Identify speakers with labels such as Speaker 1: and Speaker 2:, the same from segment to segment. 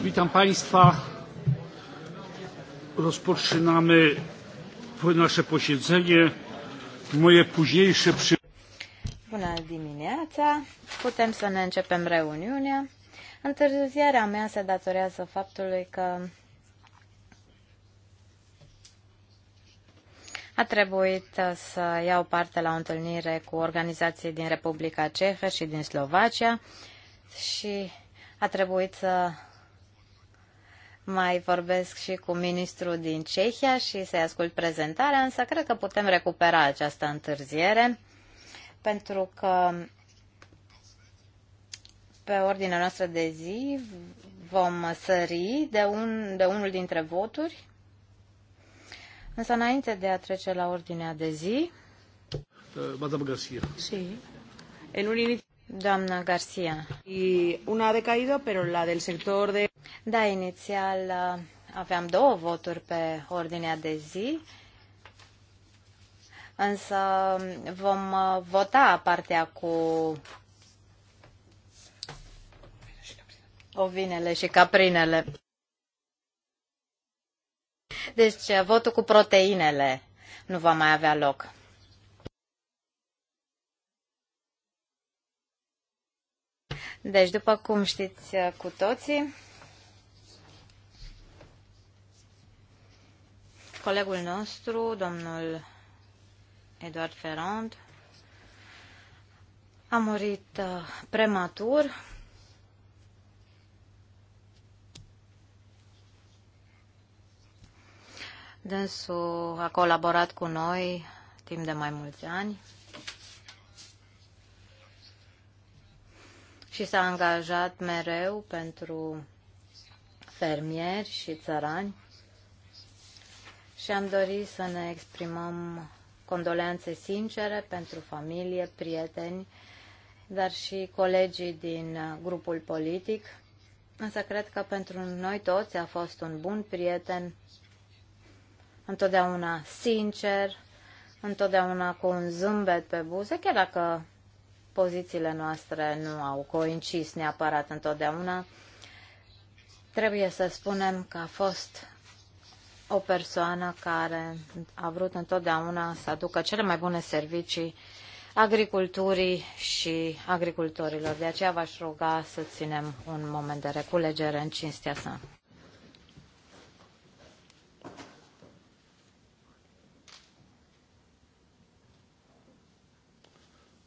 Speaker 1: Witam Państwa. Rozpoczynamy nasze posiedzenie. Moje późniejsze przy...
Speaker 2: Bună dimineața! Putem să ne începem reuniunea. Întârziarea mea se datorează faptului că A trebuit să iau parte la o întâlnire cu organizații din Republica Cehă și din Slovacia și a trebuit să mai vorbesc și cu ministrul din Cehia și să-i ascult prezentarea, însă cred că putem recupera această întârziere pentru că pe ordinea noastră de zi vom sări de, un, de unul dintre voturi. Însă înainte de a trece la ordinea de zi...
Speaker 1: Uh, Sí.
Speaker 2: En un inicio... Doamna Garcia. Și una decaidă, pero la del sector de... Da, inițial uh, aveam două voturi pe ordinea de zi, însă um, vom uh, vota partea cu ovinele și caprinele. Deci uh, votul cu proteinele nu va mai avea loc. Deci, după cum știți uh, cu toții, colegul nostru, domnul Eduard Ferrand, a murit uh, prematur Dânsul a colaborat cu noi timp de mai mulți ani. și s-a angajat mereu pentru fermieri și țărani și am dorit să ne exprimăm condoleanțe sincere pentru familie, prieteni, dar și colegii din grupul politic. Însă cred că pentru noi toți a fost un bun prieten, întotdeauna sincer, întotdeauna cu un zâmbet pe buze, chiar dacă pozițiile noastre nu au coincis neapărat întotdeauna. Trebuie să spunem că a fost o persoană care a vrut întotdeauna să aducă cele mai bune servicii agriculturii și agricultorilor. De aceea v-aș ruga să ținem un moment de reculegere în cinstea sa.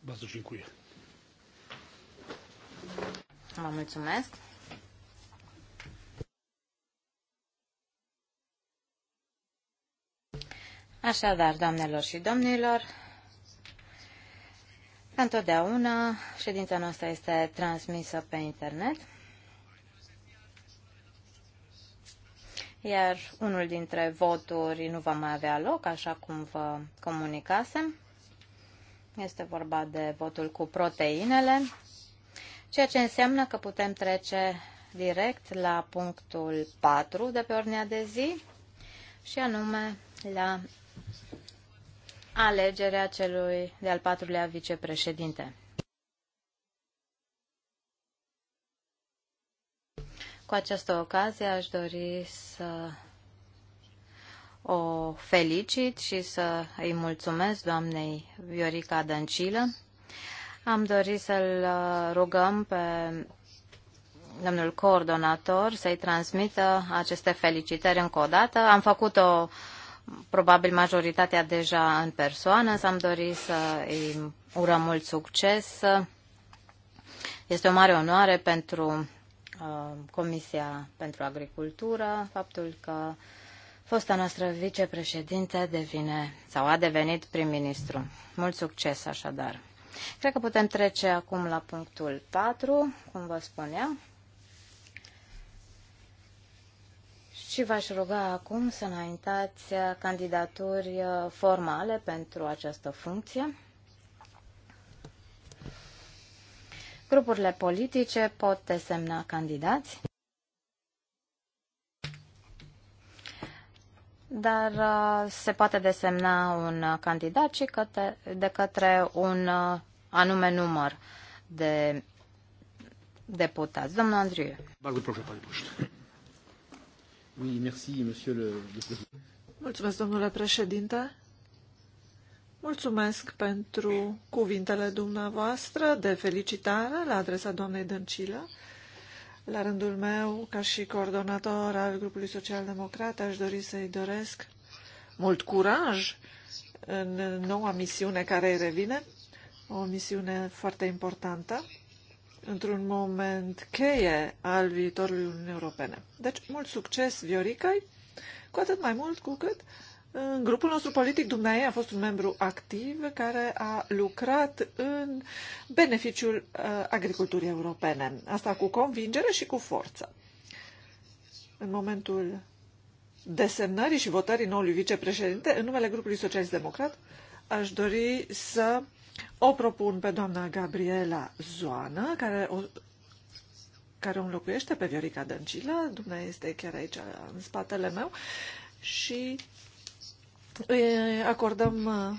Speaker 2: Bardzo dziękuję. Vă mulțumesc. Așadar, doamnelor și domnilor, ca întotdeauna, ședința noastră este transmisă pe internet, iar unul dintre voturi nu va mai avea loc, așa cum vă comunicasem. Este vorba de votul cu proteinele ceea ce înseamnă că putem trece direct la punctul 4 de pe ordinea de zi și anume la alegerea celui de-al patrulea vicepreședinte. Cu această ocazie aș dori să o felicit și să îi mulțumesc doamnei Viorica Dăncilă am dorit să-l uh, rugăm pe domnul coordonator să-i transmită aceste felicitări încă o dată. Am făcut-o probabil majoritatea deja în persoană, s am dorit să îi urăm mult succes. Este o mare onoare pentru uh, Comisia pentru Agricultură faptul că fosta noastră vicepreședinte devine sau a devenit prim-ministru. Mult succes așadar! Cred că putem trece acum la punctul 4, cum vă spuneam. Și v-aș ruga acum să înaintați candidaturi formale pentru această funcție. Grupurile politice pot desemna candidați. dar uh, se poate desemna un uh, candidat și către, de către un uh, anume număr de deputați. Domnul Andriu.
Speaker 3: Mulțumesc, domnule președinte. Mulțumesc pentru cuvintele dumneavoastră de felicitare la adresa doamnei Dăncilă. La rândul meu, ca și coordonator al grupului social-democrat, aș dori să-i doresc mult curaj în noua misiune care îi revine, o misiune foarte importantă, într-un moment cheie al viitorului Uniunii Europene. Deci, mult succes, Vioricăi, cu atât mai mult cu cât în grupul nostru politic, dumneavoastră a fost un membru activ care a lucrat în beneficiul uh, agriculturii europene. Asta cu convingere și cu forță. În momentul desemnării și votării noului vicepreședinte, în numele grupului socialist-democrat, aș dori să o propun pe doamna Gabriela Zoană, care o, care o înlocuiește pe Viorica Dăncilă, dumneavoastră este chiar aici în spatele meu, și acordăm uh,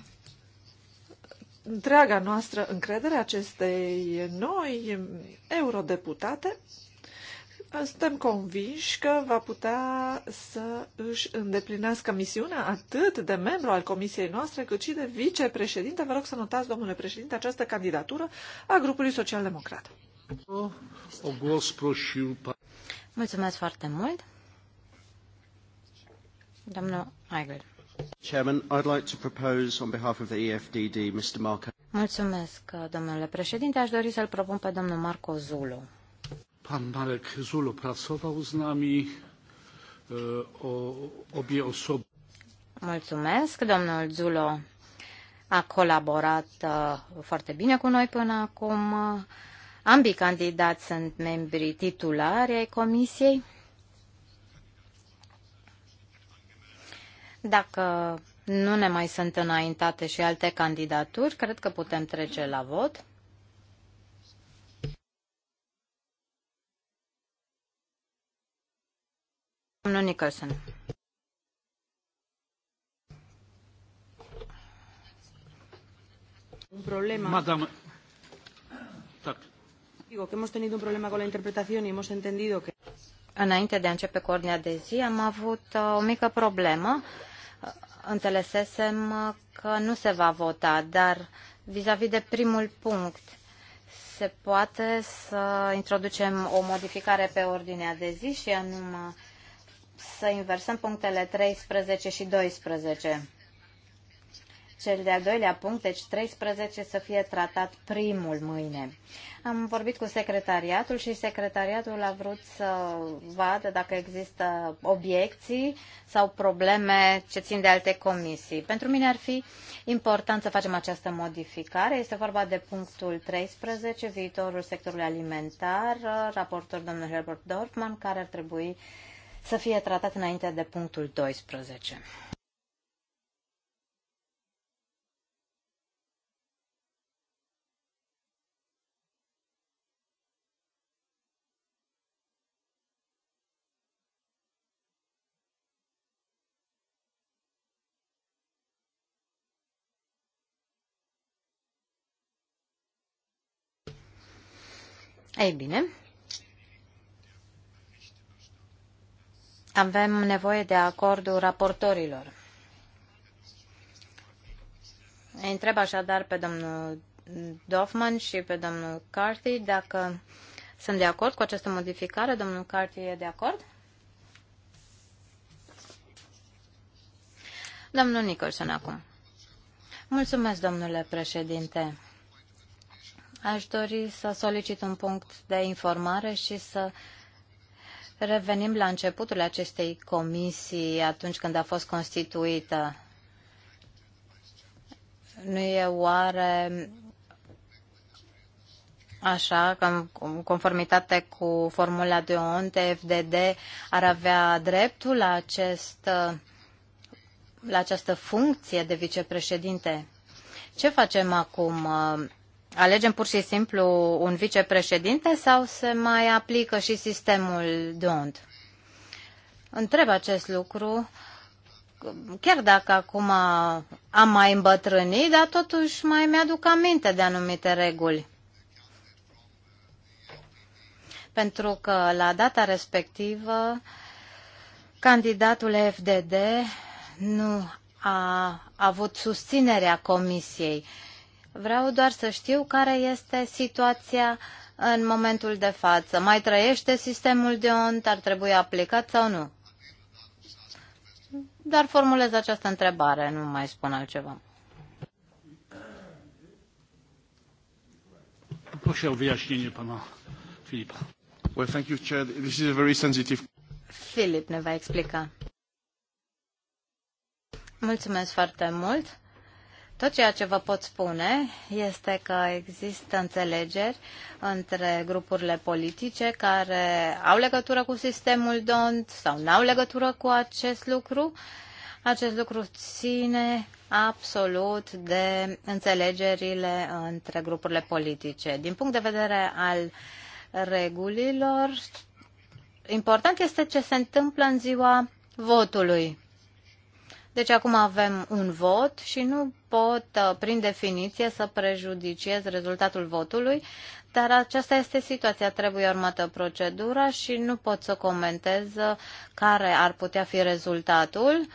Speaker 3: întreaga noastră încredere acestei noi eurodeputate. Suntem convinși că va putea să își îndeplinească misiunea atât de membru al comisiei noastre, cât și de vicepreședinte. Vă rog să notați, domnule președinte, această candidatură a grupului social-democrat.
Speaker 2: Mulțumesc foarte mult. Domnul Aigel.
Speaker 1: Chairman, I'd like to propose on behalf of the EFDD, Mr. Marco.
Speaker 2: Mulțumesc, domnule președinte. Aș dori să-l propun pe domnul Marco Zulu.
Speaker 1: Pan Marek Zulu pracował z nami, o, obie osoby.
Speaker 2: Mulțumesc, domnul Zulu a colaborat foarte bine cu noi până acum. Ambii candidați sunt membrii titulari ai comisiei. Dacă nu ne mai sunt înaintate și alte candidaturi, cred că putem trece la vot. Domnul Nicholson.
Speaker 3: Un problema. Madame.
Speaker 2: Digo que hemos tenido un problema con la interpretación y hemos entendido que... Înainte de a începe cu ordinea de zi, am avut uh, o mică problemă înțelesesem că nu se va vota, dar vis-a-vis -vis de primul punct, se poate să introducem o modificare pe ordinea de zi și anume să inversăm punctele 13 și 12 cel de-al doilea punct, deci 13, să fie tratat primul mâine. Am vorbit cu secretariatul și secretariatul a vrut să vadă dacă există obiecții sau probleme ce țin de alte comisii. Pentru mine ar fi important să facem această modificare. Este vorba de punctul 13, viitorul sectorului alimentar, raportor domnul Herbert Dorfman, care ar trebui să fie tratat înainte de punctul 12. Ei bine, avem nevoie de acordul raportorilor. Îi întreb așadar pe domnul Doffman și pe domnul Carthy dacă sunt de acord cu această modificare. Domnul Carthy e de acord? Domnul Nicholson acum. Mulțumesc, domnule președinte. Aș dori să solicit un punct de informare și să revenim la începutul acestei comisii atunci când a fost constituită. Nu e oare Așa, că în conformitate cu formula de ONTE, FDD ar avea dreptul la, acest, la această funcție de vicepreședinte. Ce facem acum? alegem pur și simplu un vicepreședinte sau se mai aplică și sistemul de ond? Întreb acest lucru, chiar dacă acum am mai îmbătrânit, dar totuși mai mi-aduc aminte de anumite reguli. Pentru că la data respectivă, candidatul FDD nu a avut susținerea comisiei. Uh, Vreau doar să știu care este situația în momentul de față. Mai trăiește sistemul de ont? Ar trebui aplicat sau nu? Dar formulez această întrebare, nu mai spun altceva.
Speaker 1: Well, thank you, Chair. This is a very sensitive...
Speaker 2: Filip ne va explica. Mulțumesc foarte mult. Tot ceea ce vă pot spune este că există înțelegeri între grupurile politice care au legătură cu sistemul DONT sau nu au legătură cu acest lucru. Acest lucru ține absolut de înțelegerile între grupurile politice. Din punct de vedere al regulilor, important este ce se întâmplă în ziua votului. Deci acum avem un vot și nu pot, uh, prin definiție, să prejudiciez rezultatul votului, dar aceasta este situația. Trebuie urmată procedura și nu pot să comentez uh, care ar putea fi rezultatul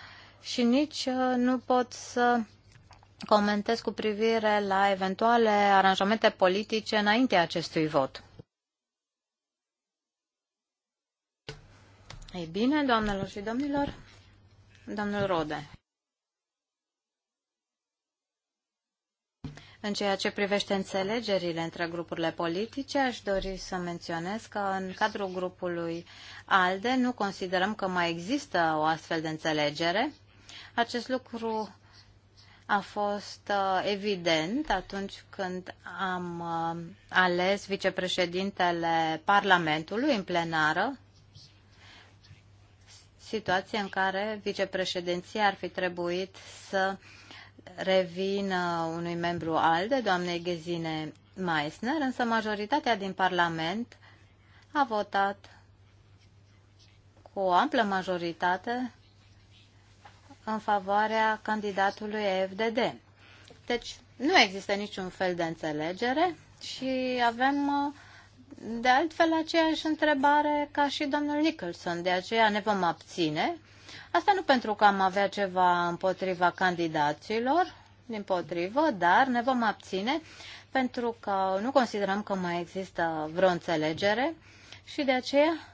Speaker 2: și nici uh, nu pot să comentez cu privire la eventuale aranjamente politice înainte acestui vot. Ei bine, doamnelor și domnilor, domnul Rode. În ceea ce privește înțelegerile între grupurile politice, aș dori să menționez că în cadrul grupului ALDE nu considerăm că mai există o astfel de înțelegere. Acest lucru a fost uh, evident atunci când am uh, ales vicepreședintele Parlamentului în plenară, situație în care vicepreședinția ar fi trebuit să uh, revin uh, unui membru al de doamnei Ghezine Meissner, însă majoritatea din Parlament a votat cu o amplă majoritate în favoarea candidatului FDD, Deci nu există niciun fel de înțelegere și avem uh, de altfel aceeași întrebare ca și domnul Nicholson, de aceea ne vom abține Asta nu pentru că am avea ceva împotriva candidaților, din potrivă, dar ne vom abține pentru că nu considerăm că mai există vreo înțelegere și de aceea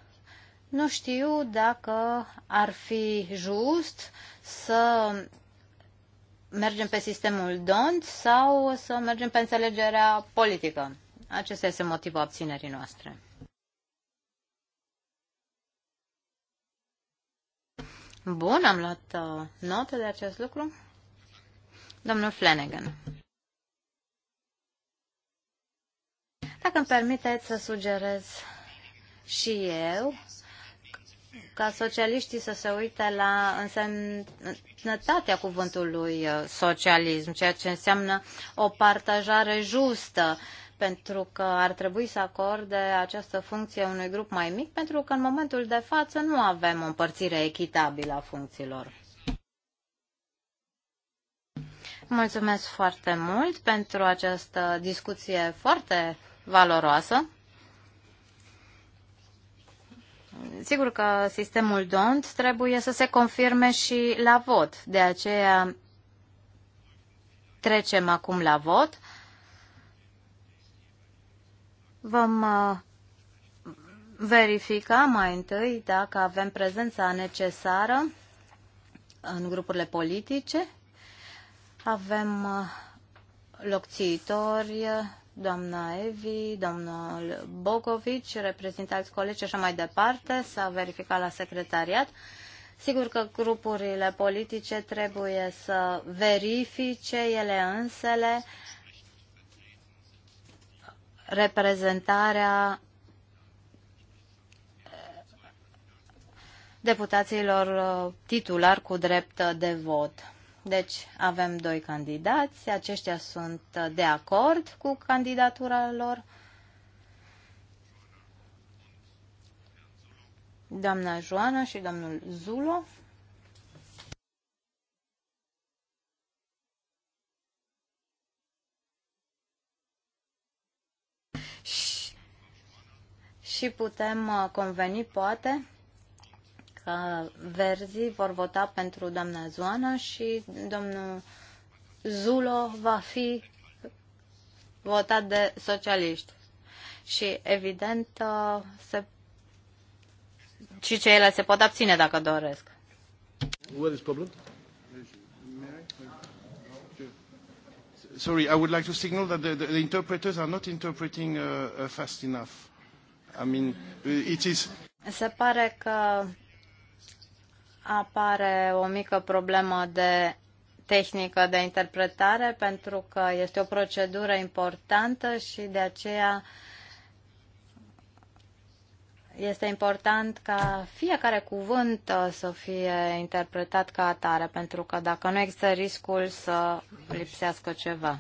Speaker 2: nu știu dacă ar fi just să mergem pe sistemul DONT sau să mergem pe înțelegerea politică. Acesta este motivul abținerii noastre. Bun, am luat uh, notă de acest lucru. Domnul Flanagan. Dacă îmi permiteți să sugerez și eu ca socialiștii să se uite la însemnătatea cuvântului uh, socialism, ceea ce înseamnă o partajare justă pentru că ar trebui să acorde această funcție unui grup mai mic, pentru că în momentul de față nu avem o împărțire echitabilă a funcțiilor. Mulțumesc foarte mult pentru această discuție foarte valoroasă. Sigur că sistemul DONT trebuie să se confirme și la vot. De aceea trecem acum la vot. Vom uh, verifica mai întâi dacă avem prezența necesară în grupurile politice. Avem uh, locțiitori, doamna Evi, domnul Bogovici, reprezentanți colegi și așa mai departe. S-a verificat la secretariat. Sigur că grupurile politice trebuie să verifice ele însele reprezentarea deputaților uh, titular cu drept de vot. Deci avem doi candidați, aceștia sunt de acord cu candidatura lor. Doamna Joana și domnul Zulo. și, și putem uh, conveni, poate, că verzii vor vota pentru doamna Zoana și domnul Zulo va fi votat de socialiști. Și, evident, uh, se... și ceilalți se pot abține dacă doresc. Where is problem? Sorry, I would like to signal that the, the, the interpreters are not
Speaker 1: interpreting uh, uh fast enough. I mean, uh, it is...
Speaker 2: Se pare că apare o mică problemă de tehnică de interpretare pentru că este o procedură importantă și de aceea uh, este important ca fiecare cuvânt uh, să fie interpretat ca atare, pentru că dacă nu există riscul să lipsească ceva.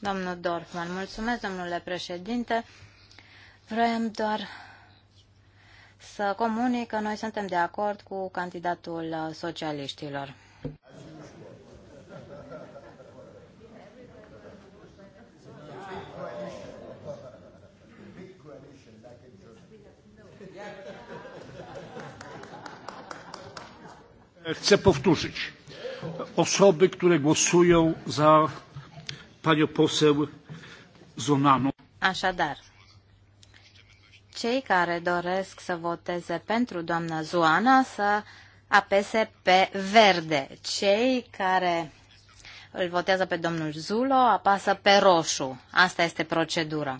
Speaker 2: Domnul Dorfman, mulțumesc, domnule președinte. Vreau doar să comunic că noi suntem de acord cu candidatul uh, socialiștilor.
Speaker 1: Chcę powtórzyć. Osoby, które głosują za panią poseł Zonanu.
Speaker 2: Așadar, cei care doresc să voteze pentru doamna Zoana să apese pe verde. Cei care îl votează pe domnul Zulo apasă pe roșu. Asta este procedura.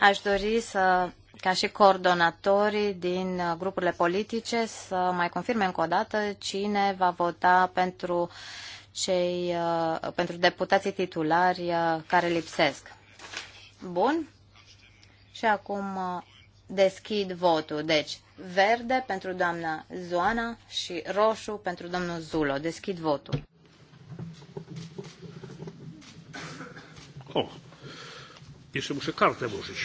Speaker 2: Aș dori să ca și coordonatorii din uh, grupurile politice să mai confirme încă o dată cine va vota pentru, cei, uh, pentru deputații titulari uh, care lipsesc. Bun. Și acum deschid votul. Deci, verde pentru doamna Zoana și roșu pentru domnul Zulo. Deschid votul.
Speaker 1: Oh, jeszcze muszę kartę włożyć.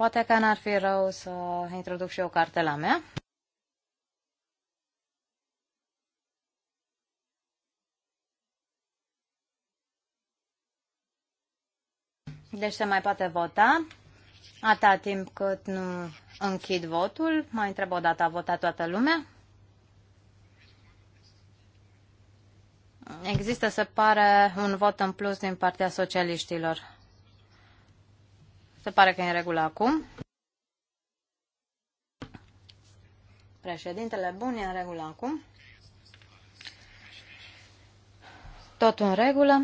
Speaker 2: Poate că n-ar fi rău să introduc și eu cartela mea. Deci se mai poate vota. Atâta timp cât nu închid votul, mai întreb o dată, a votat toată lumea? Există, se pare, un vot în plus din partea socialiștilor. Se pare că e în regulă acum. Președintele bun e în regulă acum. Totul în regulă.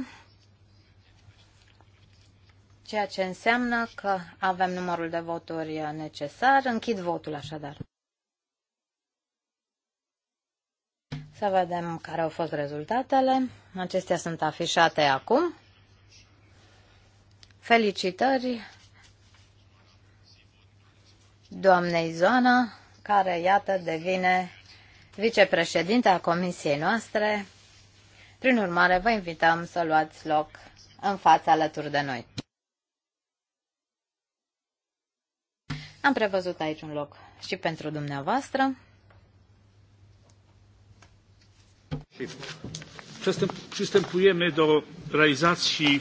Speaker 2: Ceea ce înseamnă că avem numărul de voturi necesar. Închid votul așadar. Să vedem care au fost rezultatele. Acestea sunt afișate acum. Felicitări doamnei Zoana, care, iată, devine vicepreședinte a comisiei noastre. Prin urmare, vă invităm să luați loc în fața alături de noi. Am prevăzut aici un loc și pentru dumneavoastră.
Speaker 1: Przystępujemy do realizacji,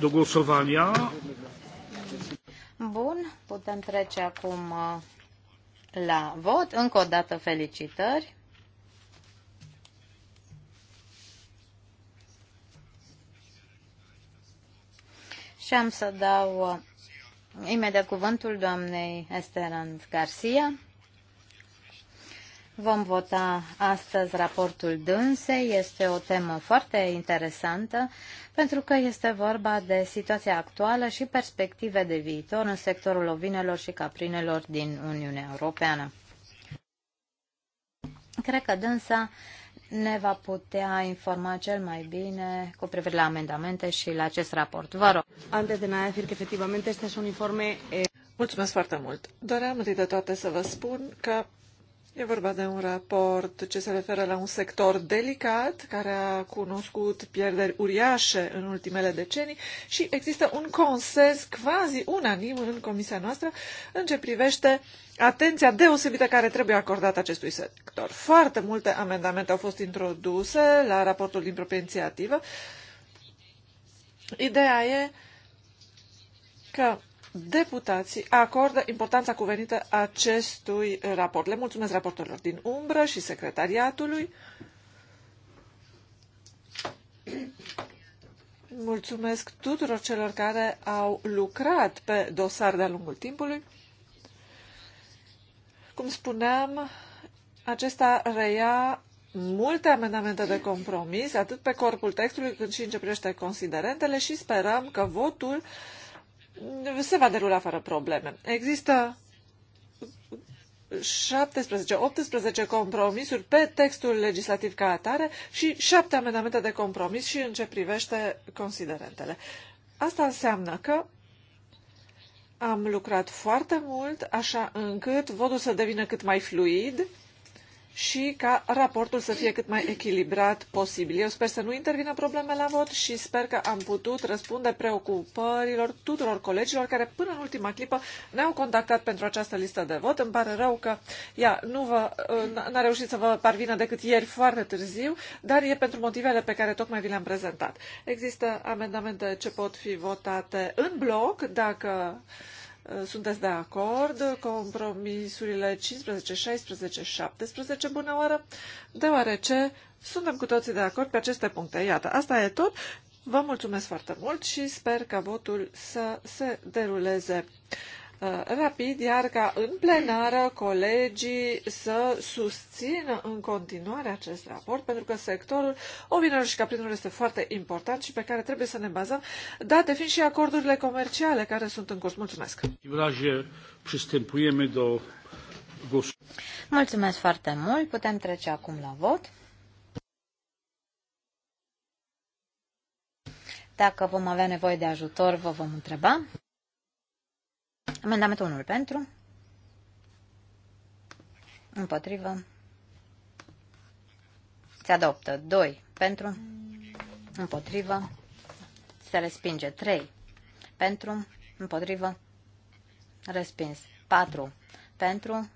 Speaker 1: do głosowania
Speaker 2: Bun, putem trece acum uh, la vot. Încă o dată felicitări. Și am să dau uh, imediat cuvântul doamnei Esteran Garcia. Vom vota astăzi raportul dânsei. Este o temă foarte interesantă pentru că este vorba de situația actuală și perspective de viitor în sectorul ovinelor și caprinelor din Uniunea Europeană. Cred că dânsa ne va putea informa cel mai bine cu privire la amendamente și la acest raport. Vă rog.
Speaker 3: Antes de nada decir que efectivamente este un informe... Eh, Mulțumesc foarte mult. Doream întâi de toate să vă spun că E vorba de un raport ce se referă la un sector delicat, care a cunoscut pierderi uriașe în ultimele decenii și există un consens quasi unanim în comisia noastră în ce privește atenția deosebită care trebuie acordată acestui sector. Foarte multe amendamente au fost introduse la raportul din proprie inițiativă. Ideea e că deputații acordă importanța cuvenită acestui raport. Le mulțumesc raportorilor din umbră și secretariatului. Mulțumesc tuturor celor care au lucrat pe dosar de-a lungul timpului. Cum spuneam, acesta reia multe amendamente de compromis, atât pe corpul textului cât și în ce privește considerentele și sperăm că votul uh, se va derula fără probleme. Există 17-18 compromisuri pe textul legislativ ca atare și 7 amendamente de compromis și în ce privește considerentele. Asta înseamnă că am lucrat foarte mult, așa încât votul să devină cât mai fluid și ca raportul să fie cât mai echilibrat posibil. Eu sper să nu intervină probleme la vot și sper că am putut răspunde preocupărilor tuturor colegilor care până în ultima clipă ne-au contactat pentru această listă de vot. Îmi pare rău că ea nu vă, uh, n-a reușit să vă parvină decât ieri foarte târziu, dar e pentru motivele pe care tocmai vi le-am prezentat. Există amendamente ce pot fi votate în bloc dacă Uh, sunteți de acord? Compromisurile 15, 16, 17, bună oară, deoarece suntem cu toții de acord pe aceste puncte. Iată, asta e tot. Vă mulțumesc foarte mult și sper ca votul să se deruleze Uh, rapid, iar ca în plenară colegii să susțină în continuare acest raport, pentru că sectorul ovinelor și caprinelor este foarte important și pe care trebuie să ne bazăm, date fiind și acordurile comerciale care sunt în curs. Mulțumesc!
Speaker 2: Mulțumesc foarte mult! Putem trece acum la vot. Dacă vom avea nevoie de ajutor, vă vom întreba. Amendamentul 1 pentru. Împotrivă. Se adoptă. 2 pentru. Împotrivă. Se respinge. 3 pentru. Împotrivă. Respins. 4 pentru.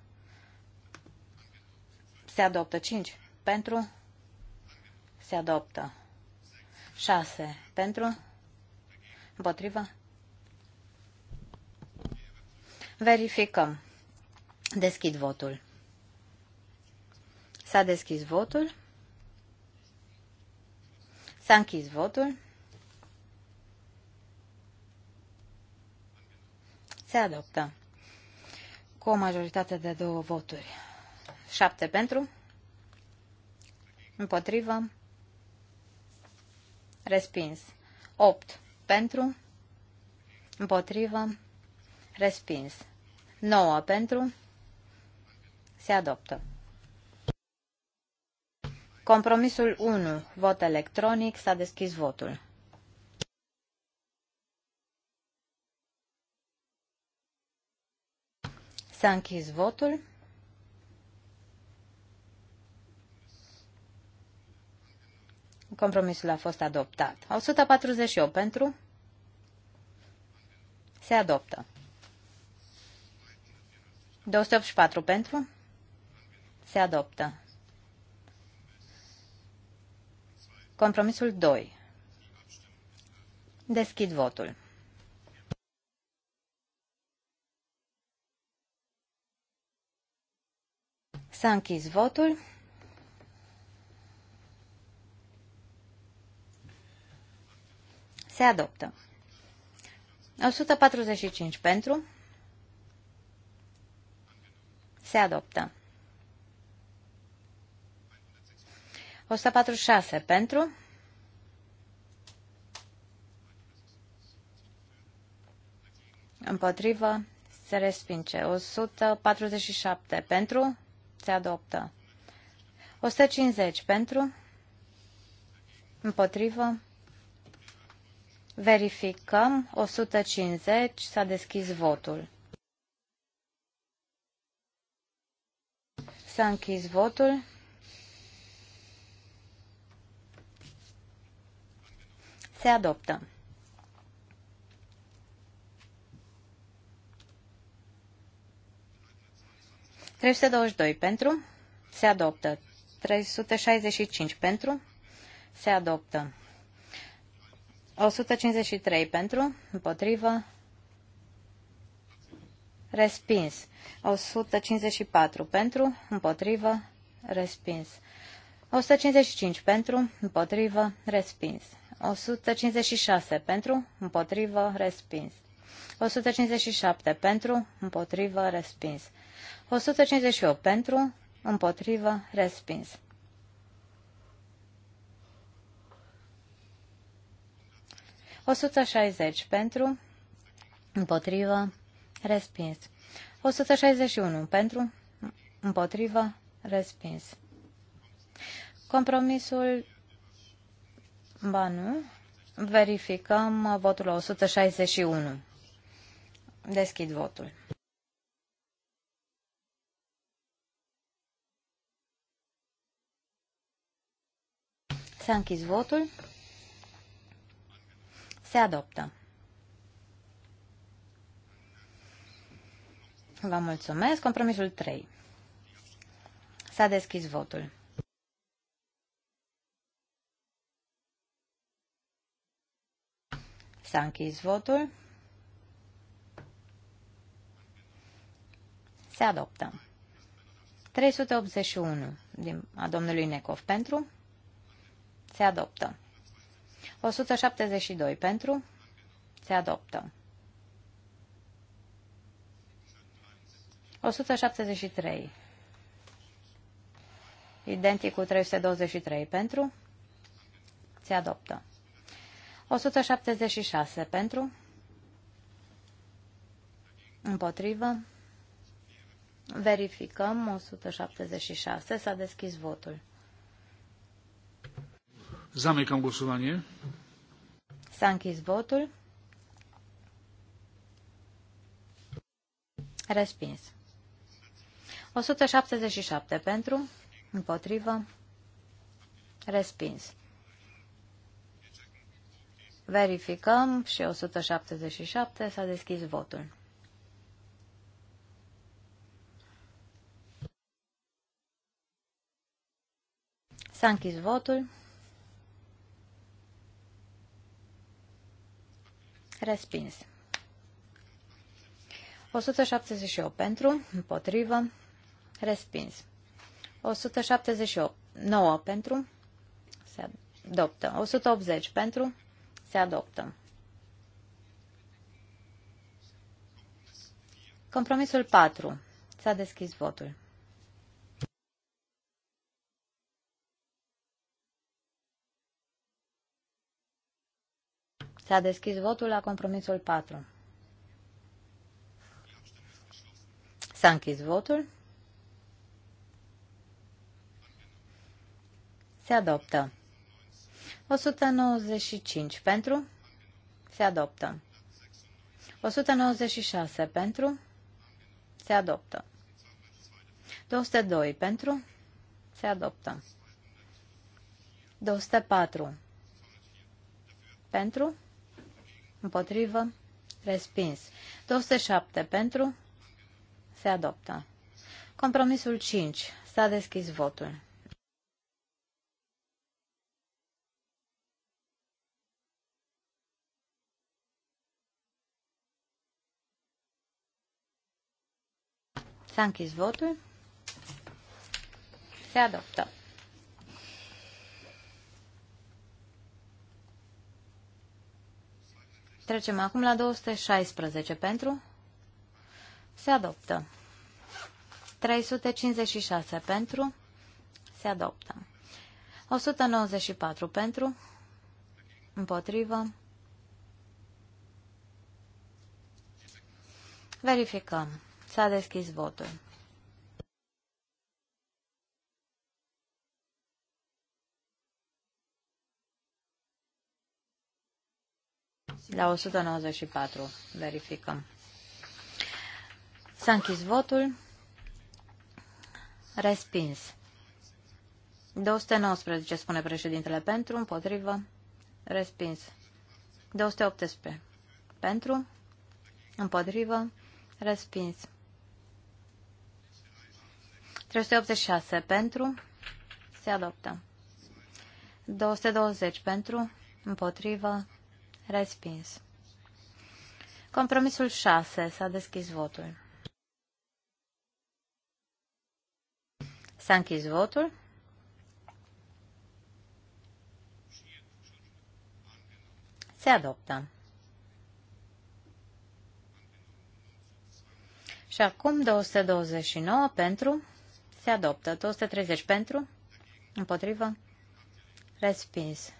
Speaker 2: Se adoptă. 5 pentru. Se adoptă. 6 pentru. Împotrivă. Verificăm. Deschid votul. S-a deschis votul. S-a închis votul. Se adoptă cu o majoritate de două voturi. 7 pentru, împotrivă, respins. 8 pentru, împotrivă, respins. 9 pentru. Se adoptă. Compromisul 1. Vot electronic. S-a deschis votul. S-a închis votul. Compromisul a fost adoptat. 148 pentru. Se adoptă. 284 pentru. Se adoptă. Compromisul 2. Deschid votul. S-a închis votul. Se adoptă. 145 pentru. Se adoptă. 146 pentru. 146. Împotrivă. Se respinge. 147 pentru. Se adoptă. 150 pentru. Împotrivă. Verificăm. 150. S-a deschis votul. S-a închis votul. Se adoptă. doi pentru. Se adoptă. 365 pentru. Se adoptă. 153 pentru. Împotrivă. Respins. 154 pentru, împotrivă, respins. 155 pentru, împotrivă, respins. 156 pentru, împotrivă, respins. 157 pentru, împotrivă, respins. 158 pentru, împotrivă, respins. 160 pentru, împotrivă, Respins. 161 pentru, împotrivă, respins. Compromisul, ba nu, verificăm votul la 161. Deschid votul. S-a închis votul. Se adoptă. Vă mulțumesc. Compromisul 3. S-a deschis votul. S-a închis votul. Se adoptă. 381 din, a domnului Necov pentru. Se adoptă. 172 pentru. Se adoptă. 173. Identic cu 323 pentru. Se adoptă. 176 pentru. Împotrivă. Verificăm. 176. S-a deschis votul.
Speaker 1: Zamecam gosulanie.
Speaker 2: S-a închis votul. Respins. 177 pentru, împotrivă, respins. Verificăm și 177 s-a deschis votul. S-a închis votul. Respins. 178 pentru, împotrivă, Respins. 179 pentru. Se adoptă. 180 pentru. Se adoptă. Compromisul 4. S-a deschis votul. S-a deschis votul la compromisul 4. S-a închis votul. Se adoptă. 195 pentru. Se adoptă. 196 pentru. Se adoptă. 202 pentru. Se adoptă. 204 pentru. Împotrivă. Respins. 207 pentru. Se adoptă. Compromisul 5. S-a deschis votul. S-a închis votul. Se adoptă. Trecem acum la 216 pentru. Se adoptă. 356 pentru. Se adoptă. 194 pentru. Împotrivă. Verificăm. S-a deschis votul. La 194 verificăm. S-a închis votul. Respins. 219, spune președintele, pentru, împotrivă, respins. 218, pentru, împotrivă, respins. 386 pentru, se adoptă. 220 pentru, împotrivă, respins. Compromisul 6. S-a deschis votul. S-a închis votul. Se adoptă. Și acum 229 pentru se adoptă. 230 pentru. Împotrivă. Respins.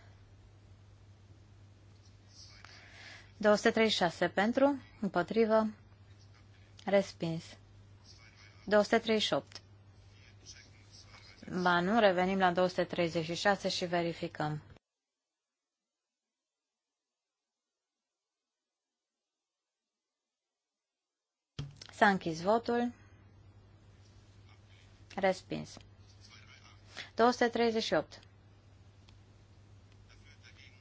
Speaker 2: 236 pentru. Împotrivă. Respins. 238. Ba nu, revenim la 236 și verificăm. S-a închis votul. Respins. 238.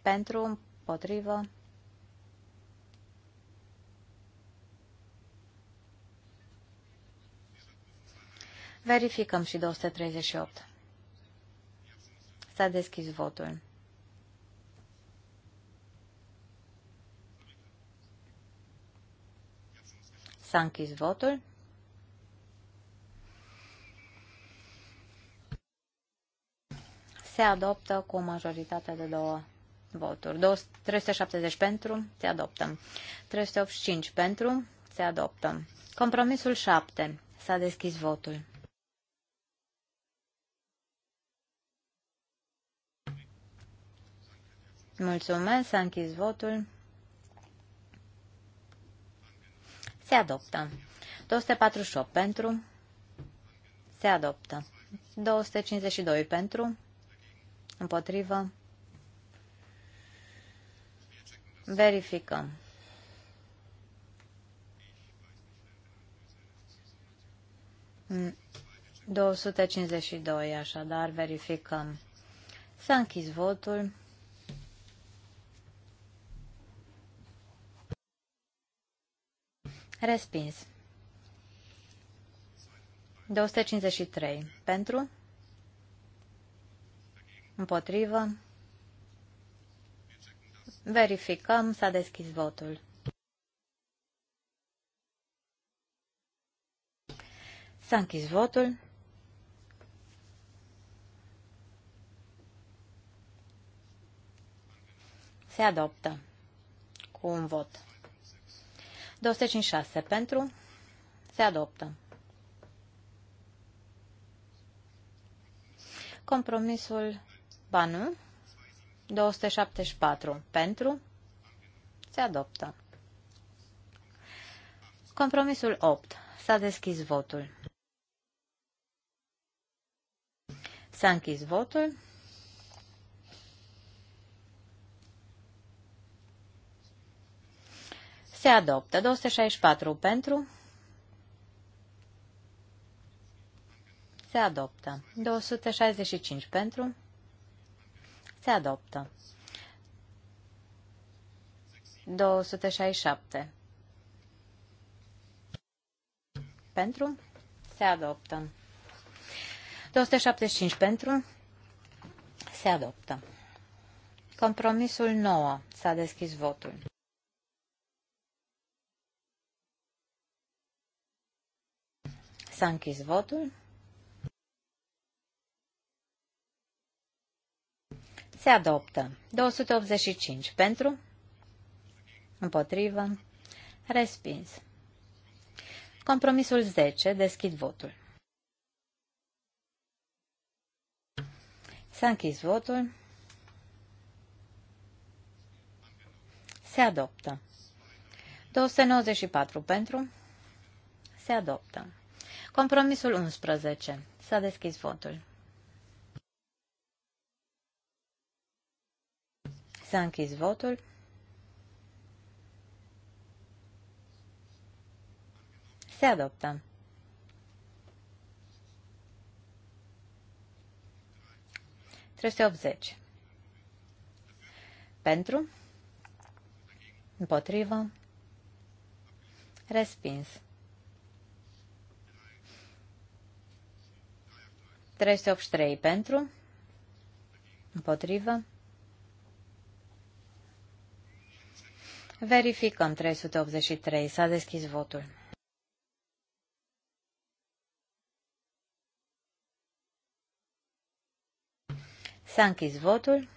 Speaker 2: Pentru, împotrivă. Verificăm și 238. S-a deschis votul. S-a închis votul. se adoptă cu o majoritate de două voturi. 370 pentru, se adoptă. 385 pentru, se adoptă. Compromisul 7. S-a deschis votul. Mulțumesc, s-a închis votul. Se adoptă. 248 pentru. Se adoptă. 252 pentru. Împotrivă. Verificăm. Mm. 252, așadar verificăm. S-a închis votul. Respins. 253. Pentru? Împotrivă. Verificăm. S-a deschis votul. S-a închis votul. Se adoptă cu un vot. 256 pentru. Se adoptă. Compromisul Ba nu. 274. Pentru. Se adoptă. Compromisul 8. S-a deschis votul. S-a închis votul. Se adoptă 264 pentru. Se adoptă 265 pentru. Se adoptă. 267. Pentru? Se adoptă. 275 pentru? Se adoptă. Compromisul 9. S-a deschis votul. S-a închis votul. Se adoptă. 285 pentru, împotrivă, respins. Compromisul 10. Deschid votul. S-a închis votul. Se adoptă. 294 pentru. Se adoptă. Compromisul 11. S-a deschis votul. S-a închis votul. Se adoptă. Trebuie 80. Pentru. Împotrivă. Respins. 383 pentru. Împotrivă. Verificăm 383. S-a deschis votul. S-a închis votul.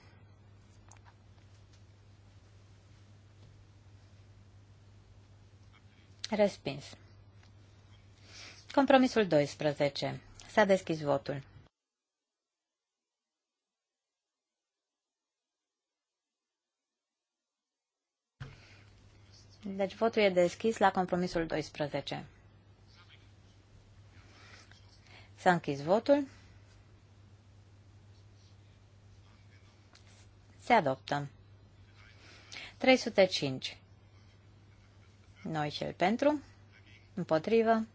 Speaker 2: Respins. Compromisul 12. S-a deschis votul. Deci votul e deschis la compromisul 12. S-a închis votul. Se adoptă. 305. Noi cel pentru. Împotrivă.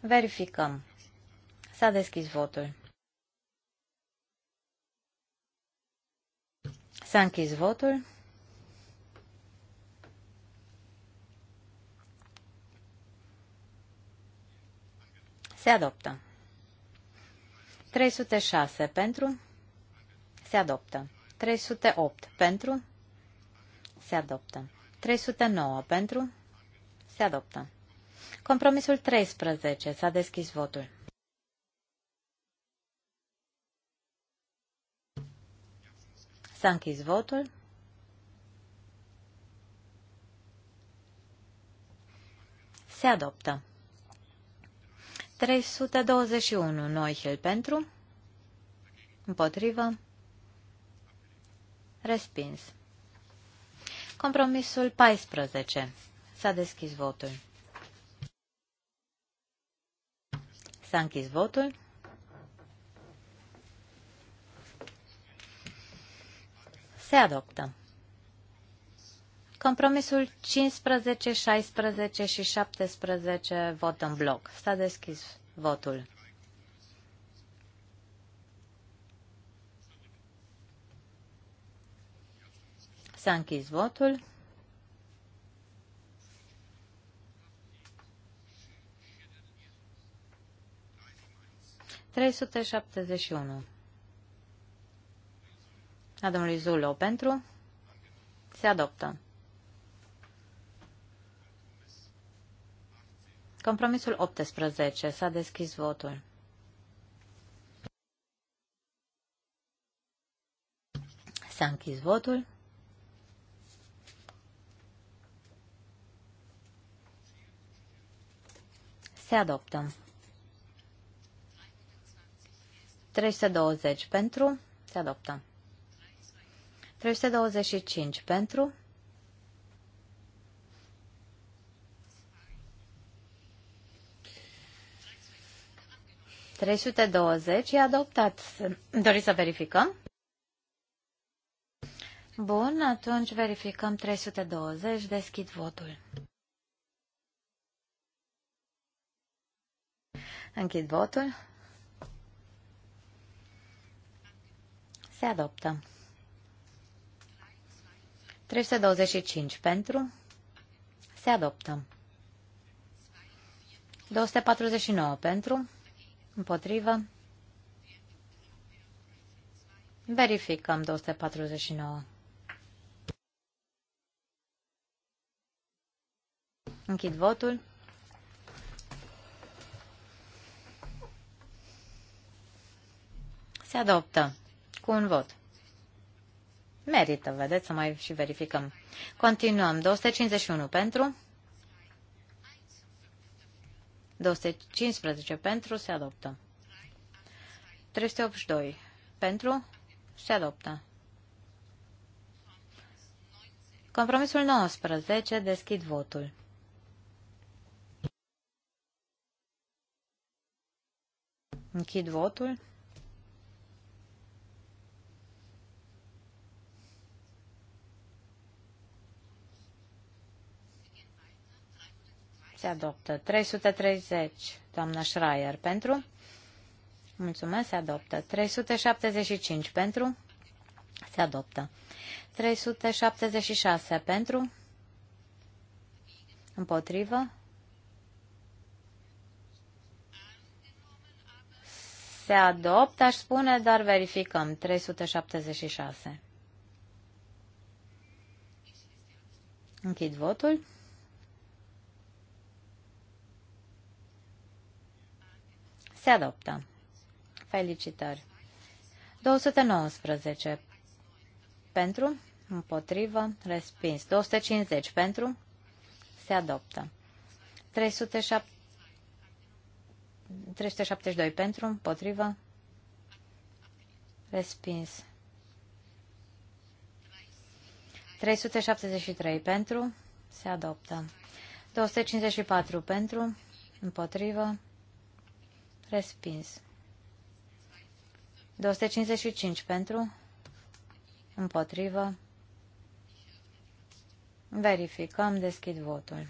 Speaker 2: Verificăm. S-a deschis votul. S-a închis votul. Se adoptă. 306 pentru. Se adoptă. 308 pentru. Se adoptă. 309 pentru. Se adoptă. Compromisul 13. S-a deschis votul. S-a închis votul. Se adoptă. 321 Noichel pentru. Împotrivă. Respins. Compromisul 14. S-a deschis votul. S-a închis votul. Se adoptă. Compromisul 15, 16 și 17 vot în bloc. S-a deschis votul. S-a închis votul. Trei sute șaptezeci și unu a domnului Zulo pentru. Se adoptă. Compromisul 18. S-a deschis votul. S-a închis votul. Se adoptă. 320 pentru. Se adoptă. 325 pentru. Trei douăzeci e adoptat. Doriți să verificăm? Bun, atunci verificăm 320. Deschid votul. Închid votul. Se adoptă. 325 pentru. Se adoptă. 249 pentru. Împotrivă. Verificăm 249. Închid votul. Se adoptă cu un vot. Merită, vedeți, să mai și verificăm. Continuăm. 251 pentru. 215 pentru. Se adoptă. 382 pentru. Se adoptă. Compromisul 19. Deschid votul. Închid votul. se adoptă. 330, doamna Schreier, pentru? Mulțumesc, se adoptă. 375 pentru? Se adoptă. 376 pentru? Împotrivă? Se adoptă, aș spune, dar verificăm. 376. Închid votul. Se adoptă. Felicitări. 219 pentru, împotrivă, respins. 250 pentru, se adoptă. 307, 372 pentru, împotrivă, respins. 373 pentru, se adoptă. 254 pentru, împotrivă, Respins. 255 pentru. Împotrivă. Verificăm, deschid votul.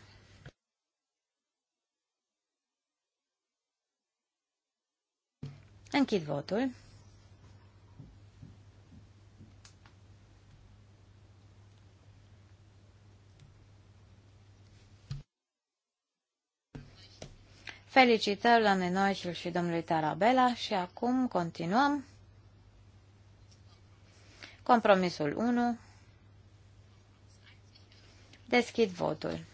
Speaker 2: Închid votul. Felicitări doamnei Noișil și domnului Tarabela și acum continuăm. Compromisul 1. Deschid votul.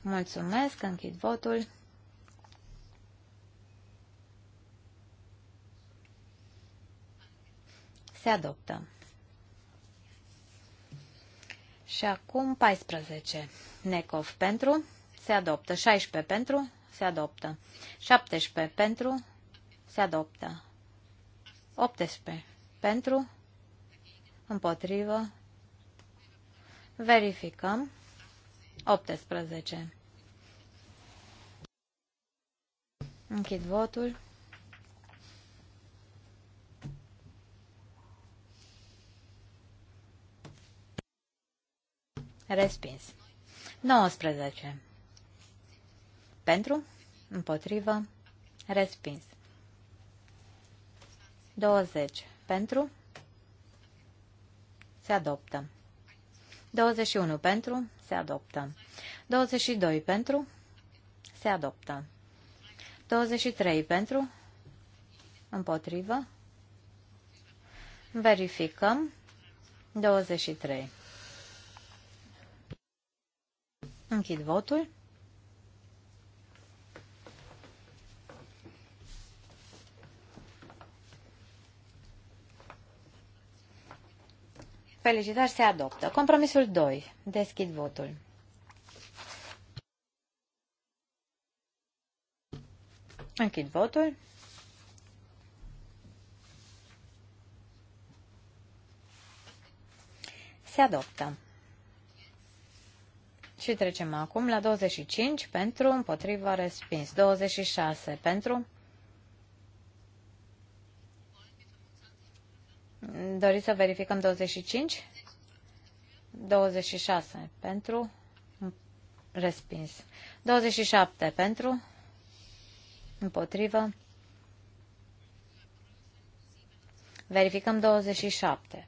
Speaker 2: Mulțumesc, închid votul. Se adoptă. Și acum 14. Necov pentru, se adoptă. 16 pentru, se adoptă. 17 pentru, se adoptă. 18 pentru, împotrivă. Verificăm. 18. Închid votul. Respins. 19. Pentru? Împotrivă? Respins. 20. Pentru? Se adoptă. 21. Pentru? Se adoptă. 22. Pentru? Se adoptă. 23. Pentru? Împotrivă? Verificăm. 23. Închid votul. Felicitări se adoptă. Compromisul 2. Deschid votul. Închid votul. Se adoptă. Și trecem acum la 25 pentru, împotriva, respins. 26 pentru. Doriți să verificăm 25? 26 pentru, respins. 27 pentru, împotrivă. Verificăm 27.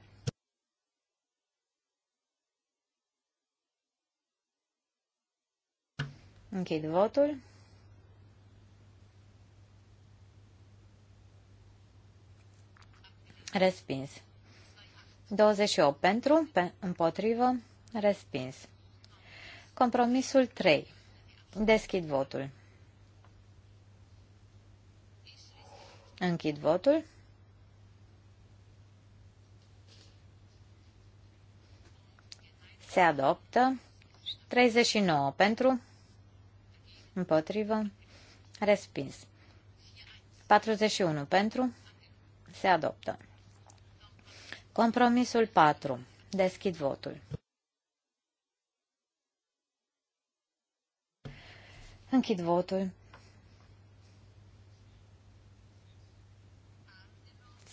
Speaker 2: Închid votul. Respins. 28 pentru, pe, împotrivă, respins. Compromisul 3. Deschid votul. Închid votul. Se adoptă 39 pentru, Împotrivă. Respins. 41 pentru. Se adoptă. Compromisul 4. Deschid votul. Închid votul.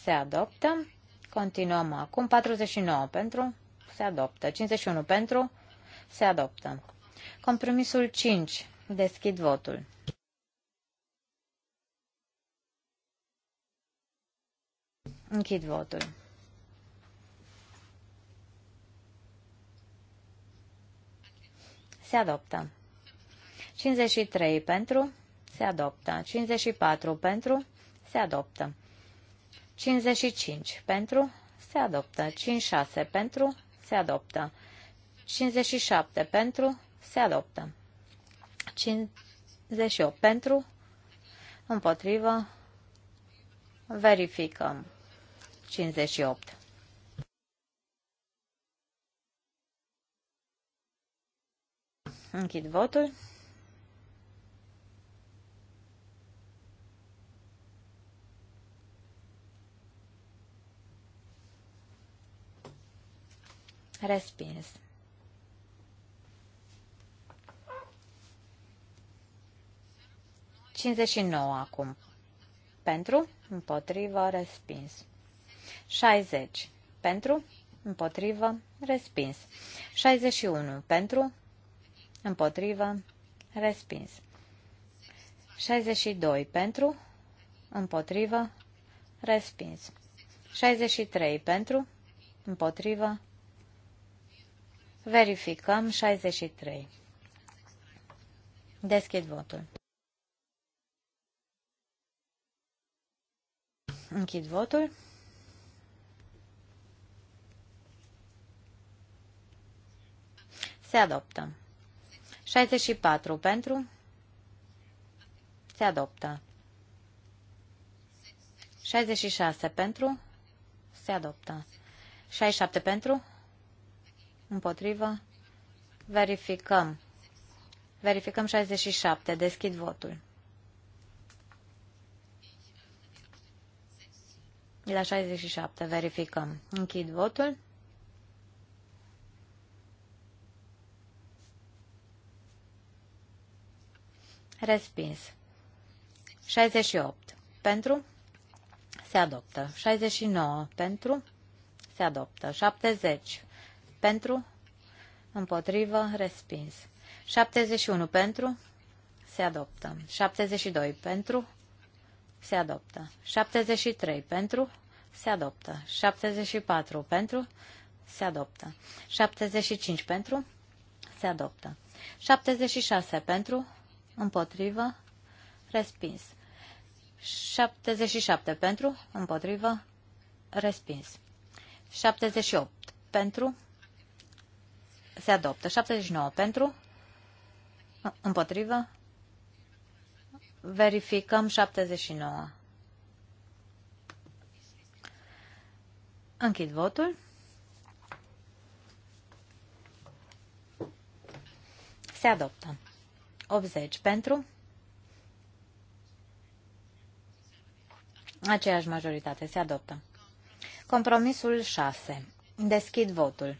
Speaker 2: Se adoptă. Continuăm acum. 49 pentru. Se adoptă. 51 pentru. Se adoptă. Compromisul 5. Deschid votul. Închid votul. Se adoptă. 53 pentru, se adoptă. 54 pentru, se adoptă. 55 pentru, se adoptă. 56 pentru, se adoptă. 57 pentru, se adoptă. 58 pentru, împotrivă, verificăm 58. Închid votul. Respins. 59 acum. Pentru, împotrivă, respins. 60. Pentru, împotrivă, respins. 61. Pentru, împotrivă, respins. 62. Pentru, împotrivă, respins. 63. Pentru, împotrivă, verificăm 63. Deschid votul. Închid votul. Se adoptă. 64 pentru. Se adoptă. 66 pentru. Se adoptă. 67 pentru. Împotrivă. Verificăm. Verificăm 67. Deschid votul. La 67 verificăm. Închid votul. Respins. 68. Pentru? Se adoptă. 69. Pentru? Se adoptă. 70. Pentru? Împotrivă. Respins. 71. Pentru? Se adoptă. 72. Pentru? se adoptă. 73 pentru, se adoptă. 74 pentru, se adoptă. 75 pentru, se adoptă. 76 pentru, împotrivă, respins. 77 pentru, împotrivă, respins. 78 pentru, se adoptă. 79 pentru, împotrivă, Verificăm 79. Închid votul. Se adoptă. 80 pentru. Aceeași majoritate. Se adoptă. Compromisul 6. Deschid votul.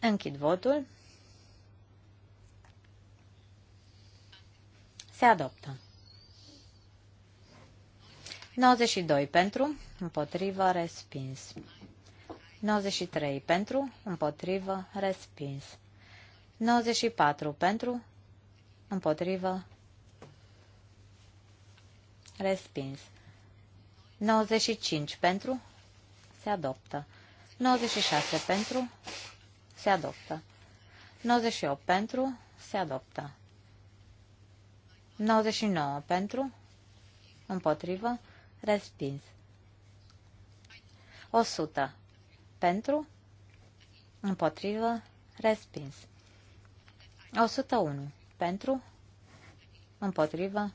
Speaker 2: Închid votul. Se adoptă. 92 pentru, împotrivă, respins. 93 pentru, împotrivă, respins. 94 pentru, împotrivă, respins. 95 pentru, se adoptă. 96 pentru, se adoptă. 98 pentru, se adoptă. 99 pentru, împotrivă, respins. 100 pentru, împotrivă, respins. 101 pentru, împotrivă.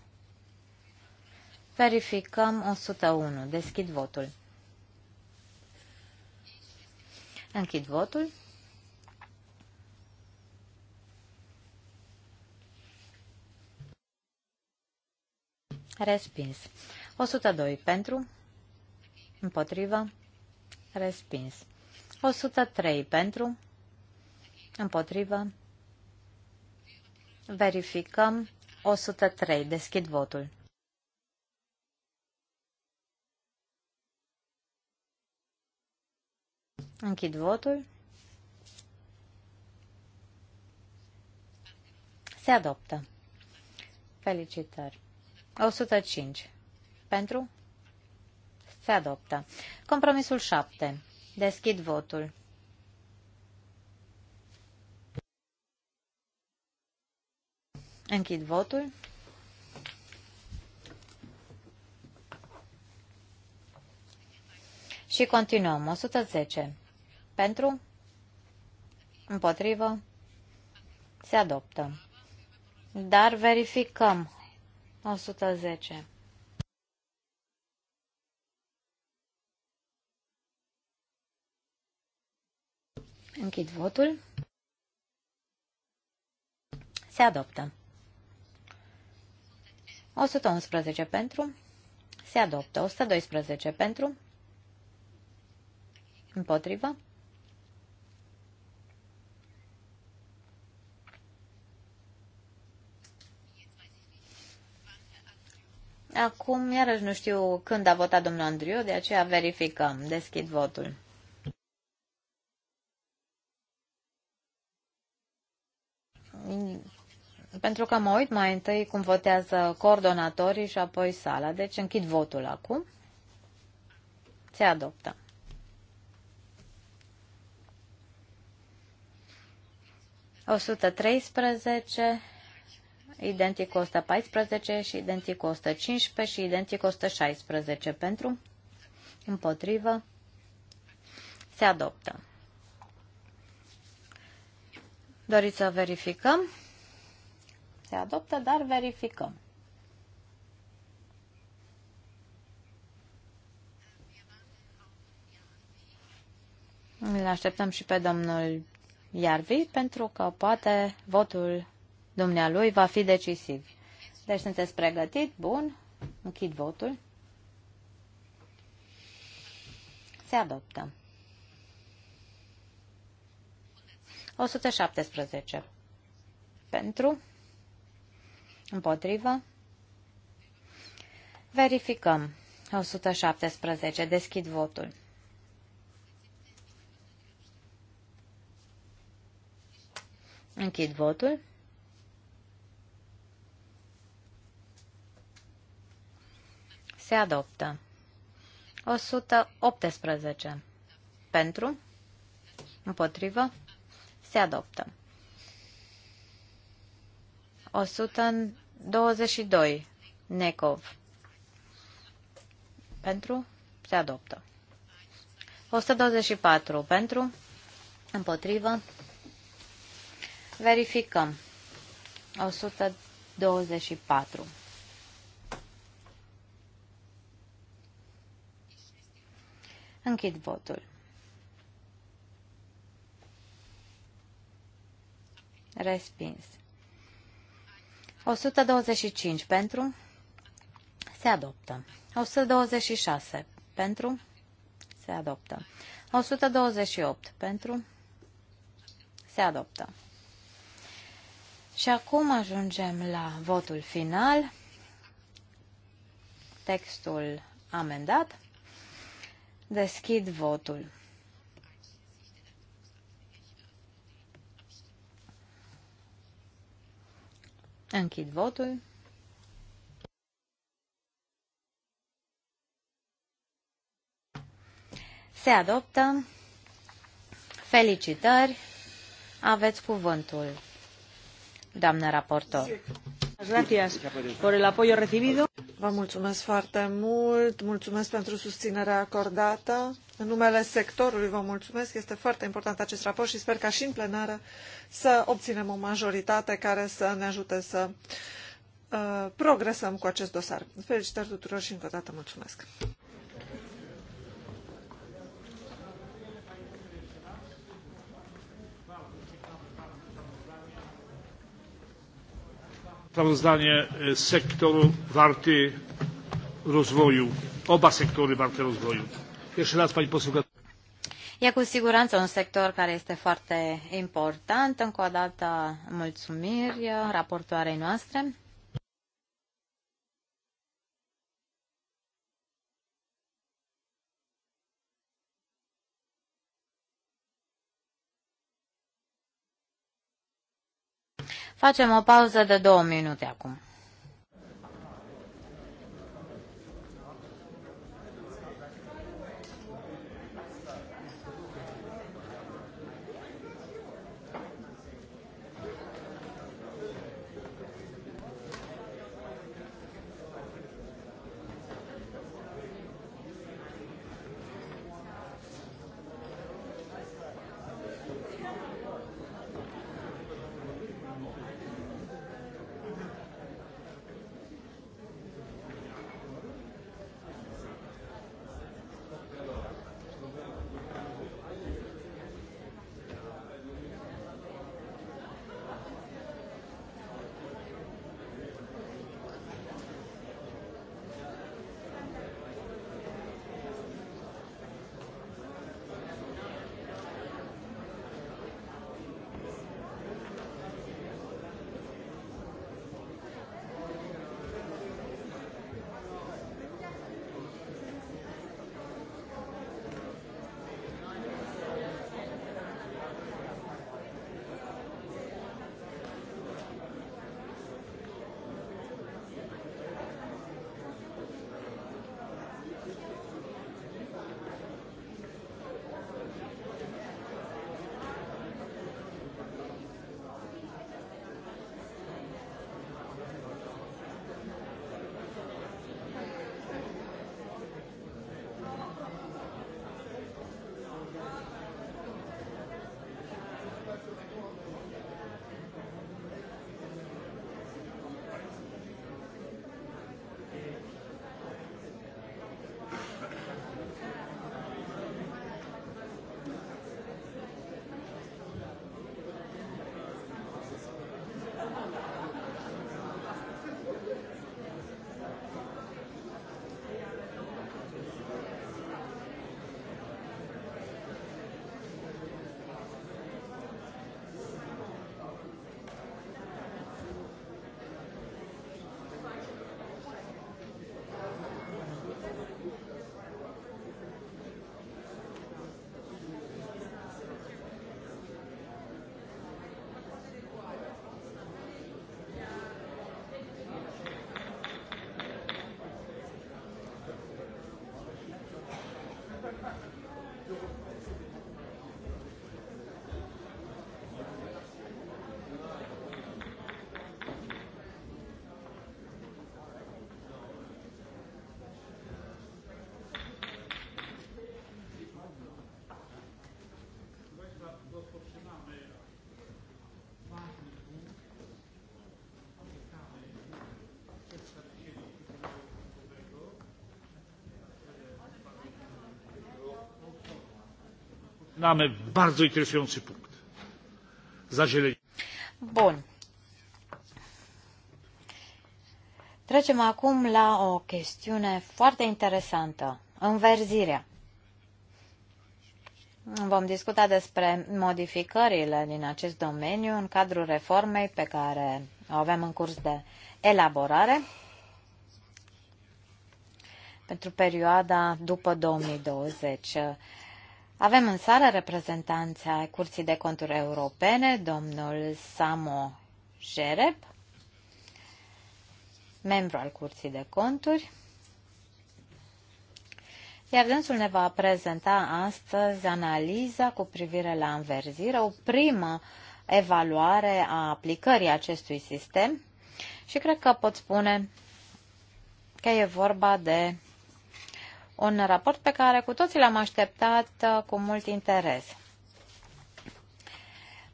Speaker 2: Verificăm 101. Deschid votul. Închid votul. Respins. 102 pentru. Împotrivă. Respins. 103 pentru. Împotrivă. Verificăm. 103. Deschid votul. Închid votul. Se adoptă. Felicitări. 105. Pentru? Se adoptă. Compromisul 7. Deschid votul. Închid votul. Și continuăm. 110. Pentru? Împotrivă? Se adoptă. Dar verificăm. 110. Închid votul. Se adoptă. 111 pentru. Se adoptă. 112 pentru. Împotrivă. Acum, iarăși nu știu când a votat domnul Andriu, de aceea verificăm. Deschid votul. Pentru că mă uit mai întâi cum votează coordonatorii și apoi sala. Deci închid votul acum. Se adoptă. O 113 identic cu 114 și identic cu 115 și identic cu 116 pentru, împotrivă, se adoptă. Doriți să verificăm? Se adoptă, dar verificăm. Îl așteptăm și pe domnul Iarvi pentru că poate votul dumnealui va fi decisiv. Deci sunteți pregătit? Bun. Închid votul. Se adoptă. 117. Pentru. Împotrivă. Verificăm. 117. Deschid votul. Închid votul. Se adoptă. 118. Pentru? Împotrivă? Se adoptă. 122. Necov. Pentru? Se adoptă. 124. Pentru? Împotrivă? Verificăm. 124. Închid votul. Respins. 125 pentru. Se adoptă. 126 pentru. Se adoptă. 128 pentru. Se adoptă. Și acum ajungem la votul final. Textul amendat. Deschid votul. Închid votul. Se adoptă. Felicitări. Aveți cuvântul, doamnă raportor.
Speaker 3: Gracias por el apoyo recibido. Vă mulțumesc foarte mult, mulțumesc pentru susținerea acordată. În numele sectorului vă mulțumesc, este foarte important acest raport și sper ca și în plenară să obținem o majoritate care să ne ajute să uh, progresăm cu acest dosar. Felicitări tuturor și încă o dată mulțumesc!
Speaker 1: sprawozdanie sektoru warty rozwoju. Oba sektory warte rozwoju. Jeszcze raz pani poseł
Speaker 2: E cu siguranță un sector care este foarte important. Încă o dată mulțumiri raportoarei noastre. Facem o pauză de două minute acum.
Speaker 1: mamy bardzo interesujący punkt.
Speaker 2: Bun. Trecem acum la o chestiune foarte interesantă, înverzirea. Vom discuta despre modificările din acest domeniu în cadrul reformei pe care o avem în curs de elaborare pentru perioada după 2020. Avem în sală reprezentanța Curții de Conturi Europene, domnul Samo Jereb, membru al Curții de Conturi, iar dânsul ne va prezenta astăzi analiza cu privire la înverzire, o primă evaluare a aplicării acestui sistem și cred că pot spune că e vorba de un raport pe care cu toții l-am așteptat uh, cu mult interes.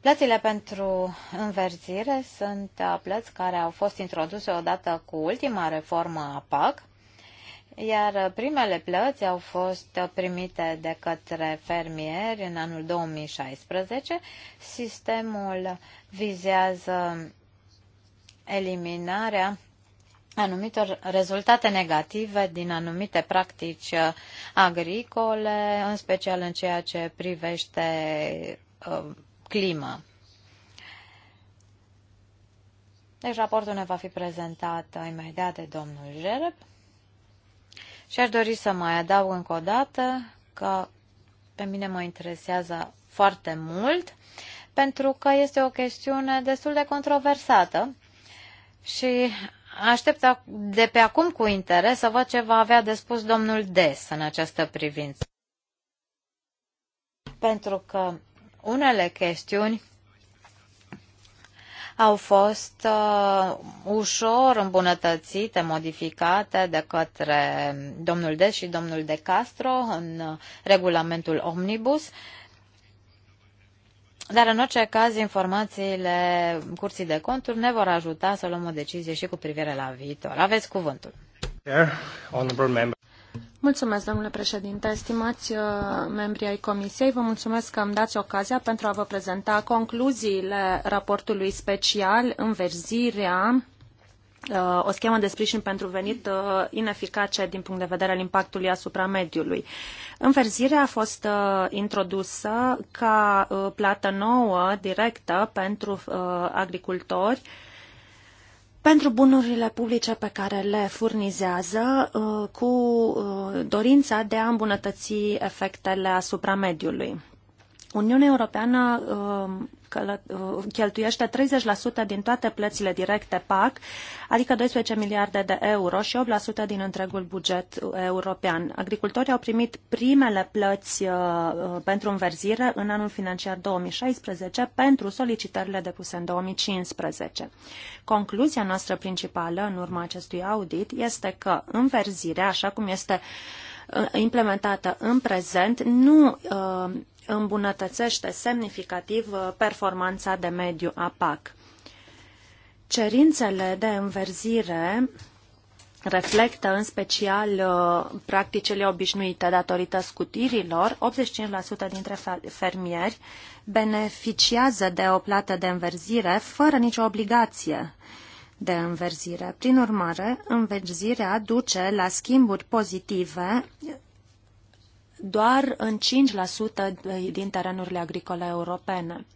Speaker 2: Plățile pentru înverzire sunt uh, plăți care au fost introduse odată cu ultima reformă a PAC, iar primele plăți au fost primite de către fermieri în anul 2016. Sistemul vizează eliminarea anumitor rezultate negative din anumite practici uh, agricole, în special în ceea ce privește uh, climă. Deci raportul ne va fi prezentat imediat de domnul Jereb. Și aș dori să mai adaug încă o dată că pe mine mă interesează foarte mult pentru că este o chestiune destul de controversată și Aștept de pe acum cu interes să văd ce va avea de spus domnul Des în această privință. Pentru că unele chestiuni au fost uh, ușor îmbunătățite, modificate de către domnul Des și domnul De Castro în uh, regulamentul Omnibus dar, în orice caz, informațiile Curții de Conturi ne vor ajuta să luăm o decizie și cu privire la viitor. Aveți cuvântul.
Speaker 4: Mulțumesc, domnule președinte, stimați uh, membri ai Comisiei, vă mulțumesc că îmi dați ocazia pentru a vă prezenta concluziile raportului special în verzirea Uh, o schemă de sprijin pentru venit uh, ineficace din punct de vedere al impactului asupra mediului. Înverzirea a fost uh, introdusă ca plată nouă, directă, pentru agricultori, pentru bunurile publice pe care le furnizează, cu dorința de a îmbunătăți efectele asupra mediului. Uniunea Europeană Uh, cheltuiește 30% din toate plățile directe PAC, adică 12 miliarde de euro și 8% din întregul buget european. Agricultorii au primit primele plăți uh, uh, pentru înverzire în anul financiar 2016 pentru solicitările depuse în 2015. Concluzia noastră principală în urma acestui audit este că înverzirea, așa cum este implementată în prezent, nu îmbunătățește semnificativ uh, performanța de mediu a PAC. Cerințele de înverzire reflectă în special uh, practicile obișnuite datorită scutirilor. 85% dintre fermieri beneficiază de o plată de înverzire fără nicio obligație de înverzire. Prin urmare, înverzirea duce la schimburi pozitive doar în 5% din terenurile agricole europene.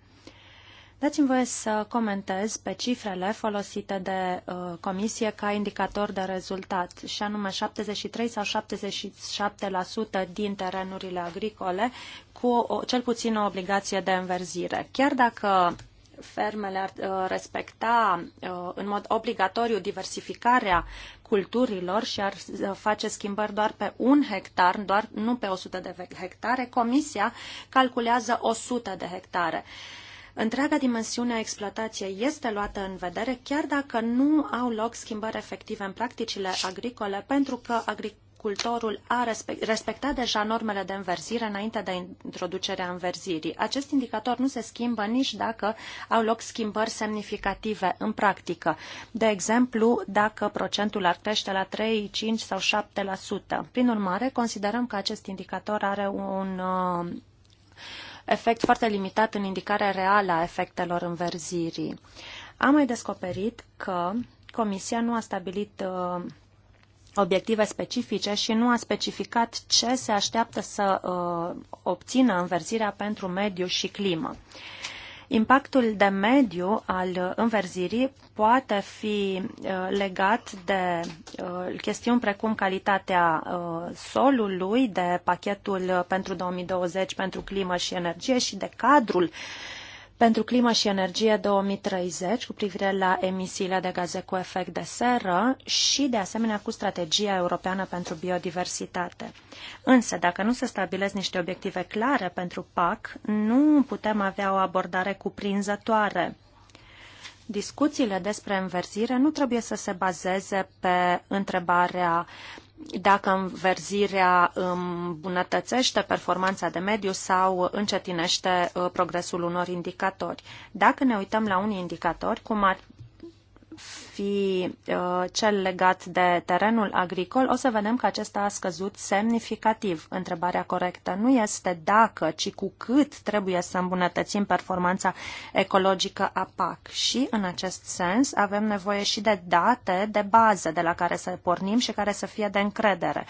Speaker 4: Dați-mi voie să comentez pe cifrele folosite de uh, comisie ca indicator de rezultat, și anume 73 sau 77% din terenurile agricole cu o, cel puțin o obligație de înverzire. Chiar dacă fermele ar uh, respecta uh, în mod obligatoriu diversificarea culturilor și ar face schimbări doar pe un hectar, doar, nu pe 100 de hectare, Comisia calculează 100 de hectare. Întreaga dimensiune a exploatației este luată în vedere, chiar dacă nu au loc schimbări efective în practicile agricole, pentru că agricultura agricultorul a respectat deja normele de înverzire înainte de introducerea înverzirii. Acest indicator nu se schimbă nici dacă au loc schimbări semnificative în practică. De exemplu, dacă procentul ar crește la 3, 5 sau 7%. Prin urmare, considerăm că acest indicator are un uh, efect foarte limitat în indicarea reală a efectelor înverzirii. Am mai descoperit că Comisia nu a stabilit uh, obiective specifice și nu a specificat ce se așteaptă să uh, obțină înverzirea pentru mediu și climă. Impactul de mediu al înverzirii poate fi uh, legat de uh, chestiuni precum calitatea uh, solului, de pachetul pentru 2020 pentru climă și energie și de cadrul pentru climă și energie 2030 cu privire la emisiile de gaze cu efect de seră și, de asemenea, cu strategia europeană pentru biodiversitate. Însă, dacă nu se stabilesc niște obiective clare pentru PAC, nu putem avea o abordare cuprinzătoare. Discuțiile despre înverzire nu trebuie să se bazeze pe întrebarea dacă înverzirea îmbunătățește performanța de mediu sau încetinește uh, progresul unor indicatori. Dacă ne uităm la unii indicatori, cum ar fi uh, cel legat de terenul agricol, o să vedem că acesta a scăzut semnificativ. Întrebarea corectă nu este dacă, ci cu cât trebuie să îmbunătățim performanța ecologică a PAC. Și, în acest sens, avem nevoie și de date de bază de la care să pornim și care să fie de încredere.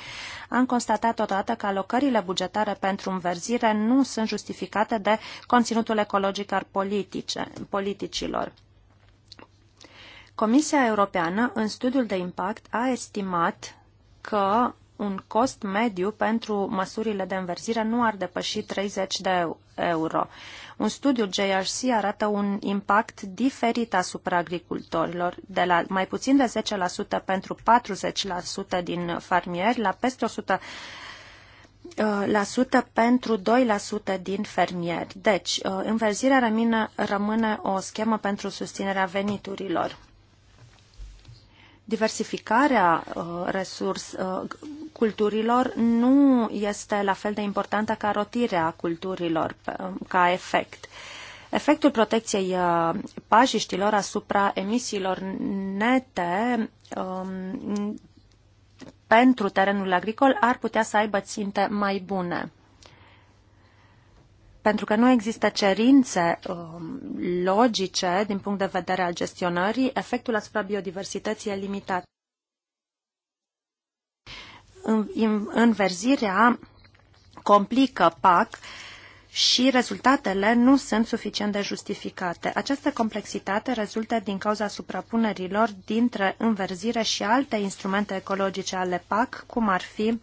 Speaker 4: Am constatat odată că alocările bugetare pentru înverzire nu sunt justificate de conținutul ecologic al politice, politicilor. Comisia Europeană, în studiul de impact, a estimat că un cost mediu pentru măsurile de înverzire nu ar depăși 30 de euro. Un studiu JRC arată un impact diferit asupra agricultorilor, de la mai puțin de 10% pentru 40% din farmieri la peste 100 la sută pentru 2% uh, din fermieri. Deci, uh, înverzirea rămâne, rămâne o schemă pentru susținerea veniturilor diversificarea uh, resurs uh, culturilor nu este la fel de importantă ca rotirea culturilor uh, ca efect. Efectul protecției uh, pajiștilor asupra emisiilor nete um, pentru terenul agricol ar putea să aibă ținte mai bune pentru că nu există cerințe um, logice din punct de vedere al gestionării, efectul asupra biodiversității e limitat. Înverzirea complică PAC și rezultatele nu sunt suficient de justificate. Această complexitate rezultă din cauza suprapunerilor dintre înverzire și alte instrumente ecologice ale PAC, cum ar fi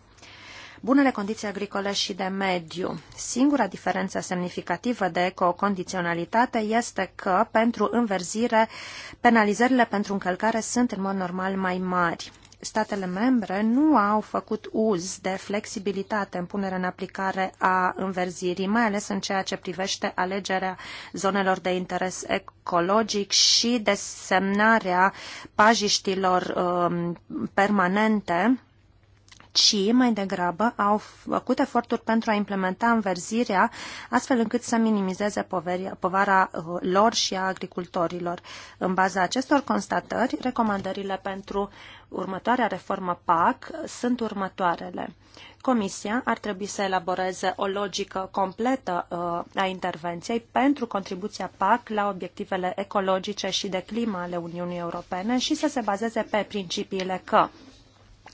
Speaker 4: bunele condiții agricole și de mediu. Singura diferență semnificativă de ecocondiționalitate este că, pentru înverzire, penalizările pentru încălcare sunt în mod normal mai mari statele membre nu au făcut uz de flexibilitate în punerea în aplicare a înverzirii, mai ales în ceea ce privește alegerea zonelor de interes ecologic și desemnarea pajiștilor uh, permanente ci mai degrabă au făcut eforturi pentru a implementa înverzirea astfel încât să minimizeze povara uh, lor și a agricultorilor. În baza acestor constatări, recomandările pentru următoarea reformă PAC sunt următoarele. Comisia ar trebui să elaboreze o logică completă uh, a intervenției pentru contribuția PAC la obiectivele ecologice și de climă ale Uniunii Europene și să se bazeze pe principiile că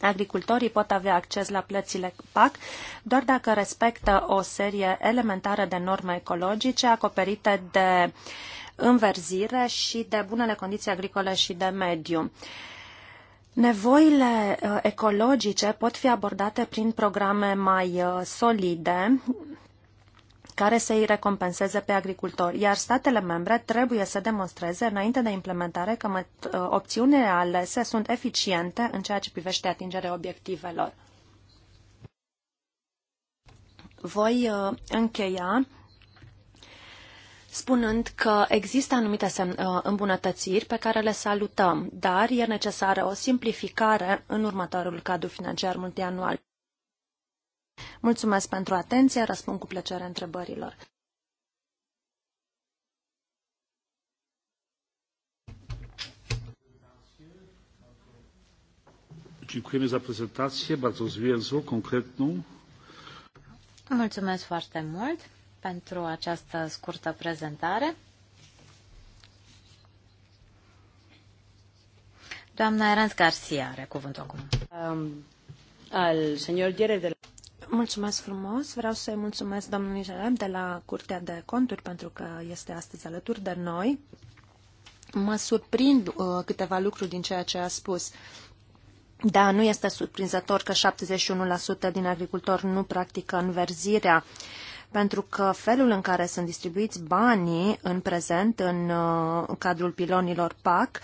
Speaker 4: Agricultorii pot avea acces la plățile PAC doar dacă respectă o serie elementară de norme ecologice acoperite de înverzire și de bunele condiții agricole și de mediu. Nevoile uh, ecologice pot fi abordate prin programe mai uh, solide care să îi recompenseze pe agricultori, iar statele membre trebuie să demonstreze înainte de implementare că opțiunile alese sunt eficiente în ceea ce privește atingerea obiectivelor. Voi uh, încheia spunând că există anumite uh, îmbunătățiri pe care le salutăm, dar e necesară o simplificare în următorul cadru financiar multianual. Mulțumesc pentru atenție, răspund cu plăcere întrebărilor.
Speaker 1: Dziękujemy za prezentację, bardzo zwięzłą, konkretną.
Speaker 2: Mulțumesc foarte mult pentru această scurtă prezentare. Doamna Eranz Garcia are cuvântul acum. Um,
Speaker 4: al señor Gere de Mulțumesc frumos. Vreau să-i mulțumesc domnului Jaleb de la Curtea de Conturi pentru că este astăzi alături de noi. Mă surprind uh, câteva lucruri din ceea ce a spus. Da, nu este surprinzător că 71% din agricultori nu practică înverzirea, pentru că felul în care sunt distribuiți banii în prezent în uh, cadrul pilonilor PAC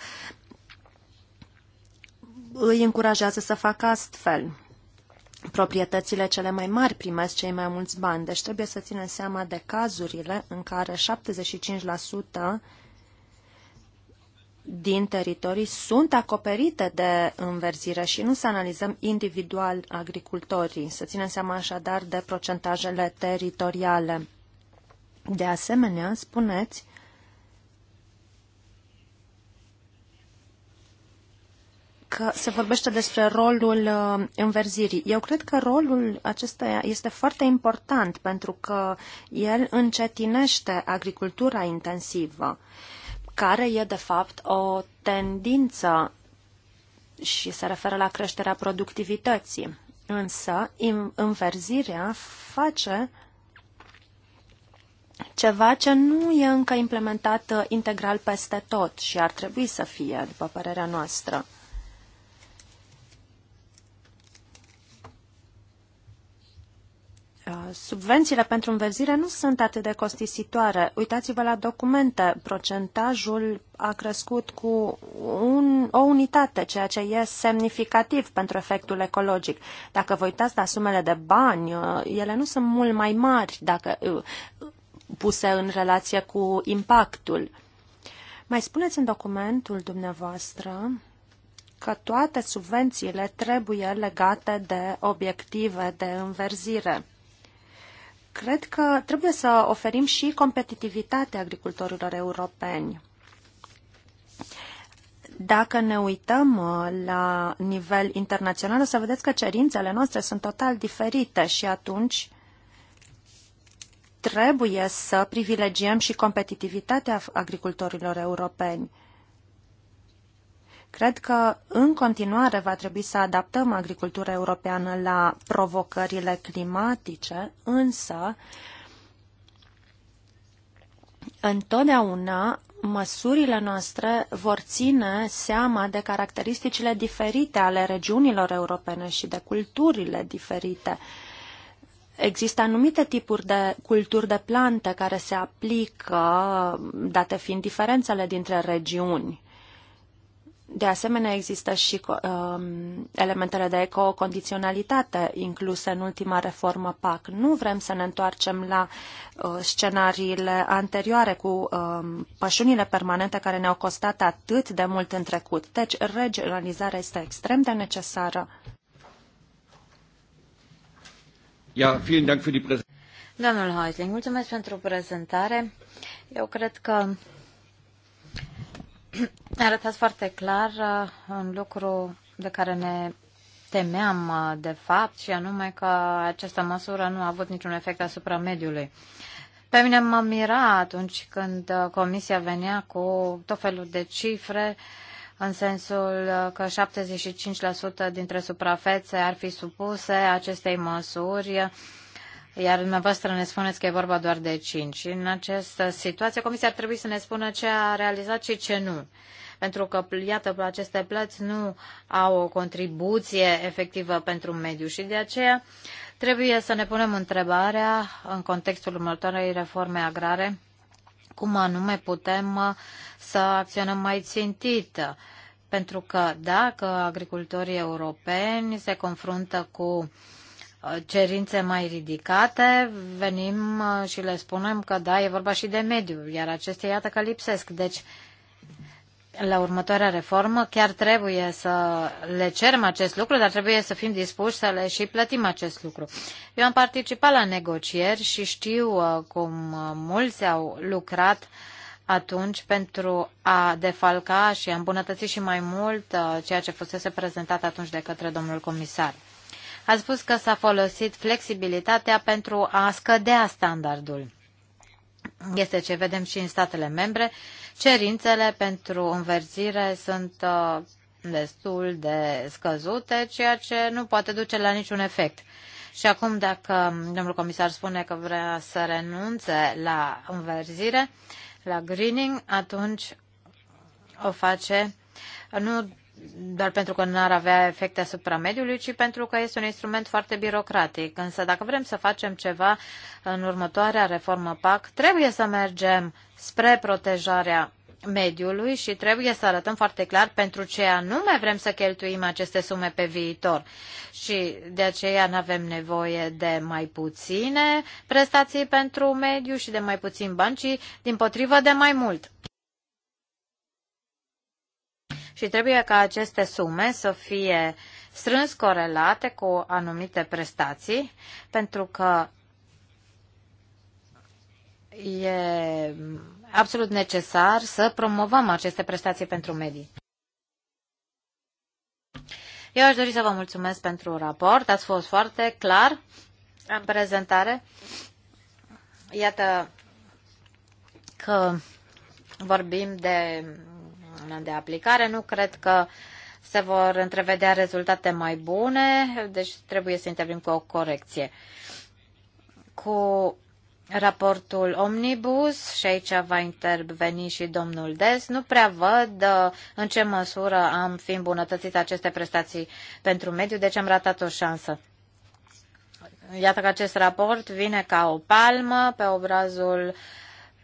Speaker 4: îi încurajează să facă astfel proprietățile cele mai mari primesc cei mai mulți bani, deci trebuie să ținem seama de cazurile în care 75% din teritorii sunt acoperite de înverzire și nu să analizăm individual agricultorii, să ținem seama așadar de procentajele teritoriale. De asemenea, spuneți că se vorbește despre rolul uh, înverzirii. Eu cred că rolul acesta este foarte important pentru că el încetinește agricultura intensivă, care e de fapt o tendință și se referă la creșterea productivității. Însă, înverzirea face ceva ce nu e încă implementat uh, integral peste tot și ar trebui să fie, după părerea noastră. Uh, subvențiile pentru înverzire nu sunt atât de costisitoare. Uitați-vă la documente. Procentajul a crescut cu un, o unitate, ceea ce e semnificativ pentru efectul ecologic. Dacă vă uitați la sumele de bani, uh, ele nu sunt mult mai mari dacă uh, puse în relație cu impactul. Mai spuneți în documentul dumneavoastră că toate subvențiile trebuie legate de obiective de înverzire cred că trebuie să oferim și competitivitate agricultorilor europeni. Dacă ne uităm uh, la nivel internațional, o să vedeți că cerințele noastre sunt total diferite și atunci trebuie să privilegiem și competitivitatea agricultorilor europeni. Cred că în continuare va trebui să adaptăm agricultura europeană la provocările climatice, însă întotdeauna măsurile noastre vor ține seama de caracteristicile diferite ale regiunilor europene și de culturile diferite. Există anumite tipuri de culturi de plante care se aplică, date fiind diferențele dintre regiuni. De asemenea, există și um, elementele de ecocondiționalitate incluse în ultima reformă PAC. Nu vrem să ne întoarcem la uh, scenariile anterioare cu um, pășunile permanente care ne-au costat atât de mult în trecut. Deci, regionalizarea este extrem de necesară.
Speaker 1: Ja, vielen Dank für die
Speaker 2: Domnul Heusling, mulțumesc pentru prezentare. Eu cred că arătați foarte clar uh, un lucru de care ne temeam uh, de fapt și anume că această măsură nu a avut niciun efect asupra mediului. Pe mine m m-a mirat, atunci când uh, comisia venea cu tot felul de cifre în sensul că 75% dintre suprafețe ar fi supuse acestei măsuri iar dumneavoastră ne spuneți că e vorba doar de cinci În această situație, Comisia ar trebui să ne spună ce a realizat și ce nu. Pentru că, iată, aceste plăți nu au o contribuție efectivă pentru mediu și de aceea trebuie să ne punem întrebarea în contextul următoarei reforme agrare cum anume putem uh, să acționăm mai țintit. Pentru că dacă agricultorii europeni se confruntă cu uh, Uh, cerințe mai ridicate, venim uh, și le spunem că da, e vorba și de mediu, iar acestea iată că lipsesc. Deci, la următoarea reformă chiar trebuie să le cerem acest lucru, dar trebuie să fim dispuși să le și plătim acest lucru. Eu am participat la negocieri și știu uh, cum mulți au lucrat atunci pentru a defalca și a îmbunătăți și mai mult ceea ce fusese prezentat atunci de către domnul comisar a spus că s-a folosit flexibilitatea pentru a scădea standardul. Este ce vedem și în statele membre. Cerințele pentru înverzire sunt uh, destul de scăzute, ceea ce nu poate duce la niciun efect. Și acum, dacă domnul comisar spune că vrea să renunțe la înverzire, la greening, atunci o face nu doar pentru că n-ar avea efecte asupra mediului, ci pentru că este un instrument foarte birocratic. Însă dacă vrem să facem ceva în următoarea reformă PAC, trebuie să mergem spre protejarea mediului și trebuie să arătăm foarte clar pentru ce anume vrem să cheltuim aceste sume pe viitor. Și de aceea nu avem nevoie de mai puține prestații pentru mediu și de mai puțin bani, ci din potrivă de mai mult și trebuie ca aceste sume să fie strâns corelate cu anumite prestații, pentru că e absolut necesar să promovăm aceste prestații pentru medii. Eu aș dori să vă mulțumesc pentru raport. Ați fost foarte clar în prezentare. Iată că vorbim de de aplicare. Nu cred că se vor întrevedea rezultate mai bune, deci trebuie să intervim cu o corecție. Cu raportul Omnibus, și aici va interveni și domnul Des, nu prea văd uh, în ce măsură am fi îmbunătățit aceste prestații pentru mediu, deci am ratat o șansă. Iată că acest raport vine ca o palmă pe obrazul uh,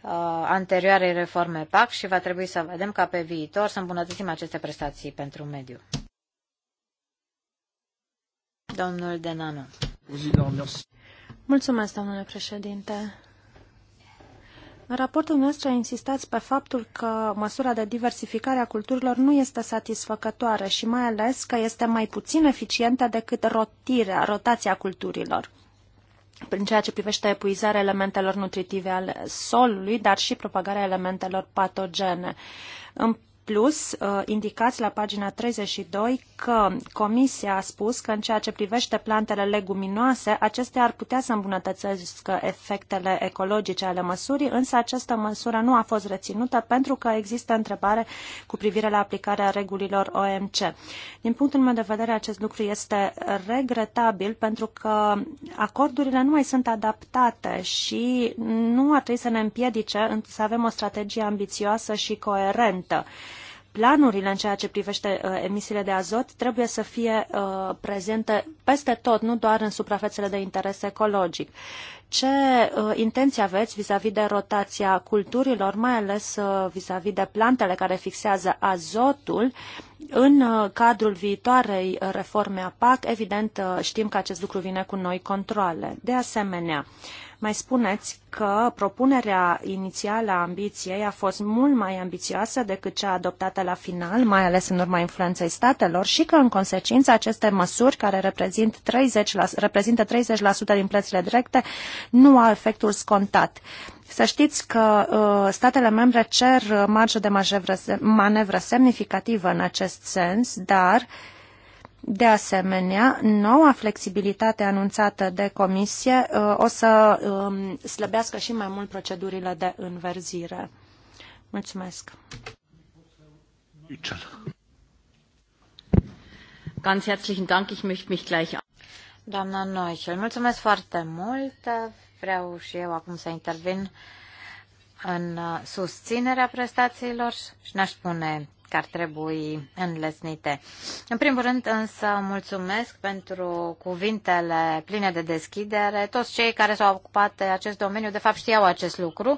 Speaker 2: Uh, anterioarei reforme PAC și va trebui să vedem ca pe viitor să îmbunătățim aceste prestații pentru mediu. Domnul Denanu.
Speaker 4: Mulțumesc, domnule președinte. În raportul nostru insistați pe faptul că măsura de diversificare a culturilor nu este satisfăcătoare și mai ales că este mai puțin eficientă decât rotirea, rotația culturilor prin ceea ce privește epuizarea elementelor nutritive ale solului, dar și propagarea elementelor patogene. În plus, uh, indicați la pagina 32 că Comisia a spus că în ceea ce privește plantele leguminoase, acestea ar putea să îmbunătățească efectele ecologice ale măsurii, însă această măsură nu a fost reținută pentru că există întrebare cu privire la aplicarea regulilor OMC. Din punctul meu de vedere, acest lucru este regretabil pentru că acordurile nu mai sunt adaptate și nu ar trebui să ne împiedice să avem o strategie ambițioasă și coerentă planurile în ceea ce privește uh, emisiile de azot trebuie să fie uh, prezente peste tot, nu doar în suprafețele de interes ecologic. Ce uh, intenții aveți vis-a-vis -vis de rotația culturilor, mai ales uh, vis-a-vis uh, -vis de plantele care fixează azotul în uh, cadrul viitoarei uh, reforme a PAC? Evident, uh, știm că acest lucru vine cu noi controle. De asemenea, uh, mai spuneți că propunerea inițială a ambiției a fost mult mai ambițioasă decât cea adoptată la final, mai ales în urma influenței statelor și că, în consecință, aceste măsuri, care reprezint 30, la reprezintă 30% din plățile directe, nu au efectul scontat. Să știți că uh, statele membre cer marge de manevră semnificativă în acest sens, dar uh, de asemenea, noua flexibilitate anunțată de comisie uh, o să um, slăbească și mai mult procedurile de înverzire. Mulțumesc.
Speaker 2: Ganz herzlichen Dank. Ich möchte mich gleich Doamna Noichel, mulțumesc foarte mult. Vreau și eu acum să intervin în uh, susținerea prestațiilor și n-aș spune că ar trebui înlesnite. În primul rând însă mulțumesc pentru cuvintele pline de deschidere. Toți cei care s-au ocupat de acest domeniu de fapt știau acest lucru.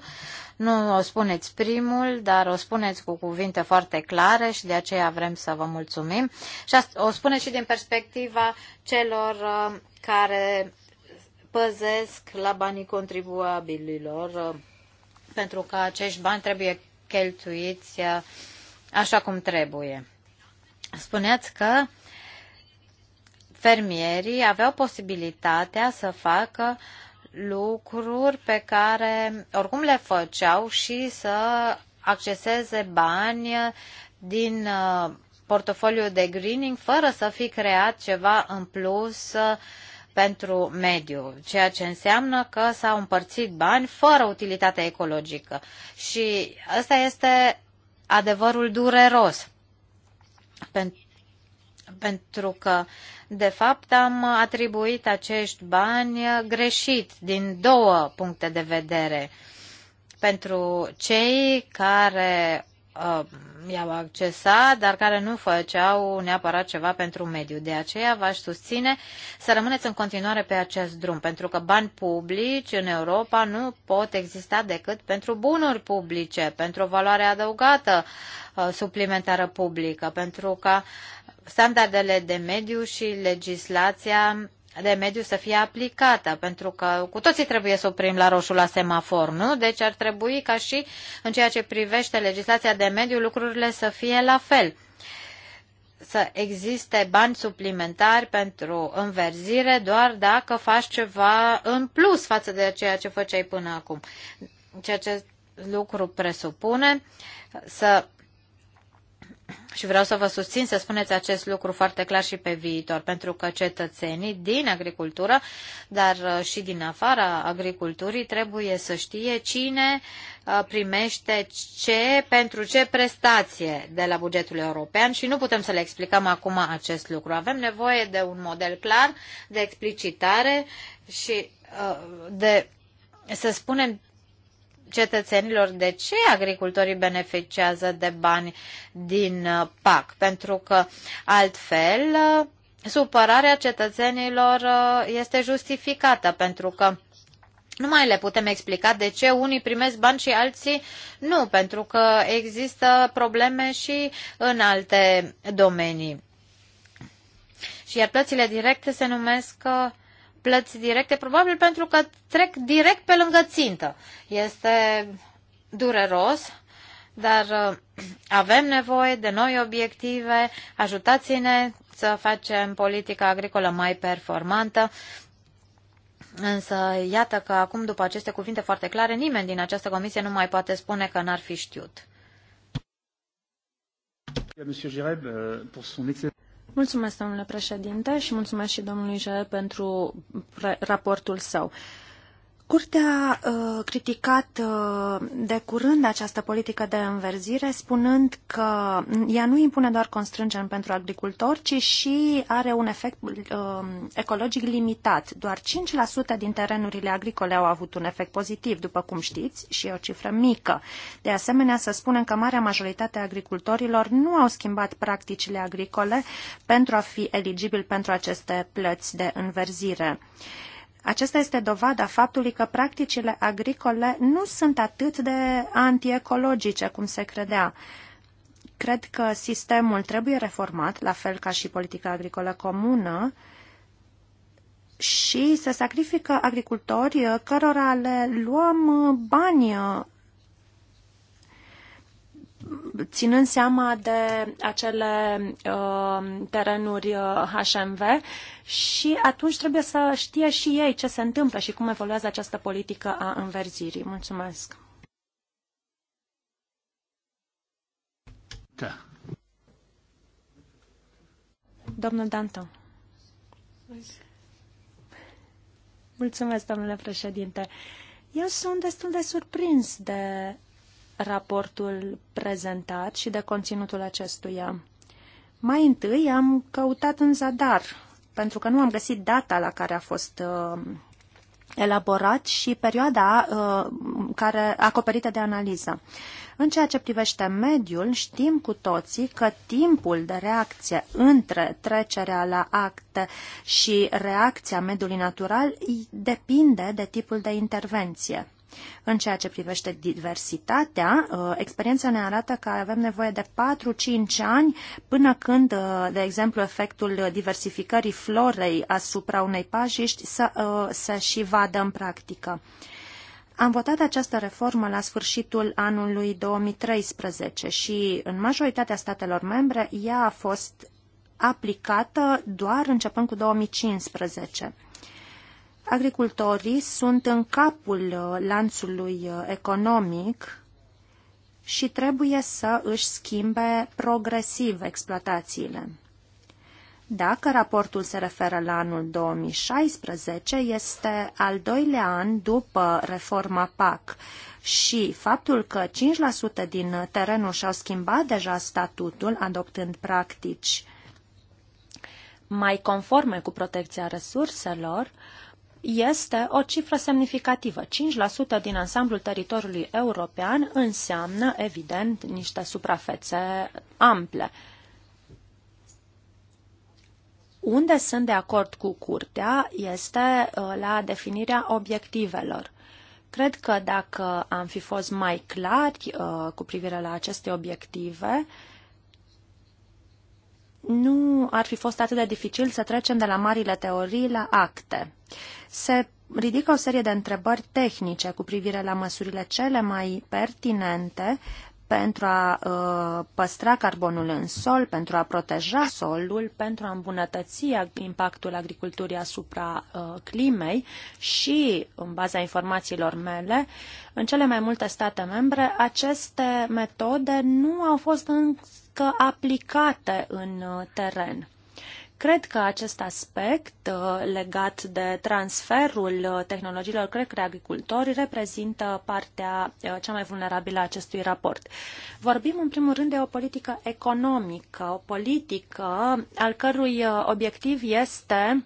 Speaker 2: Nu o spuneți primul, dar o spuneți cu cuvinte foarte clare și de aceea vrem să vă mulțumim. Și o spuneți și din perspectiva celor uh, care păzesc la banii contribuabililor, uh, pentru că acești bani trebuie cheltuiți uh, așa cum trebuie. Spuneați că fermierii aveau posibilitatea să facă lucruri pe care oricum le făceau și să acceseze bani din uh, portofoliu de greening fără să fi creat ceva în plus uh, pentru mediu, ceea ce înseamnă că s-au împărțit bani fără utilitate ecologică. Și asta este adevărul dureros. Pentru că, de fapt, am atribuit acești bani greșit din două puncte de vedere. Pentru cei care uh, i-au accesat, dar care nu făceau neapărat ceva pentru mediu. De aceea v-aș susține să rămâneți în continuare pe acest drum, pentru că bani publici în Europa nu pot exista decât pentru bunuri publice, pentru o valoare adăugată uh, suplimentară publică, pentru ca standardele de mediu și legislația de mediu să fie aplicată, pentru că cu toții trebuie să oprim la roșu la semafor, nu? Deci ar trebui ca și în ceea ce privește legislația de mediu lucrurile să fie la fel. Să existe bani suplimentari pentru înverzire doar dacă faci ceva în plus față de ceea ce făceai până acum. Ceea ce lucru presupune să și vreau să vă susțin să spuneți acest lucru foarte clar și pe viitor, pentru că cetățenii din agricultură, dar uh, și din afara agriculturii, trebuie să știe cine uh, primește ce, pentru ce prestație de la bugetul european și nu putem să le explicăm acum acest lucru. Avem nevoie de un model clar de explicitare și uh, de să spunem cetățenilor de ce agricultorii beneficiază de bani din uh, PAC, pentru că altfel uh, supărarea cetățenilor uh, este justificată, pentru că nu mai le putem explica de ce unii primesc bani și alții nu, pentru că există probleme și în alte domenii. Și iar plățile directe se numesc plăți directe, probabil pentru că trec direct pe lângă țintă. Este dureros, dar uh, avem nevoie de noi obiective, ajutați-ne să facem politica agricolă mai performantă, însă iată că acum, după aceste cuvinte foarte clare, nimeni din această comisie nu mai poate spune că n-ar fi știut. Mulțumesc, domnule președinte, și mulțumesc și domnului Jere
Speaker 4: pentru raportul său. Curtea a uh, criticat uh, de curând această politică de înverzire, spunând că ea nu impune doar constrângeri pentru agricultori, ci și are un efect uh, ecologic limitat. Doar 5% din terenurile agricole au avut un efect pozitiv, după cum știți, și e o cifră mică. De asemenea, să spunem că marea majoritate a agricultorilor nu au schimbat practicile agricole pentru a fi eligibil pentru aceste plăți de înverzire. Uh, acesta este dovada faptului că practicile agricole nu sunt atât de antiecologice cum se credea. Cred că sistemul trebuie reformat, la fel ca și politica agricolă comună, și se sacrifică agricultori uh, cărora le luăm uh, bani uh, ținând seama de acele uh, terenuri HMV uh, și atunci trebuie să știe și ei ce se întâmplă și cum evoluează această politică a înverzirii. Mulțumesc! Da. Domnul Danton. Mulțumesc, domnule președinte. Eu sunt destul de surprins de raportul prezentat și de conținutul acestuia. Mai întâi am căutat în zadar, pentru că nu am găsit data la care a fost uh, elaborat și perioada uh, care acoperită de analiză. În ceea ce privește mediul, știm cu toții că timpul de reacție între trecerea la acte și reacția mediului natural depinde de tipul de intervenție. În ceea ce privește diversitatea, uh, experiența ne arată că avem nevoie de 4-5 ani până când, uh, de exemplu, efectul diversificării florei asupra unei pajiști să, uh, să și vadă în practică. Am votat această reformă la sfârșitul anului 2013 și în majoritatea statelor membre ea a fost aplicată doar începând cu 2015 agricultorii sunt în capul uh, lanțului uh, economic și trebuie să își schimbe progresiv exploatațiile. Dacă raportul se referă la anul 2016, este al doilea an după reforma PAC și faptul că 5% din terenul și-au schimbat deja statutul, adoptând practici mai conforme cu protecția resurselor, uh, este o cifră semnificativă. 5% din ansamblul teritoriului european înseamnă, evident, niște suprafețe ample. Unde sunt de acord cu curtea este uh, la definirea obiectivelor. Cred că dacă am fi fost mai clari uh, cu privire la aceste obiective, nu ar fi fost atât de dificil să trecem de la marile teorii la acte. Se ridică o serie de întrebări tehnice cu privire la măsurile cele mai pertinente pentru a uh, păstra carbonul în sol, pentru a proteja solul, pentru a îmbunătăți impactul agriculturii asupra uh, climei și, în baza informațiilor mele, în cele mai multe state membre, aceste metode nu au fost că aplicate în uh, teren. Cred că acest aspect uh, legat de transferul uh, tehnologiilor către agricultori reprezintă partea cea mai vulnerabilă a acestui raport. Vorbim în primul rând de o politică economică, o politică al cărui obiectiv este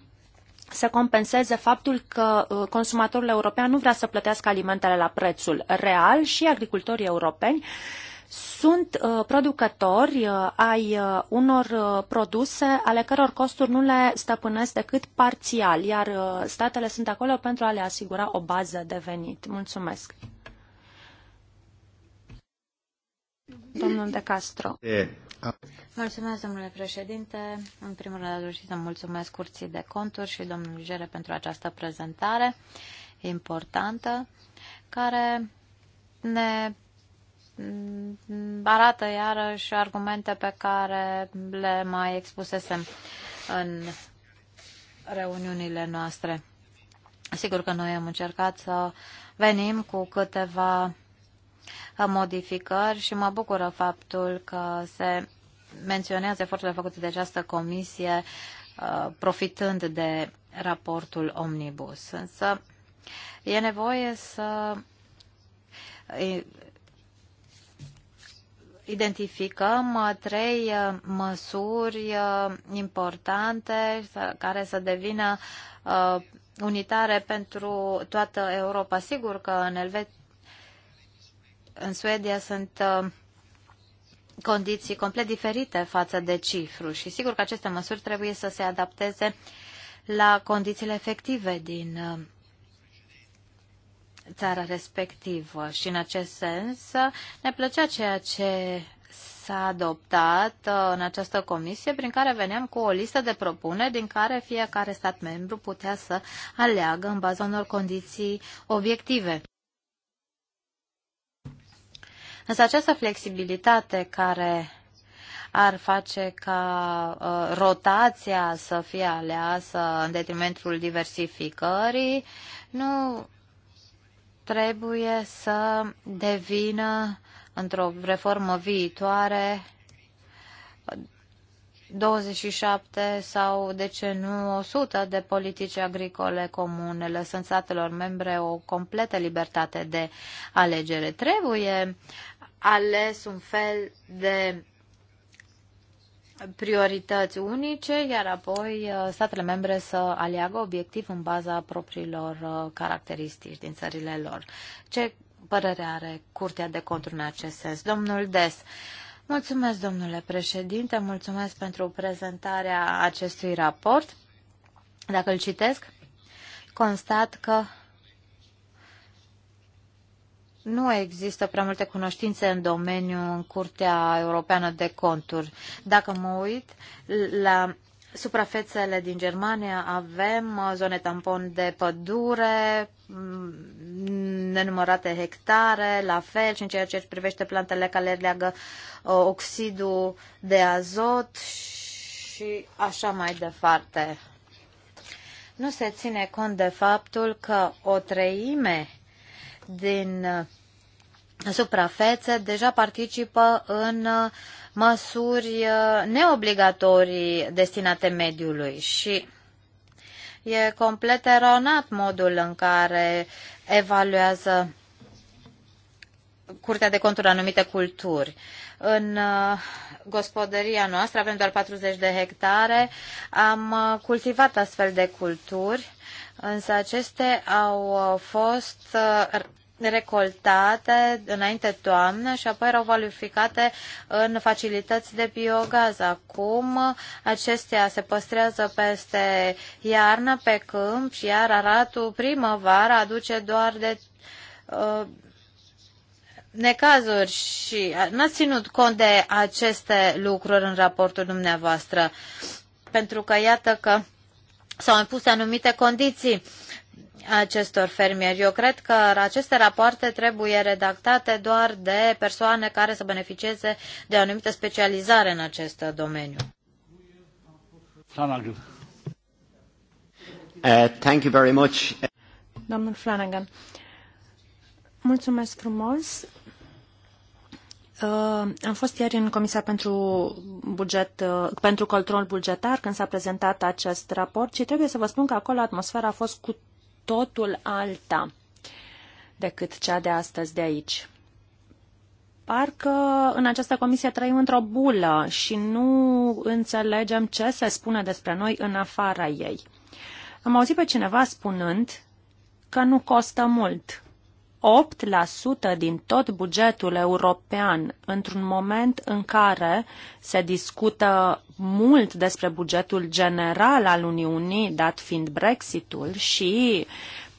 Speaker 4: să compenseze faptul că consumatorul european nu vrea să plătească alimentele la prețul real și agricultorii europeni sunt uh, producători uh, ai uh, unor uh, produse ale căror costuri nu le stăpânesc decât parțial, iar uh, statele sunt acolo pentru a le asigura o bază de venit. Mulțumesc. Domnul De Castro.
Speaker 5: E.
Speaker 2: Mulțumesc, domnule președinte. În primul rând, aș să mulțumesc Curții de Conturi și domnului Jere pentru această prezentare importantă, care ne Mm, arată iarăși argumente pe care le mai expusesem în reuniunile noastre. Sigur că noi am încercat să venim cu câteva modificări și mă bucură faptul că se menționează eforturile făcute de această comisie uh, profitând de raportul Omnibus. Însă e nevoie să identificăm uh, trei uh, măsuri uh, importante care să devină unitare pentru toată Europa. Sigur că în Elveția, în Suedia sunt condiții complet diferite față de cifru și sigur că aceste măsuri trebuie să se adapteze la condițiile efective din țara respectivă și în acest sens ne plăcea ceea ce s-a adoptat uh, în această comisie prin care veneam cu o listă de propuneri din care fiecare stat membru putea să aleagă în baza unor condiții obiective. Însă această flexibilitate care ar face ca uh, rotația să fie aleasă în detrimentul diversificării, nu trebuie să devină într-o reformă viitoare 27 sau, de ce nu, 100 de politici agricole comune, lăsând statelor membre o completă libertate de alegere. Trebuie ales un fel de priorități unice, iar apoi uh, statele membre să aleagă obiectiv în baza propriilor uh, caracteristici din țările lor. Ce părere are Curtea de Conturi în acest sens? Domnul Des, mulțumesc, domnule președinte, mulțumesc pentru prezentarea acestui raport. Dacă îl citesc, constat că nu există prea multe cunoștințe în domeniu în Curtea Europeană de Conturi. Dacă mă uit la suprafețele din Germania, avem uh, zone tampon de pădure, mm, nenumărate hectare, la fel și în ceea ce privește plantele care leagă uh, oxidul de azot și așa mai departe. Nu se ține cont de faptul că o treime din uh, suprafețe deja participă în uh, măsuri uh, neobligatorii destinate mediului și e complet eronat modul în care evaluează Curtea de Conturi anumite culturi. În gospodăria noastră avem doar 40 de hectare, am cultivat astfel de culturi însă aceste au uh, fost uh, recoltate înainte toamnă și apoi erau valorificate în facilități de biogaz. Acum uh, acestea se păstrează peste iarnă pe câmp, iar aratul primăvara aduce doar de necazuri și n-ați ținut cont de aceste lucruri în raportul dumneavoastră, pentru că iată că s-au impus anumite condiții acestor fermieri. Eu cred că aceste rapoarte trebuie redactate doar de persoane care să beneficieze de o anumită specializare în acest domeniu. Uh, thank
Speaker 3: you very much.
Speaker 4: Domnul Flanagan, mulțumesc frumos. Uh, am fost ieri în Comisia pentru, buget, uh, pentru Control Bugetar când s-a prezentat acest raport și trebuie să vă spun că acolo atmosfera a fost cu totul alta decât cea de astăzi de aici. Parcă în această comisie trăim într-o bulă și nu înțelegem ce se spune despre noi în afara ei. Am auzit pe cineva spunând că nu costă mult 8% din tot bugetul european, într-un moment în care se discută mult despre bugetul general al Uniunii, dat fiind Brexitul și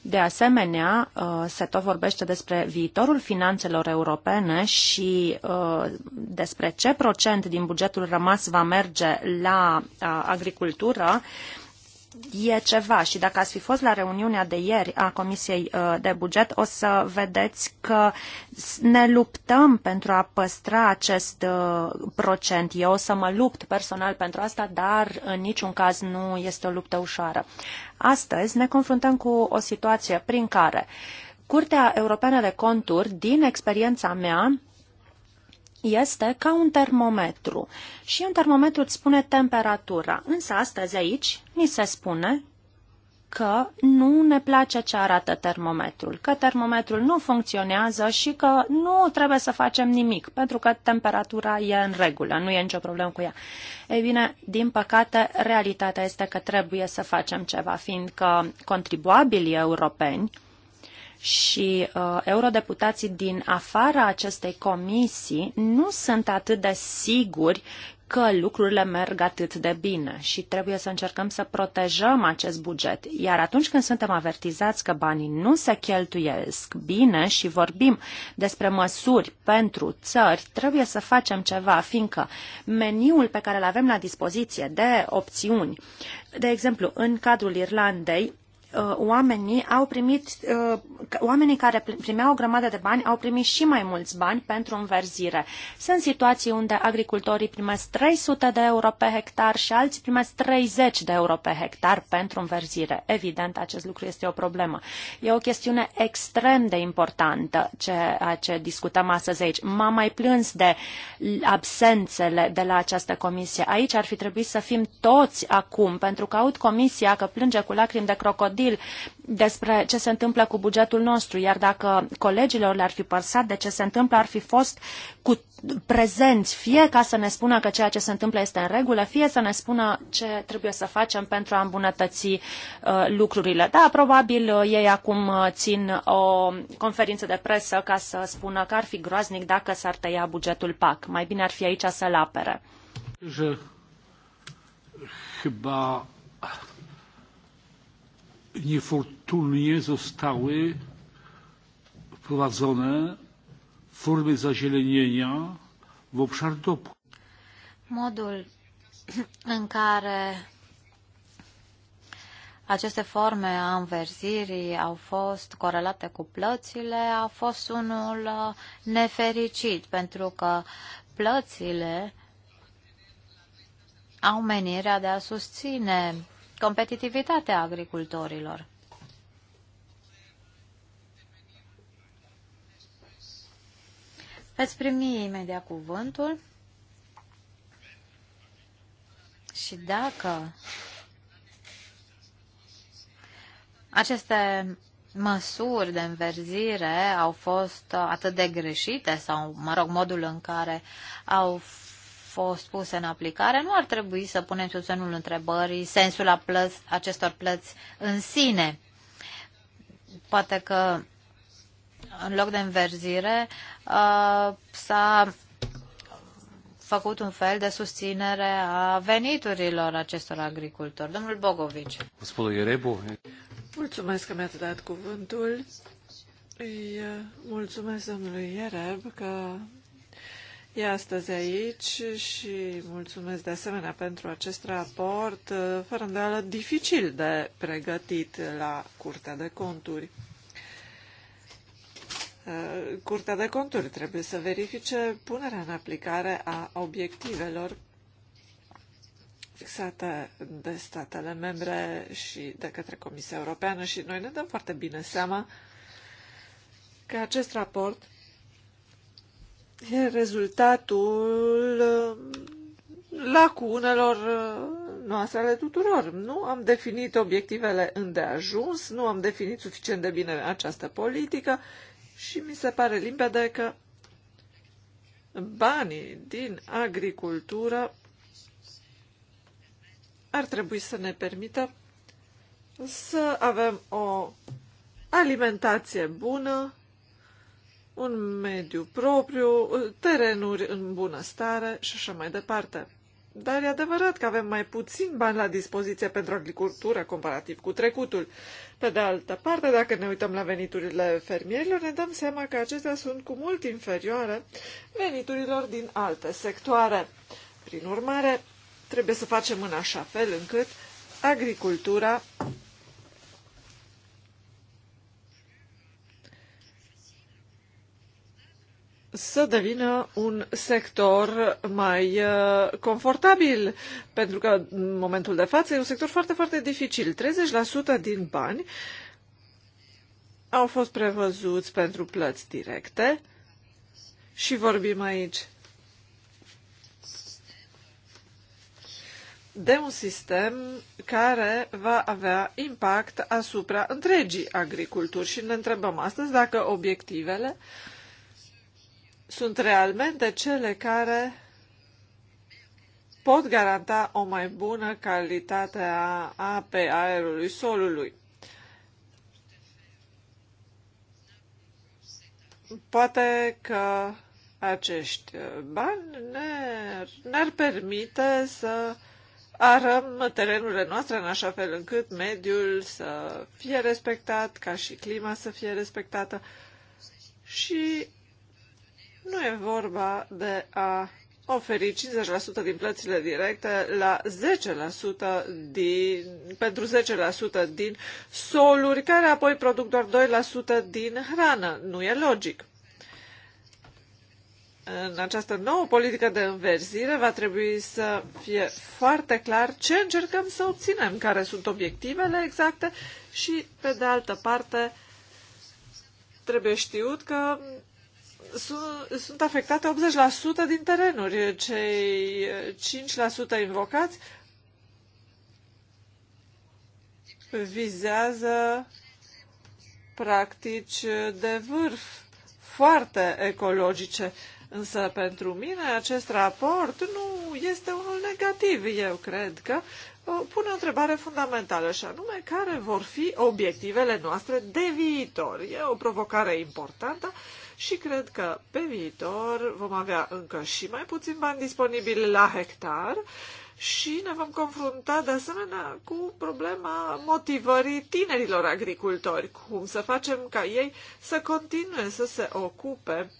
Speaker 4: de asemenea, uh, se tot vorbește despre viitorul finanțelor europene și uh, despre ce procent din bugetul rămas va merge la uh, agricultură e ceva și dacă ați fi fost la reuniunea de ieri a Comisiei uh, de Buget, o să vedeți că ne luptăm pentru a păstra acest uh, procent. Eu o să mă lupt personal pentru asta, dar în niciun caz nu este o luptă ușoară. Astăzi ne confruntăm cu o situație prin care Curtea Europeană de Conturi, din experiența mea, este ca un termometru și un termometru îți spune temperatura. Însă astăzi aici ni se spune că nu ne place ce arată termometrul, că termometrul nu funcționează și că nu trebuie să facem nimic, pentru că temperatura e în regulă, nu e nicio problemă cu ea. Ei bine, din păcate, realitatea este că trebuie să facem ceva, fiindcă contribuabilii europeni, și uh, eurodeputații din afara acestei comisii nu sunt atât de siguri că lucrurile merg atât de bine și trebuie să încercăm să protejăm acest buget. Iar atunci când suntem avertizați că banii nu se cheltuiesc bine și vorbim despre măsuri pentru țări, trebuie să facem ceva, fiindcă meniul pe care îl avem la dispoziție de opțiuni, de exemplu, în cadrul Irlandei, Uh, oamenii au primit, uh, oamenii care primeau o grămadă de bani au primit și mai mulți bani pentru înverzire. Sunt situații unde agricultorii primesc 300 de euro pe hectar și alții primesc 30 de euro pe hectar pentru înverzire. Evident, acest lucru este o problemă. E o chestiune extrem de importantă ceea ce discutăm astăzi aici. M-am mai plâns de absențele de la această comisie. Aici ar fi trebuit să fim toți acum, pentru că aud comisia că plânge cu lacrimi de crocodil Busutil despre ce se întâmplă cu bugetul nostru, iar dacă colegilor le-ar fi părsat de ce se întâmplă, ar fi fost cu prezenți, fie ca să ne spună că ceea ce se întâmplă este în regulă, fie să ne spună ce trebuie să facem pentru a îmbunătăți uh, lucrurile. Da, probabil uh, ei acum uh, țin o conferință de presă ca să spună că ar fi groaznic dacă s-ar tăia bugetul PAC. Mai bine ar fi aici să-l apere.
Speaker 1: Chyba niefortunnie zostały wprowadzone formy zazielenienia w obszar dopłat.
Speaker 2: Modul în care aceste forme a înverzirii au fost corelate cu plățile a fost unul uh, nefericit, pentru că plățile au menirea de a susține competitivitatea agricultorilor. Veți primi imediat cuvântul și dacă aceste măsuri de înverzire au fost atât de greșite sau, mă rog, modul în care au fost puse în aplicare, nu ar trebui să punem sub semnul întrebării sensul a plăți, acestor plăți în sine. Poate că în loc de înverzire s-a făcut un fel de susținere a veniturilor acestor agricultori. Domnul Bogovici.
Speaker 3: Mulțumesc că mi-ați dat cuvântul. Îi mulțumesc domnului Iereb că e astăzi aici și mulțumesc de asemenea pentru acest raport, uh, fără îndoială dificil de pregătit la Curtea de Conturi. Uh, Curtea de Conturi trebuie să verifice punerea în aplicare a obiectivelor fixate de statele membre și de către Comisia Europeană și noi ne dăm foarte bine seama că acest raport rezultatul uh, lacunelor uh, noastre ale tuturor. Nu am definit obiectivele îndeajuns, nu am definit suficient de bine această politică și mi se pare limpede că banii din agricultură ar trebui să ne permită să avem o alimentație bună, un mediu propriu, terenuri în bună stare și așa mai departe. Dar e adevărat că avem mai puțin bani la dispoziție pentru agricultură comparativ cu trecutul. Pe de altă parte, dacă ne uităm la veniturile fermierilor, ne dăm seama că acestea sunt cu mult inferioare veniturilor din alte sectoare. Prin urmare, trebuie să facem în așa fel încât agricultura să devină un sector mai uh, confortabil, pentru că în momentul de față e un sector foarte, foarte dificil. 30% din bani au fost prevăzuți pentru plăți directe și vorbim aici de un sistem care va avea impact asupra întregii agriculturi și ne întrebăm astăzi dacă obiectivele uh, sunt realmente cele care pot garanta o mai bună calitate a apei, aerului, solului. Poate că acești bani ne-ar, ne permite să arăm terenurile noastre în așa fel încât mediul să fie respectat, ca și clima să fie respectată și nu e vorba de a oferi 50% din plățile directe la 10% din, pentru 10% din soluri, care apoi produc doar 2% din hrană. Nu e logic. În această nouă politică de înverzire va trebui să fie foarte clar ce încercăm să obținem, care sunt obiectivele exacte și, pe de altă parte, trebuie știut că sunt, sunt afectate 80% din terenuri. Cei 5% invocați vizează practici de vârf foarte ecologice. Însă pentru mine acest raport nu este unul negativ. Eu cred că pune o întrebare fundamentală și anume care vor fi obiectivele noastre de viitor. E o provocare importantă și cred că pe viitor vom avea încă și mai puțin bani disponibili la hectar și ne vom confrunta de asemenea cu problema motivării tinerilor agricultori, cum să facem ca ei să continue să se ocupe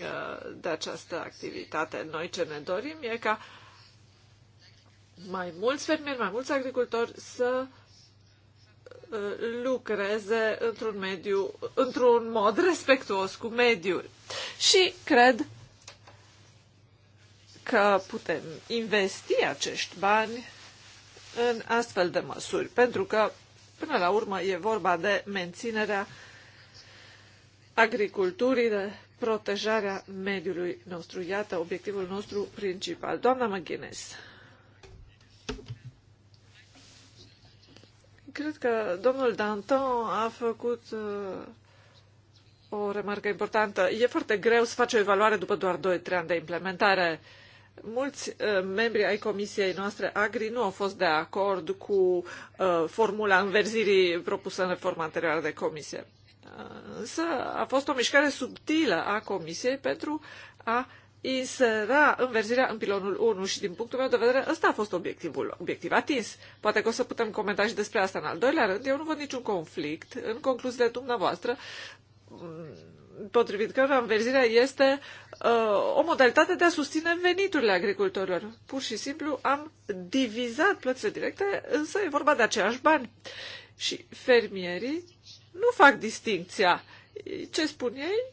Speaker 3: uh, de această activitate. Noi ce ne dorim e ca mai mulți fermieri, mai mulți agricultori să uh, lucreze într-un mediu, într-un mod respectuos cu mediul. Și cred că putem investi acești bani în astfel de măsuri, pentru că, până la urmă, e vorba de menținerea agriculturii, de protejarea mediului nostru. Iată obiectivul nostru principal. Doamna McGuinness. Cred că domnul Danton a făcut uh, o remarcă importantă. E foarte greu să faci o evaluare după doar 2-3 ani de implementare. Mulți uh, membri ai comisiei noastre agri nu au fost de acord cu uh, formula înverzirii propusă în reforma anterioară de comisie. Uh, însă a fost o mișcare subtilă a comisiei pentru a insera înverzirea în pilonul 1 și din punctul meu de vedere ăsta a fost obiectivul, obiectiv atins. Poate că o să putem comenta și despre asta în al doilea rând. Eu nu văd niciun conflict în concluziile dumneavoastră mm, potrivit cărora înverzirea este uh, o modalitate de a susține veniturile agricultorilor. Pur și simplu am divizat plățile directe, însă e vorba de aceiași bani. Și fermierii nu fac distinția. Ce spun ei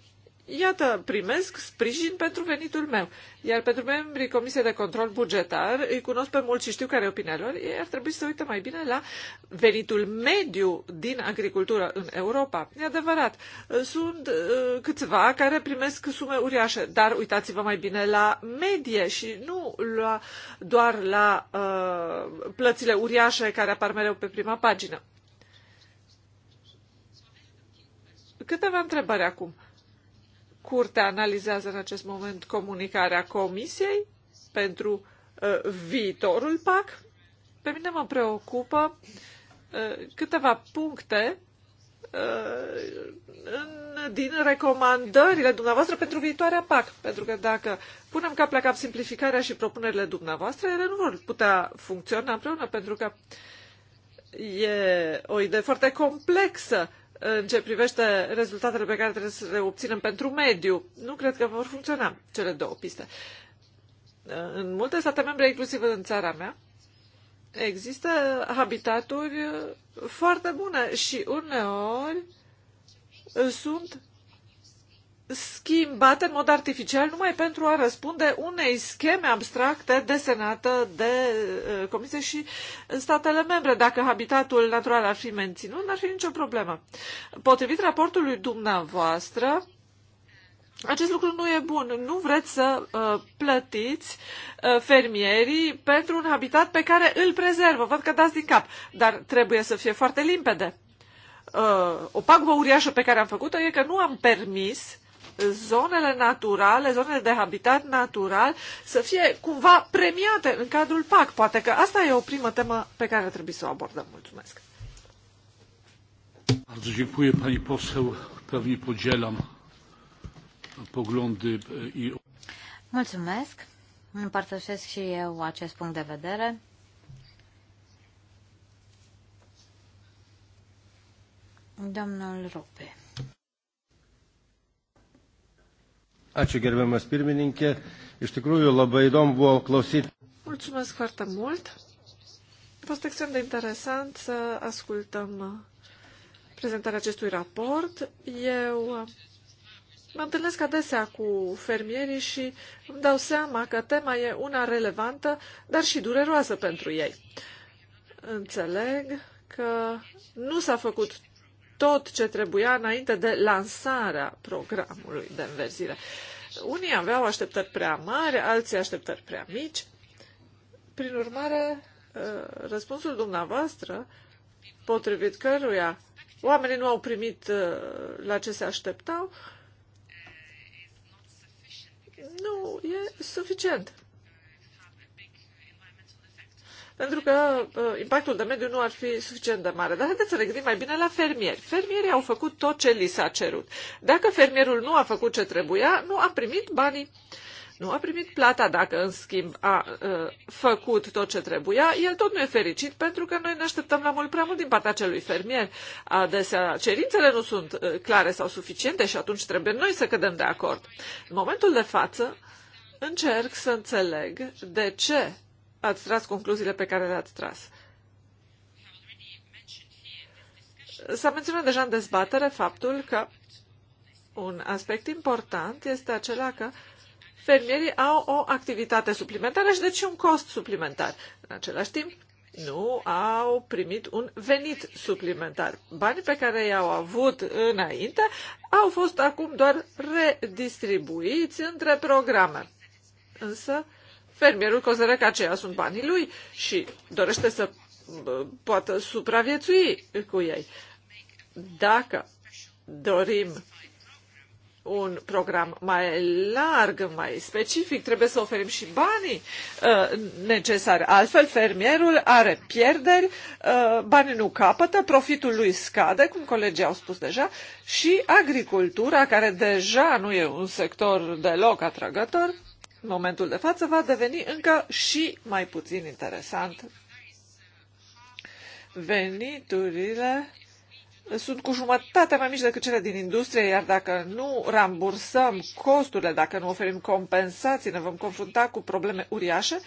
Speaker 3: Iată, primesc sprijin pentru venitul meu. Iar pentru membrii Comisiei de Control Bugetar, îi cunosc pe mulți și știu care e opinia lor, ei ar trebui să uită mai bine la venitul mediu din agricultură în Europa. E adevărat, sunt uh, câțiva care primesc sume uriașe, dar uitați-vă mai bine la medie și nu la, doar la uh, plățile uriașe care apar mereu pe prima pagină. Câteva întrebări acum. Uh, Curtea analizează în acest moment comunicarea Comisiei pentru uh, viitorul PAC. Pe mine mă preocupă uh, câteva puncte uh, în, din recomandările dumneavoastră pentru viitoarea PAC. Pentru că dacă punem cap la cap simplificarea și propunerile dumneavoastră, ele nu vor putea funcționa împreună, pentru că e o idee foarte complexă în ce privește rezultatele pe care trebuie să le obținem pentru mediu. Nu cred că vor funcționa cele două piste. În multe state membre, inclusiv în țara mea, există habitaturi foarte bune și uneori sunt schimbate în mod artificial numai pentru a răspunde unei scheme abstracte desenată de Comisie și statele membre. Dacă habitatul natural ar fi menținut, n-ar fi nicio problemă. Potrivit raportului dumneavoastră, acest lucru nu e bun. Nu vreți să uh, plătiți uh, fermierii pentru un habitat pe care îl prezervă. Văd că dați din cap, dar trebuie să fie foarte limpede. Uh, o pagubă uriașă pe care am făcut-o e că nu am permis zonele naturale, zonele de habitat natural să fie cumva premiate în cadrul PAC. Poate că asta e o primă temă pe care trebuie să o abordăm. Mulțumesc.
Speaker 1: Bardzo dziękuję pani poseł. Pewnie podzielam poglądy i...
Speaker 2: Mulțumesc. Împărtășesc și eu acest punct de vedere.
Speaker 3: Domnul Rope.
Speaker 1: Ačiū gerbiamas pirmininkė. Iš tikrųjų labai įdomu buvo klausyti.
Speaker 3: Mulțumesc foarte mult. A fost extrem de interesant să ascultăm prezentarea acestui raport. Eu mă întâlnesc adesea cu fermierii și îmi dau seama că tema e una relevantă, dar și dureroasă pentru ei. Înțeleg că nu s-a făcut tot ce trebuia înainte de lansarea programului de înverzire. Unii aveau așteptări prea mari, alții așteptări prea mici. Prin urmare, ă, răspunsul dumneavoastră, potrivit căruia oamenii nu au primit ă, la ce se așteptau, nu e suficient pentru că uh, impactul de mediu nu ar fi suficient de mare. Dar haideți să ne gândim mai bine la fermieri. Fermierii au făcut tot ce li s-a cerut. Dacă fermierul nu a făcut ce trebuia, nu a primit banii. Nu a primit plata dacă, în schimb, a uh, făcut tot ce trebuia. El tot nu e fericit pentru că noi ne așteptăm la mult prea mult din partea acelui fermier. Adesea cerințele nu sunt uh, clare sau suficiente și atunci trebuie noi să cădem de acord. În momentul de față, încerc să înțeleg de ce ați tras concluziile pe care le-ați tras. S-a menționat deja în dezbatere faptul că un aspect important este acela că fermierii au o activitate suplimentară și deci un cost suplimentar. În același timp, nu au primit un venit suplimentar. Banii pe care i-au avut înainte au fost acum doar redistribuiți între programe. Însă, fermierul consideră că aceia sunt banii lui și dorește să poată supraviețui cu ei. Dacă dorim un program mai larg, mai specific, trebuie să oferim și banii uh, necesari. Altfel, fermierul are pierderi, uh, banii nu capătă, profitul lui scade, cum colegii au spus deja, și agricultura, care deja nu e un sector deloc atrăgător, momentul de față va deveni încă și mai puțin interesant. Veniturile sunt cu jumătate mai mici decât cele din industrie, iar dacă nu rambursăm costurile, dacă nu oferim compensații, ne vom confrunta cu probleme uriașe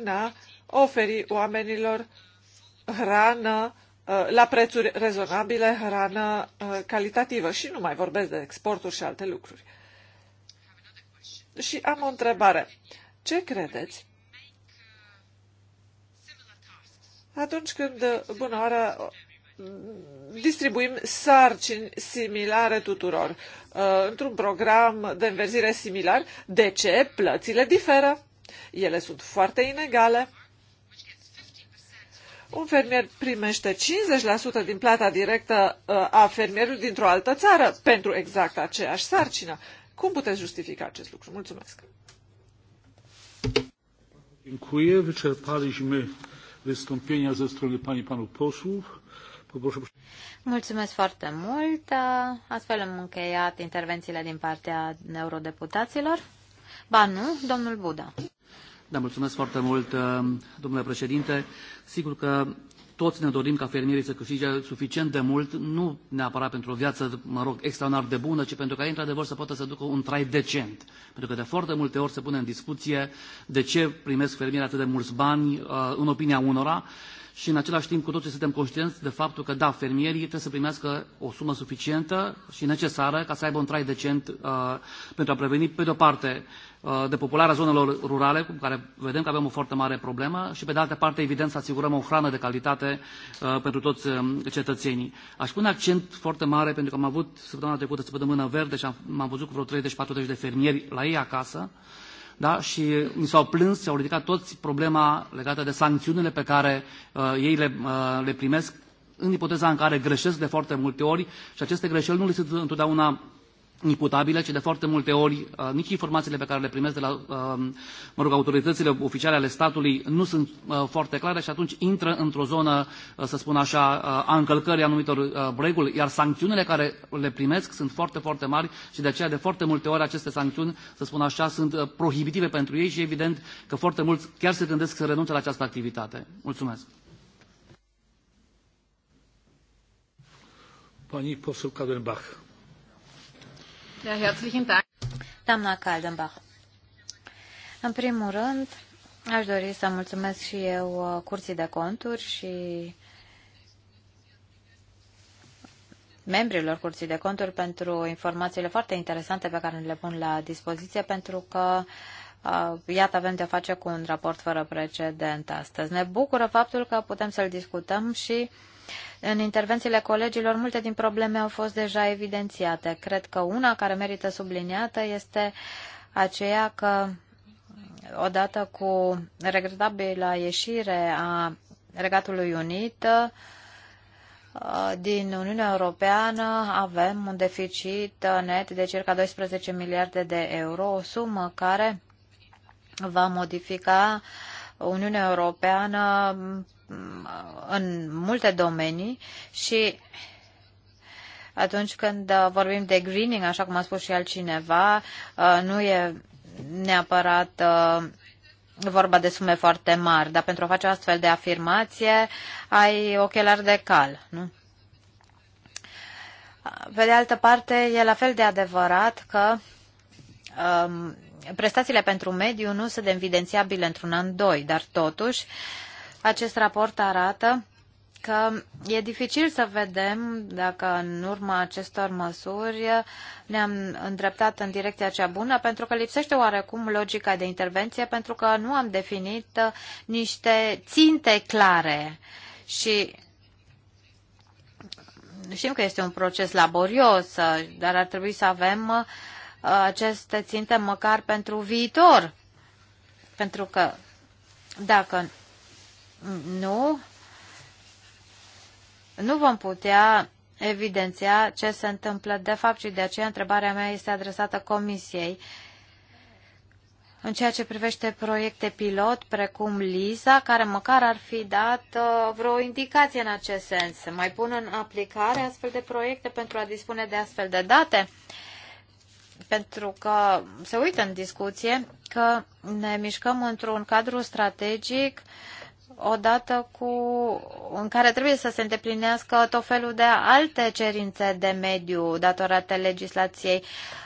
Speaker 3: în a oferi oamenilor hrană uh, la prețuri rezonabile, hrană uh, calitativă. Și nu mai vorbesc de exporturi și alte lucruri. Și am o întrebare. Ce credeți? Atunci când, bună oară, distribuim sarcini similare tuturor uh, într-un program de înverzire similar, de ce plățile diferă? Ele sunt foarte inegale. Un fermier primește 50% din plata directă uh, a fermierului dintr-o altă țară pentru exact aceeași sarcină. Cum puteți justifica acest lucru? Mulțumesc!
Speaker 1: Dziękuję. Wyczerpaliśmy wystąpienia ze strony pani panów posłów. Poproszę...
Speaker 2: Mulțumesc foarte mult. Astfel am încheiat intervențiile din partea eurodeputaților. Ba nu, domnul Buda.
Speaker 5: Da, mulțumesc foarte mult, domnule președinte. Sigur că toți ne dorim ca fermierii să câștige suficient de mult, nu neapărat pentru o viață, mă rog, extraordinar de bună, ci pentru ca ei, într-adevăr, să poată să ducă un trai decent. Pentru că de foarte multe ori se pune în discuție de ce primesc fermierii atât de mulți bani, uh, în opinia unora, și în același timp cu toții suntem conștienți de faptul că, da, fermierii trebuie să primească o sumă suficientă și necesară ca să aibă un trai decent uh, pentru a preveni, pe de-o parte, uh, depopularea zonelor rurale, cu care vedem că avem o foarte mare problemă și, pe de altă parte, evident, să asigurăm o hrană de calitate uh, pentru toți um, cetățenii. Aș pune accent foarte mare, pentru că am avut săptămâna trecută săptămână verde și m-am văzut cu vreo 30-40 de fermieri la ei acasă, uh, da? și uh, mi s-au plâns, s-au ridicat toți problema legată de sancțiunile pe care uh, ei le, uh, le primesc în ipoteza în care greșesc de foarte multe ori și aceste greșeli nu le sunt întotdeauna imputabile, ci de foarte multe ori uh, nici informațiile pe care le primesc de la uh, mă rog, autoritățile oficiale ale statului nu sunt uh, foarte clare și atunci intră într-o zonă, să spun așa, a încălcării anumitor reguli, iar sancțiunile care le primesc sunt foarte, foarte mari și de aceea de foarte multe ori aceste sancțiuni, să spun așa, sunt prohibitive pentru ei și evident că foarte mulți chiar se gândesc să renunțe la această activitate.
Speaker 1: Mulțumesc. Pani poseł Kadenbach.
Speaker 2: Ja, herzlichen Dank. Doamna Kaldenbach. În primul rând, aș dori să mulțumesc și eu uh, Curții de Conturi și membrilor Curții de Conturi pentru informațiile foarte interesante pe care le pun la dispoziție, pentru că uh, Iată, avem de-a face cu un raport fără precedent astăzi. Ne bucură faptul că putem să-l discutăm și uh, în intervențiile colegilor, multe din probleme au fost deja evidențiate. Cred că una care merită subliniată este aceea că odată cu regretabila ieșire a Regatului Unit, uh, din Uniunea Europeană avem un deficit net de circa 12 miliarde de euro, o sumă care va modifica uh, Uniunea Europeană mm, în multe domenii și atunci când vorbim de greening, așa cum a spus și altcineva, uh, nu e neapărat uh, vorba de sume foarte mari, dar pentru a face astfel de afirmație ai ochelari de cal, nu? Pe de altă parte, e la fel de adevărat că um, prestațiile pentru mediu nu sunt evidențiabile într-un an, doi, dar totuși acest raport arată că e dificil să vedem dacă în urma acestor măsuri ne-am îndreptat în direcția cea bună, pentru că lipsește oarecum logica de intervenție, pentru că nu am definit niște ținte clare și știm că este un proces laborios, dar ar trebui să avem uh, aceste ținte măcar pentru viitor. Pentru că dacă nu, nu vom putea evidenția ce se întâmplă de fapt și de aceea întrebarea mea este adresată Comisiei. În ceea ce privește proiecte pilot, precum LISA, care măcar ar fi dat uh, vreo indicație în acest sens, mai pun în aplicare astfel de proiecte pentru a dispune de astfel de date? Uh, pentru că se uită în discuție că ne mișcăm într-un cadru strategic odată cu în care trebuie să se îndeplinească tot felul de alte cerințe de mediu datorate legislației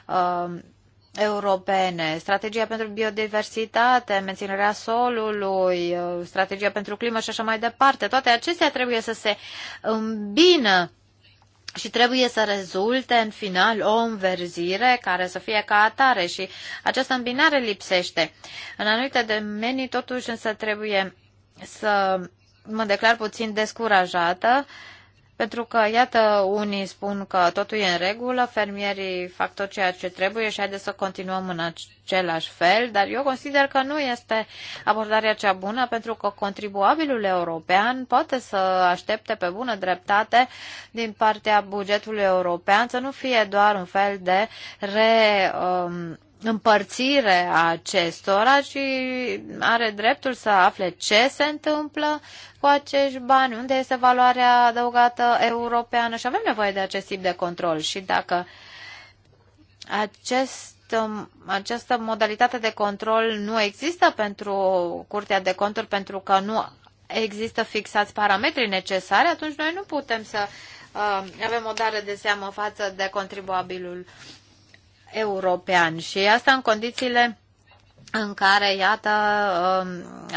Speaker 2: uh, europene, strategia pentru biodiversitate, menținerea solului, uh, strategia pentru climă și așa mai departe. Toate acestea trebuie să se îmbină și trebuie să rezulte în final o înverzire care să fie ca atare și această îmbinare lipsește. În anumite domenii totuși însă trebuie să mă declar puțin descurajată uh, pentru că, iată, unii spun că totul e în regulă, fermierii fac tot ceea ce trebuie și haideți să continuăm în același fel, dar eu consider că nu este abordarea cea bună pentru că contribuabilul european poate să aștepte pe bună dreptate din partea bugetului european să nu fie doar un fel de re, um, împărțire a acestora și are dreptul să afle ce se întâmplă cu acești bani, unde este valoarea adăugată europeană și avem nevoie de acest tip de control și dacă acest um, această modalitate de control nu există pentru Curtea de Conturi pentru că nu există fixați parametrii necesari, atunci noi nu putem să uh, avem o dare de seamă față de contribuabilul uh, european și asta în condițiile în care, iată, um,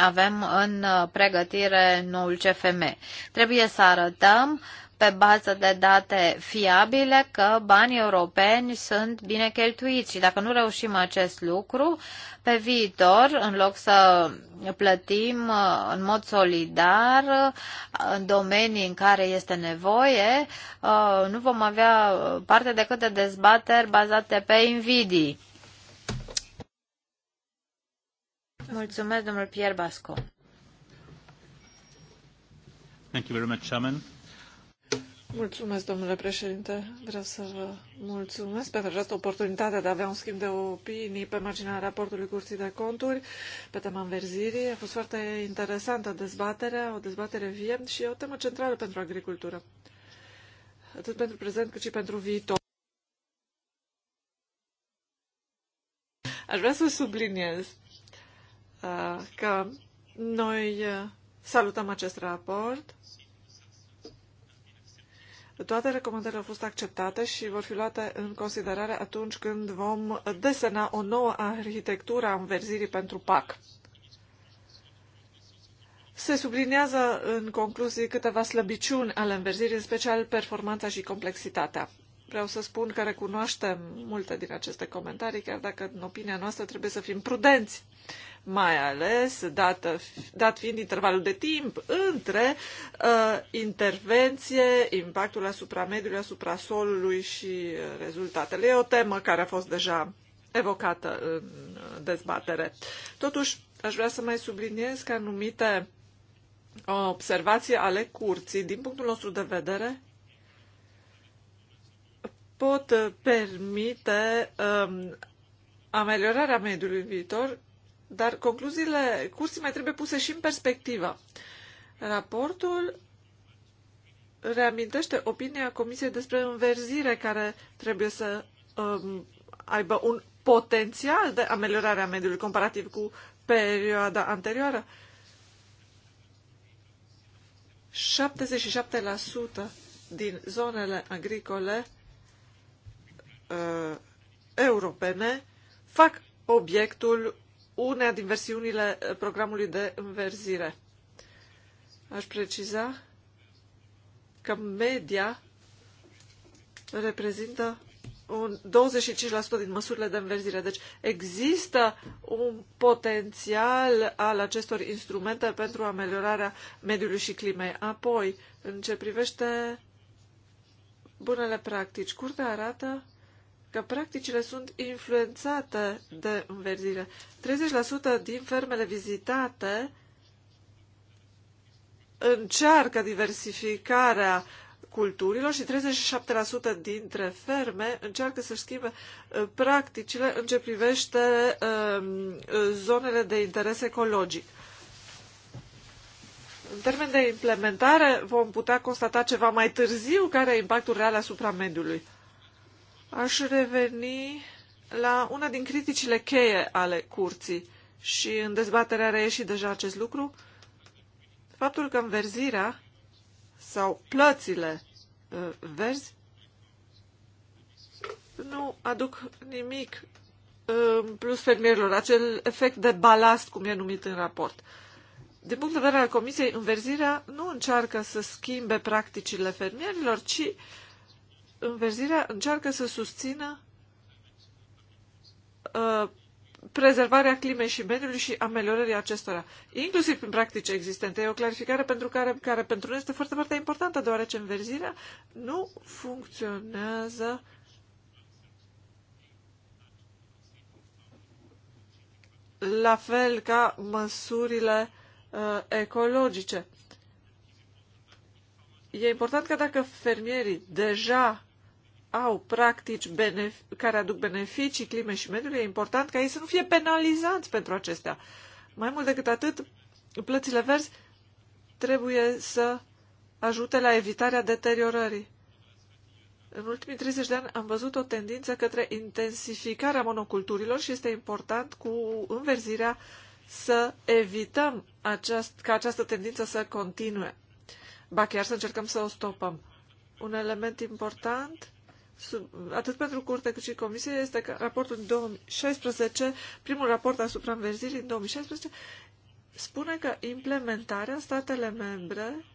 Speaker 2: avem în pregătire noul CFM. Trebuie să arătăm pe bază de date fiabile că banii europeni sunt bine cheltuiți și dacă nu reușim acest lucru, pe viitor, în loc să plătim uh, în mod solidar uh, în domenii în care este nevoie, uh, nu vom avea parte decât de dezbateri bazate pe invidii. Mulțumesc, domnul Pierre Basco.
Speaker 1: Thank you very much, Chairman.
Speaker 3: Mulțumesc, domnule președinte. Vreau să vă mulțumesc pentru această oportunitate de a avea un schimb de opinii pe marginea raportului Curții de Conturi pe tema înverzirii. A fost foarte interesantă dezbaterea, o dezbatere vie și o temă centrală pentru agricultură, atât pentru prezent cât și pentru viitor. Aș vrea să subliniez uh, că noi uh, salutăm acest raport toate recomandările au fost acceptate și vor fi luate în considerare atunci când vom desena o nouă arhitectură a înverzirii pentru PAC. Se subliniază în concluzii câteva slăbiciuni ale înverzirii, în special performanța și complexitatea. Vreau să spun că recunoaștem multe din aceste comentarii, chiar dacă, în opinia noastră, trebuie să fim prudenți, mai ales dată, dat fiind intervalul de timp între uh, intervenție, impactul asupra mediului, asupra solului și uh, rezultatele. E o temă care a fost deja evocată în uh, dezbatere. Totuși, aș vrea să mai subliniez că anumite observații ale curții, din punctul nostru de vedere, pot uh, permite um, ameliorarea mediului în viitor, dar concluziile cursii mai trebuie puse și în perspectivă. Raportul reamintește opinia Comisiei despre înverzire care trebuie să um, aibă un potențial de ameliorare a mediului comparativ cu perioada anterioară. 77% din zonele agricole uh, europene fac obiectul uneia din versiunile uh, programului de înverzire. Aș preciza că media reprezintă un 25% din măsurile de înverzire. Deci există un potențial al acestor instrumente pentru ameliorarea mediului și climei. Apoi, în ce privește bunele practici, curtea arată că practicile sunt influențate de înverzire. 30% din fermele vizitate încearcă diversificarea culturilor și 37% dintre ferme încearcă să schimbe uh, practicile în ce privește um, zonele de interes ecologic. În termen de implementare, vom putea constata ceva mai târziu care e impactul real asupra mediului. Aș reveni la una din criticile cheie ale curții și în dezbaterea reieși deja acest lucru, faptul că înverzirea sau plățile uh, verzi nu aduc nimic uh, în plus fermierilor, acel efect de balast, cum e numit în raport. Din punct de vedere al Comisiei, înverzirea nu încearcă să schimbe practicile fermierilor, ci Înverzirea încearcă să susțină uh, prezervarea climei și mediului și ameliorării acestora, inclusiv prin practici existente. E o clarificare pentru care, care pentru noi este foarte, foarte importantă, deoarece înverzirea nu funcționează la fel ca măsurile uh, ecologice. E important că dacă fermierii deja au practici care aduc beneficii climei și mediului, e important ca ei să nu fie penalizați pentru acestea. Mai mult decât atât, plățile verzi trebuie să ajute la evitarea deteriorării. În ultimii 30 de ani am văzut o tendință către intensificarea monoculturilor și este important cu înverzirea să evităm aceast, ca această tendință să continue. Ba chiar să încercăm să o stopăm. Un element important atât pentru curte cât și comisie, este că raportul 2016, primul raport asupra înverzirii din 2016, spune că implementarea în statele membre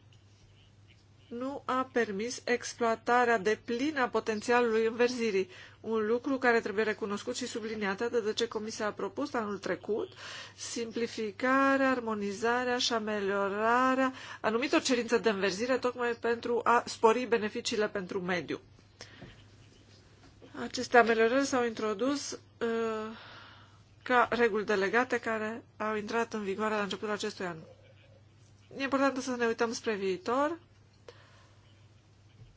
Speaker 3: nu a permis exploatarea de plină a potențialului înverzirii, un lucru care trebuie recunoscut și subliniat atât de ce Comisia a propus anul trecut, simplificarea, armonizarea și ameliorarea anumitor cerințe de înverzire, tocmai pentru a spori beneficiile pentru mediu. Aceste ameliorări s-au introdus uh, ca reguli delegate care au intrat în vigoare la începutul acestui an. E important să ne uităm spre viitor,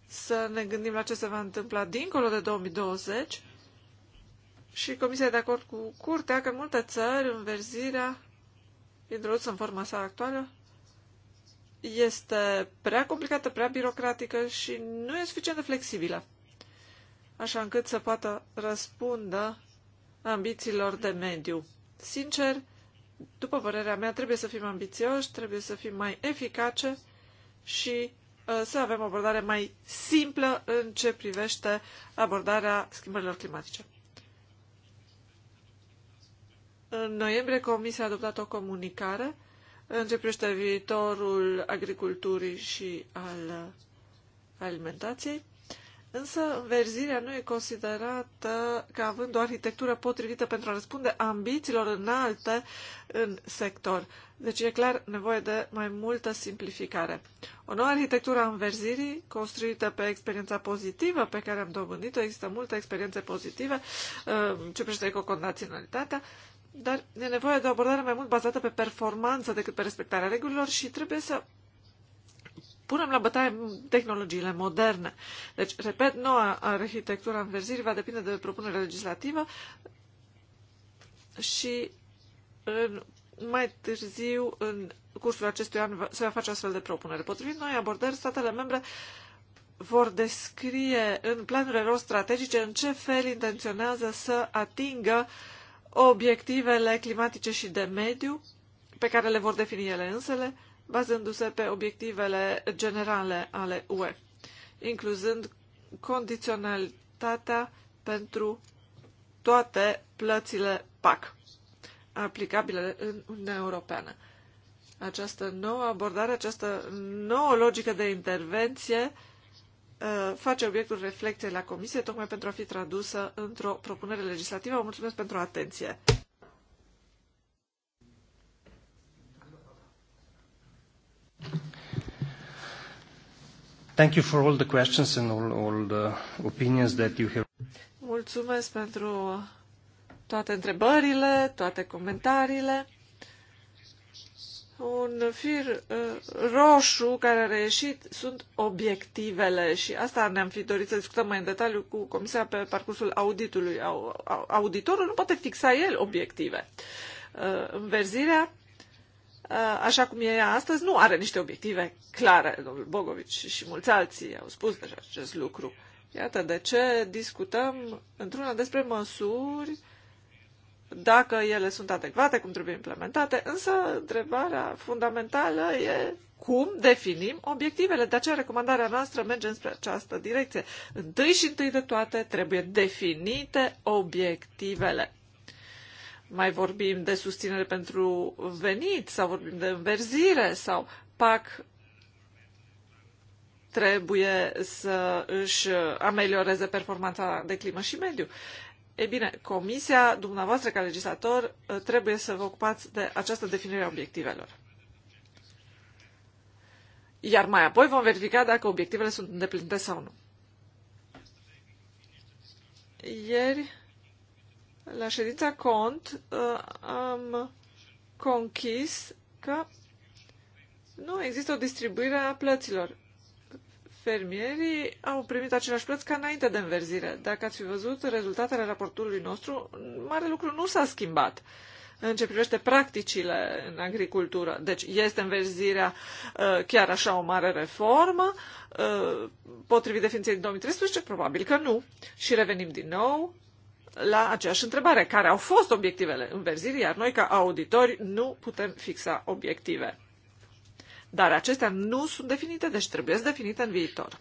Speaker 3: să ne gândim la ce se va întâmpla dincolo de 2020 și Comisia e de acord cu Curtea că în multe țări înverzirea introdusă în forma sa actuală este prea complicată, prea birocratică și nu e suficient de flexibilă așa încât să poată răspundă ambițiilor de mediu. Sincer, după părerea mea, trebuie să fim ambițioși, trebuie să fim mai eficace și uh, să avem o abordare mai simplă în ce privește abordarea schimbărilor climatice. În noiembrie, Comisia a adoptat o comunicare în ce privește viitorul agriculturii și al uh, alimentației. Însă, verzirea nu e considerată ca având o arhitectură potrivită pentru a răspunde ambițiilor înalte în sector. Deci e clar nevoie de mai multă simplificare. O nouă arhitectură a înverzirii, construită pe experiența pozitivă pe care am dobândit-o, există multe experiențe pozitive, uh, ce privește ecocondaționalitatea, dar e nevoie de o abordare mai mult bazată pe performanță decât pe respectarea regulilor și trebuie să punem la bătaie tehnologiile moderne. Deci, repet, noua arhitectura înverzirii va depinde de propunere legislativă și în, mai târziu, în cursul acestui an, se va face astfel de propunere. Potrivit noi abordări, statele membre vor descrie în planurile lor strategice în ce fel intenționează să atingă obiectivele climatice și de mediu pe care le vor defini ele însele, bazându-se pe obiectivele generale ale UE, incluzând condiționalitatea pentru toate plățile PAC aplicabile în Uniunea Europeană. Această nouă abordare, această nouă logică de intervenție uh, face obiectul reflecției la Comisie, tocmai pentru a fi tradusă într-o propunere legislativă. Vă mulțumesc pentru atenție!
Speaker 1: Thank you for all the questions and all, all the opinions that you have.
Speaker 3: Mulțumesc pentru toate întrebările, toate comentariile. Un fir uh, roșu care a reieșit sunt obiectivele și asta ne-am fi dorit să discutăm mai în detaliu cu Comisia pe parcursul auditului. Auditorul nu poate fixa el obiective. Uh, înverzirea Uh, așa cum e astăzi, nu are niște obiective clare. Domnul Bogovici și mulți alții au spus deja acest lucru. Iată de ce discutăm într-una despre măsuri, dacă ele sunt adecvate, cum trebuie implementate, însă întrebarea fundamentală e cum definim obiectivele. De aceea recomandarea noastră merge spre această direcție. Întâi și întâi de toate trebuie definite obiectivele. Mai vorbim de susținere pentru venit sau vorbim de înverzire sau PAC trebuie să își amelioreze performanța de climă și mediu. E bine, comisia dumneavoastră ca legislator trebuie să vă ocupați de această definire a obiectivelor. Iar mai apoi vom verifica dacă obiectivele sunt îndeplinite sau nu. Ieri la ședința cont uh, am conchis că nu există o distribuire a plăților. Fermierii au primit aceleași plăți ca înainte de înverzire. Dacă ați fi văzut rezultatele raportului nostru, mare lucru nu s-a schimbat în ce privește practicile în agricultură. Deci este înverzirea uh, chiar așa o mare reformă, uh, potrivit definiției din 2013? Probabil că nu. Și revenim din nou la aceeași întrebare, care au fost obiectivele înverzirii, iar noi ca auditori nu putem fixa obiective. Dar acestea nu sunt definite, deci trebuie să definite în viitor.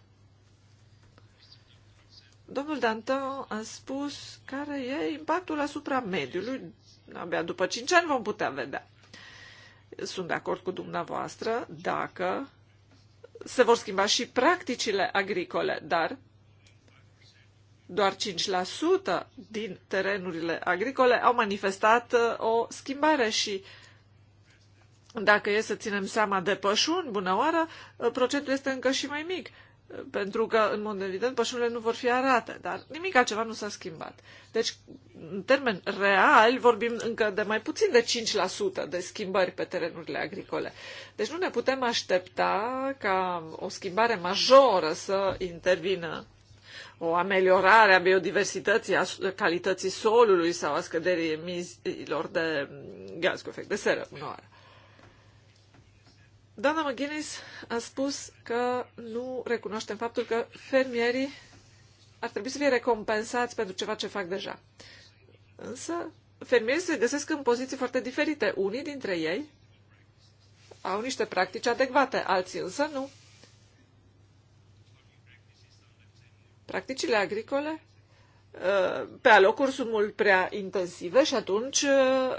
Speaker 3: Domnul Danton a spus care e impactul asupra mediului. Abia după 5 ani vom putea vedea. Sunt de acord cu dumneavoastră dacă se vor schimba și practicile agricole, dar doar 5% din terenurile agricole au manifestat uh, o schimbare și dacă e să ținem seama de pășuni, bună oară, uh, procentul este încă și mai mic, uh, pentru că, în mod evident, pășunile nu vor fi arate, dar nimic altceva nu s-a schimbat. Deci, în termen real, vorbim încă de mai puțin de 5% de schimbări pe terenurile agricole. Deci nu ne putem aștepta ca o schimbare majoră să intervină o ameliorare a biodiversității, a calității solului sau a scăderii emisiilor de mm, gaz cu efect de seră Doamna McGuinness a spus că nu recunoaștem faptul că fermierii ar trebui să fie recompensați pentru ceva ce fac deja. Însă, fermierii se găsesc în poziții foarte diferite. Unii dintre ei au niște practici adecvate, alții însă nu. Practicile agricole uh, pe alocuri sunt mult prea intensive și atunci uh,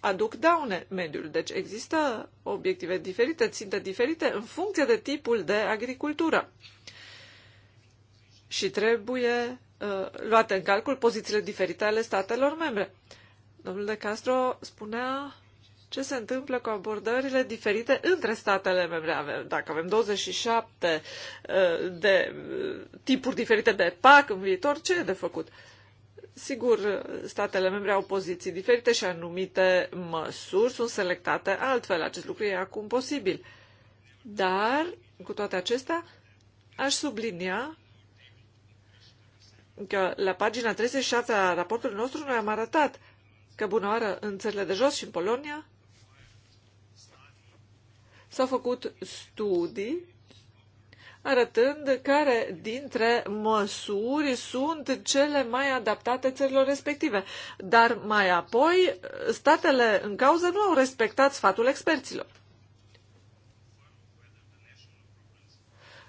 Speaker 3: aduc daune mediului. Deci există obiective diferite, ținte diferite în funcție de tipul de agricultură. Și trebuie uh, luate în calcul pozițiile diferite ale statelor membre. Domnul De Castro spunea ce se întâmplă cu abordările diferite între statele membre. Avem, dacă avem 27 uh, de uh, tipuri diferite de PAC în viitor, ce e de făcut? Sigur, uh, statele membre au poziții diferite și anumite măsuri sunt selectate altfel. Acest lucru e acum posibil. Dar, cu toate acestea, aș sublinia că la pagina 37 a raportului nostru noi am arătat că bună oară în țările de jos și în Polonia S-au făcut studii arătând care dintre măsuri sunt cele mai adaptate țărilor respective. Dar mai apoi, statele în cauză nu au respectat sfatul experților.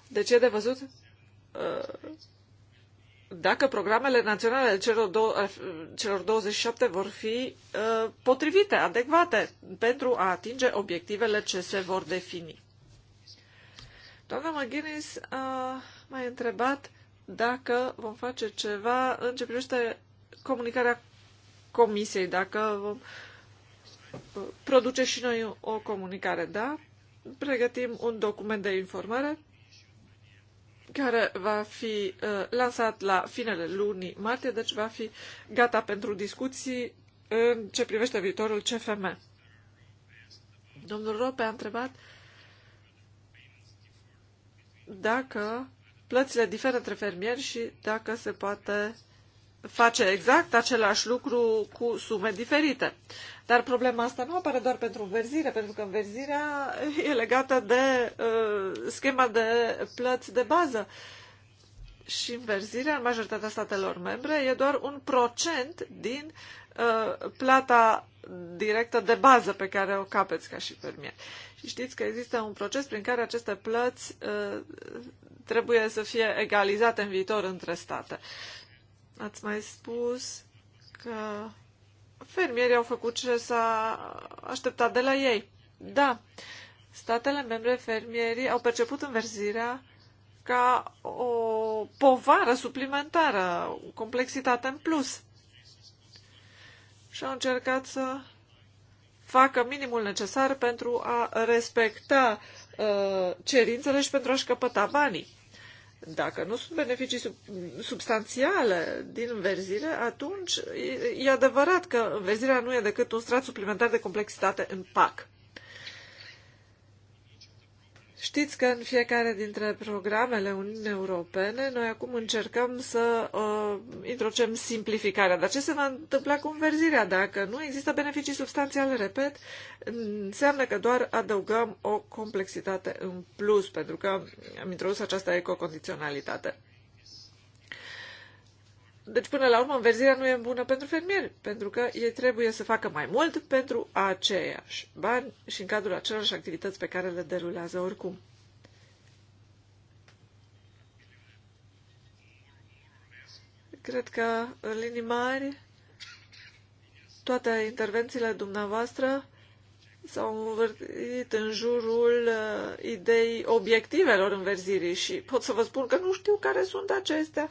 Speaker 3: Deci ce de văzut uh, dacă programele naționale ale celor, dou- celor 27 vor fi uh, potrivite, adecvate, pentru a atinge obiectivele ce se vor defini. Doamna McGuinness a mai întrebat dacă vom face ceva în ce privește comunicarea comisiei, dacă vom uh, produce și noi o comunicare, da? Pregătim un document de informare care va fi uh, lansat la finele lunii martie, deci va fi gata pentru discuții în ce privește viitorul CFM. Domnul Rope a întrebat dacă plățile diferă între fermieri și dacă se poate face exact același lucru cu sume diferite. Dar problema asta nu apare doar pentru înverzire, pentru că înverzirea e legată de uh, schema de plăți de bază. Și înverzirea în majoritatea statelor membre e doar un procent din uh, plata directă de bază pe care o capeți ca și fermier. Și știți că există un proces prin care aceste plăți uh, trebuie să fie egalizate în viitor între state. Ați mai spus că fermierii au făcut ce s-a așteptat de la ei. Da, statele membre fermierii au perceput înverzirea ca o povară suplimentară, o complexitate în plus. Și au încercat să facă minimul necesar pentru a respecta uh, cerințele și pentru a-și căpăta banii. Dacă nu sunt beneficii sub, substanțiale din înverzire, atunci e, e adevărat că înverzirea nu e decât un strat suplimentar de complexitate în PAC. Știți că în fiecare dintre programele Uniunii Europene noi acum încercăm să uh, introducem simplificarea. Dar ce se va întâmpla cu înverzirea? Dacă nu există beneficii substanțiale, repet, înseamnă că doar adăugăm o complexitate în plus, pentru că am introdus această ecocondiționalitate. Deci, până la urmă, înverzirea nu e bună pentru fermieri, pentru că ei trebuie să facă mai mult pentru aceiași bani și în cadrul acelorași activități pe care le derulează oricum. Cred că, în linii mari, toate intervențiile dumneavoastră s-au învârtit în jurul uh, ideii obiectivelor înverzirii și pot să vă spun că nu știu care sunt acestea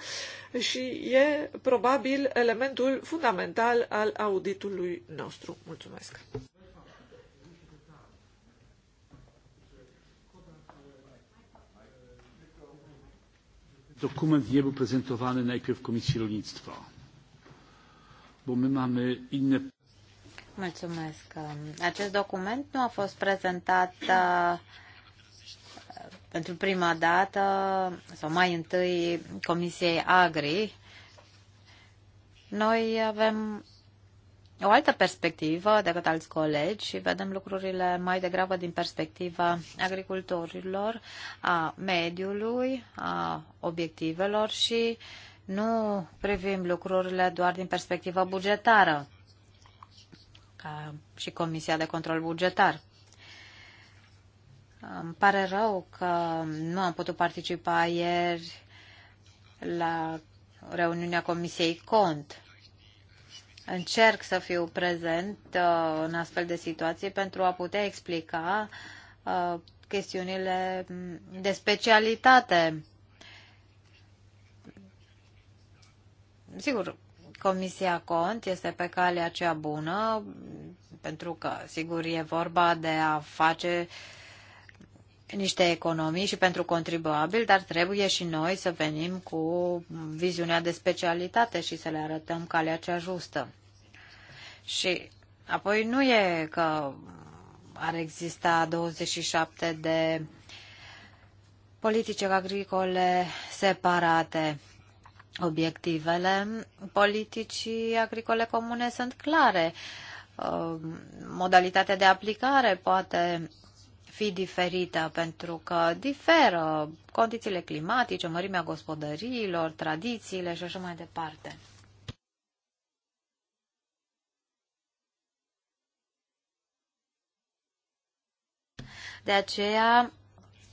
Speaker 3: și e probabil elementul fundamental al auditului nostru. Mulțumesc!
Speaker 1: Dokument nie był prezentowany najpierw Komisji Rolnictwa, bo my mamy inne
Speaker 2: Mulțumesc. Acest document nu a fost prezentat uh, pentru prima dată sau mai întâi Comisiei Agri. Noi avem o altă perspectivă decât alți colegi și vedem lucrurile mai degrabă din perspectiva agricultorilor, a mediului, a obiectivelor și nu privim lucrurile doar din perspectiva bugetară ca și Comisia de Control Bugetar. Îmi pare rău că nu am putut participa ieri la reuniunea Comisiei Cont. Încerc să fiu prezent uh, în astfel de situații pentru a putea explica uh, chestiunile mm, de specialitate. Sigur, Comisia Cont este pe calea cea bună, pentru că, sigur, e vorba de a face niște economii și pentru contribuabil, dar trebuie și noi să venim cu viziunea de specialitate și să le arătăm calea cea justă. Și apoi nu e că ar exista 27 de politici agricole separate Obiectivele politicii agricole comune sunt clare. Uh, modalitatea de aplicare poate fi diferită pentru că diferă condițiile climatice, mărimea gospodăriilor, tradițiile și așa mai departe. De aceea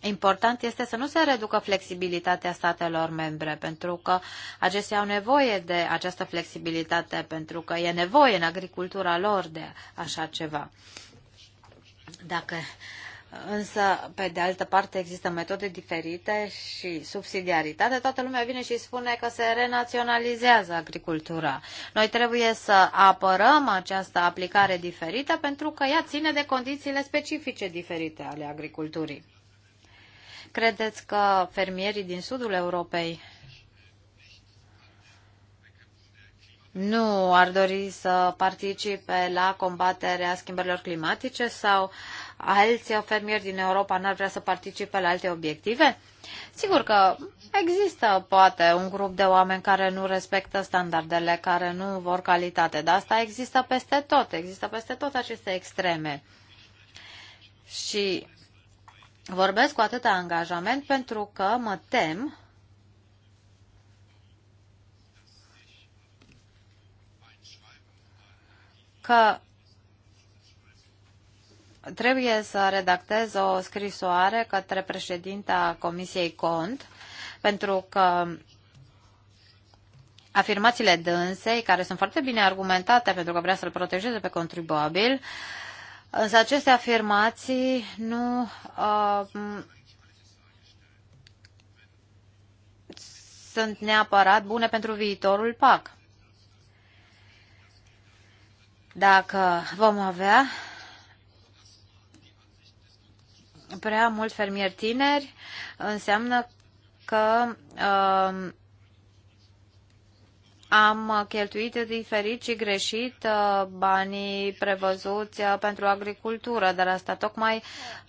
Speaker 2: Important este să nu se reducă flexibilitatea statelor membre, pentru că acestea au nevoie de această flexibilitate, pentru că e nevoie în agricultura lor de așa ceva. Dacă Însă, pe de altă parte, există metode diferite și subsidiaritate. Toată lumea vine și spune că se renaționalizează agricultura. Noi trebuie să apărăm această aplicare diferită pentru că ea ține de condițiile specifice diferite ale agriculturii. Credeți că fermierii din sudul Europei nu ar dori să participe la combaterea schimbărilor climatice sau alți fermieri din Europa n-ar vrea să participe la alte obiective? Sigur că există poate un grup de oameni care nu respectă standardele, care nu vor calitate, dar asta există peste tot, există peste tot aceste extreme. Și Vorbesc cu atâta angajament pentru că mă tem că trebuie să redactez o scrisoare către președinta Comisiei Cont, pentru că afirmațiile dânsei, care sunt foarte bine argumentate pentru că vrea să-l protejeze pe contribuabil, uh, Însă aceste afirmații nu uh, sunt neapărat bune pentru viitorul PAC. Dacă vom avea prea mult fermieri tineri, înseamnă că uh, am cheltuit diferit și greșit uh, banii prevăzuți uh, pentru agricultură, dar asta tocmai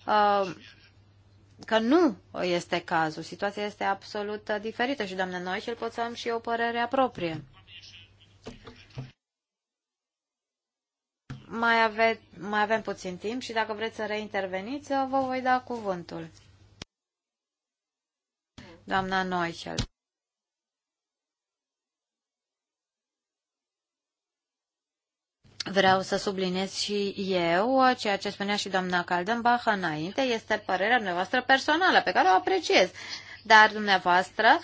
Speaker 2: uh, că nu este cazul. Situația este absolut diferită și, doamne, noi și-l pot să am și o părere proprie. Mai, ave- mai avem puțin timp și dacă vreți să reinterveniți, vă voi da cuvântul. Doamna Noichel. Vreau să subliniez și eu ceea ce spunea și doamna Caldenbach înainte, este părerea noastră personală, pe care o apreciez. Dar dumneavoastră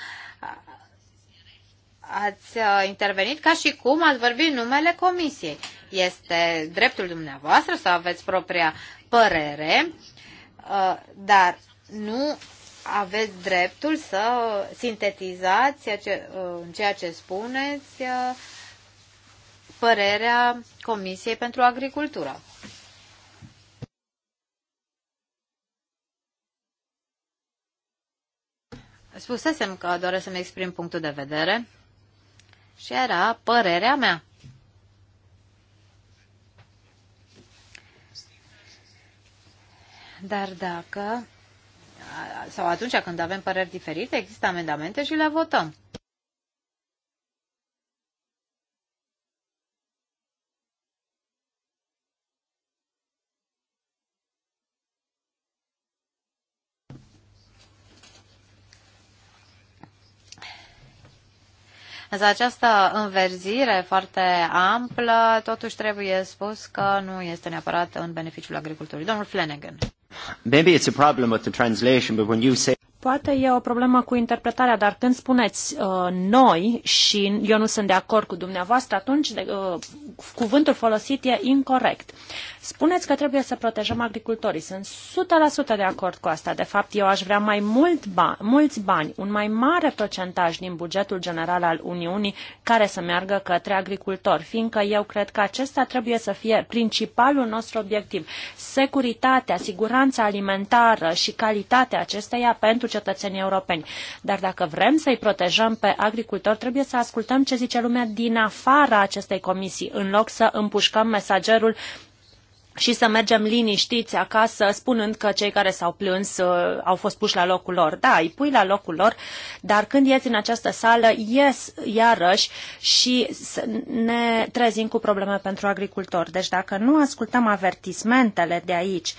Speaker 2: ați uh, intervenit ca și cum ați vorbit numele comisiei. Este dreptul dumneavoastră să aveți propria părere, uh, dar nu aveți dreptul să sintetizați ceea ce, uh, ceea ce spuneți părerea Comisiei pentru Agricultură. Spusesem că doresc să-mi exprim punctul de vedere și era părerea mea. Dar dacă sau atunci când avem păreri diferite, există amendamente și le votăm. Însă această înverzire foarte amplă, totuși trebuie spus că nu este neapărat în beneficiul agriculturii. Domnul Flanagan.
Speaker 4: Maybe it's a problem with the translation, but when you say Poate e o problemă cu interpretarea, dar când spuneți uh, noi și eu nu sunt de acord cu dumneavoastră, atunci de, uh, cuvântul folosit e incorrect. Spuneți că trebuie să protejăm agricultorii. Sunt 100% de acord cu asta. De fapt, eu aș vrea mai mult ba- mulți bani, un mai mare procentaj din bugetul general al Uniunii care să meargă către agricultori, fiindcă eu cred că acesta trebuie să fie principalul nostru obiectiv. Securitatea, siguranța alimentară și calitatea acesteia pentru cetățenii europeni. Dar dacă vrem să-i protejăm pe agricultori, trebuie să ascultăm ce zice lumea din afara acestei comisii, în loc să împușcăm mesagerul și să mergem liniștiți acasă, spunând că cei care s-au plâns uh, au fost puși la locul lor. Da, îi pui la locul lor, dar când ieți în această sală, ies iarăși și ne trezim cu probleme pentru agricultori. Deci dacă nu ascultăm avertismentele de aici, uh,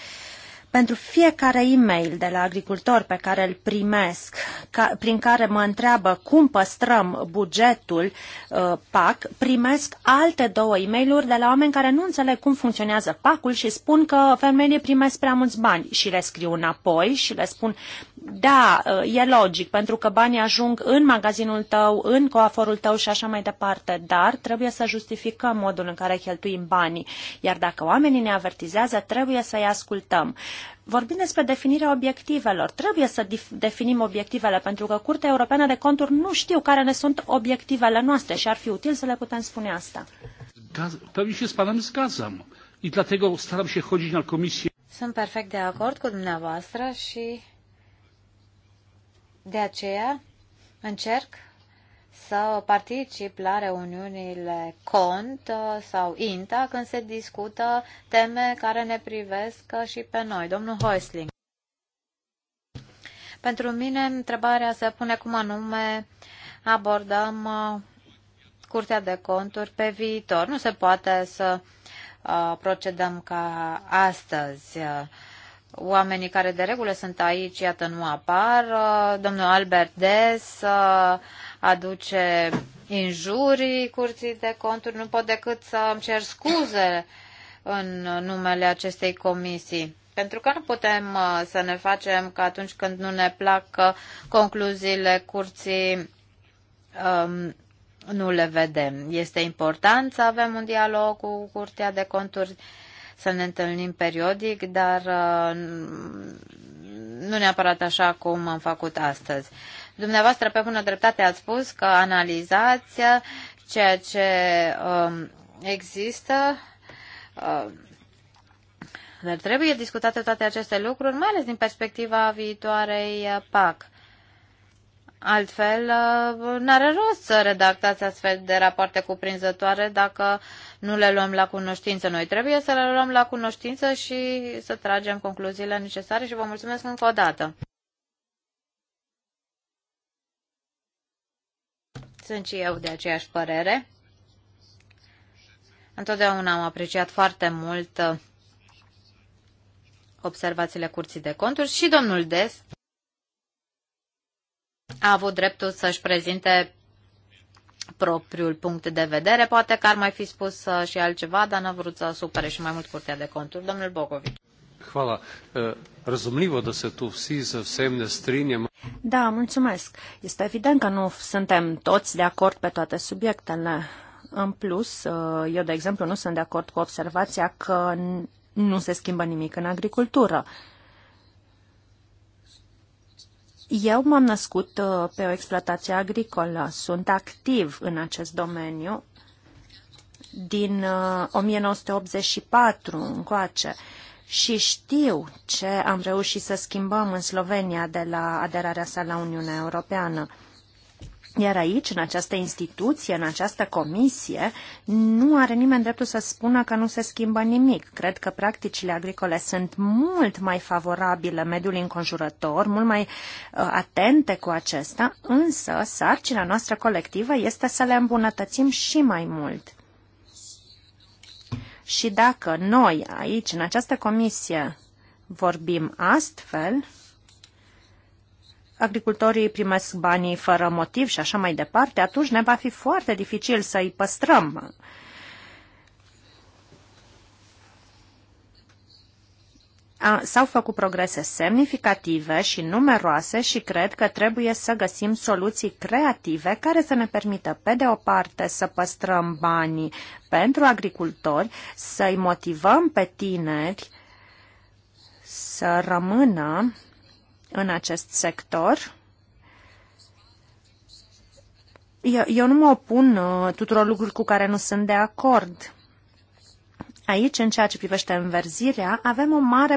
Speaker 4: pentru fiecare e-mail de la agricultor pe care îl primesc, ca, prin care mă întreabă cum păstrăm bugetul uh, PAC, primesc alte două e mail de la oameni care nu înțeleg cum funcționează PAC-ul și spun că femeile primesc prea mulți bani și le scriu înapoi și le spun da, e logic, pentru că banii ajung în magazinul tău, în coaforul tău și așa mai departe, dar trebuie să justificăm modul în care cheltuim banii. Iar dacă oamenii ne avertizează, trebuie să-i ascultăm. Vorbim despre definirea obiectivelor. Trebuie să definim obiectivele, pentru că Curtea Europeană de Conturi nu știu care ne sunt obiectivele noastre
Speaker 2: și ar fi util să le putem spune asta.
Speaker 1: Pewnie się z panem zgadzam i dlatego staram się chodzić na komisję.
Speaker 2: Sunt perfect de acord cu dumneavoastră și de aceea încerc să particip la reuniunile CONT uh, sau INTA când se discută teme care ne privesc uh, și pe noi. Domnul Hoisling. Pentru mine, întrebarea se pune cum anume abordăm uh, Curtea de Conturi pe viitor. Nu se poate să procedăm ca astăzi oamenii care de regulă sunt aici, iată, nu apar. Domnul Albert Des uh, aduce injurii curții de conturi. Nu pot decât să îmi cer scuze în numele acestei comisii. Pentru că nu putem uh, să ne facem că atunci când nu ne plac uh, concluziile curții um, nu le vedem. Este important să avem un dialog cu Curtea de Conturi să ne întâlnim periodic, dar uh, nu neapărat așa cum am făcut astăzi. Dumneavoastră, pe bună dreptate, ați spus că analizați ceea ce um, există, uh, dar trebuie discutate toate aceste lucruri, mai ales din perspectiva viitoarei PAC. Altfel, uh, n-are rost să redactați astfel de rapoarte cuprinzătoare dacă uh, nu le luăm la cunoștință. Noi trebuie să le luăm la cunoștință și să tragem concluziile necesare și vă mulțumesc încă o dată. Sunt și eu de aceeași părere. Întotdeauna am apreciat foarte mult uh, observațiile curții de conturi și domnul Des a avut dreptul să-și prezinte propriul punct de vedere. Poate că ar mai fi spus uh, și altceva, dar n-a vrut să supere și mai mult Curtea de Conturi. Domnul Bogovic.
Speaker 1: Hvala. Razumljivo da se tu vsi za vsem ne strinjamo.
Speaker 4: Da, mulțumesc. Este evident că nu suntem toți de acord pe toate subiectele. În plus, eu, de exemplu, nu sunt de acord cu observația că nu se schimbă nimic în agricultură. Eu m-am născut uh, pe o exploatație agricolă, sunt activ în acest domeniu din 1984 uh, încoace și știu ce am reușit să schimbăm în Slovenia de la aderarea sa la Uniunea Europeană. Iar aici, în această instituție, în această comisie, nu are nimeni dreptul să spună că nu se schimbă nimic. Cred că practicile agricole sunt mult mai favorabile mediului înconjurător, mult mai uh, atente cu acesta, însă sarcina noastră colectivă este să le îmbunătățim și mai mult. Și dacă noi aici, în această comisie, vorbim astfel, agricultorii primesc banii fără motiv și așa mai departe, atunci ne va fi foarte dificil să-i păstrăm. S-au făcut progrese semnificative și numeroase și cred că trebuie să găsim soluții creative care să ne permită, pe de o parte, să păstrăm banii pentru agricultori, să-i motivăm pe tineri să rămână în acest sector. Eu, eu nu mă opun uh, tuturor lucruri cu care nu sunt de acord. Aici, în ceea ce privește înverzirea, avem o mare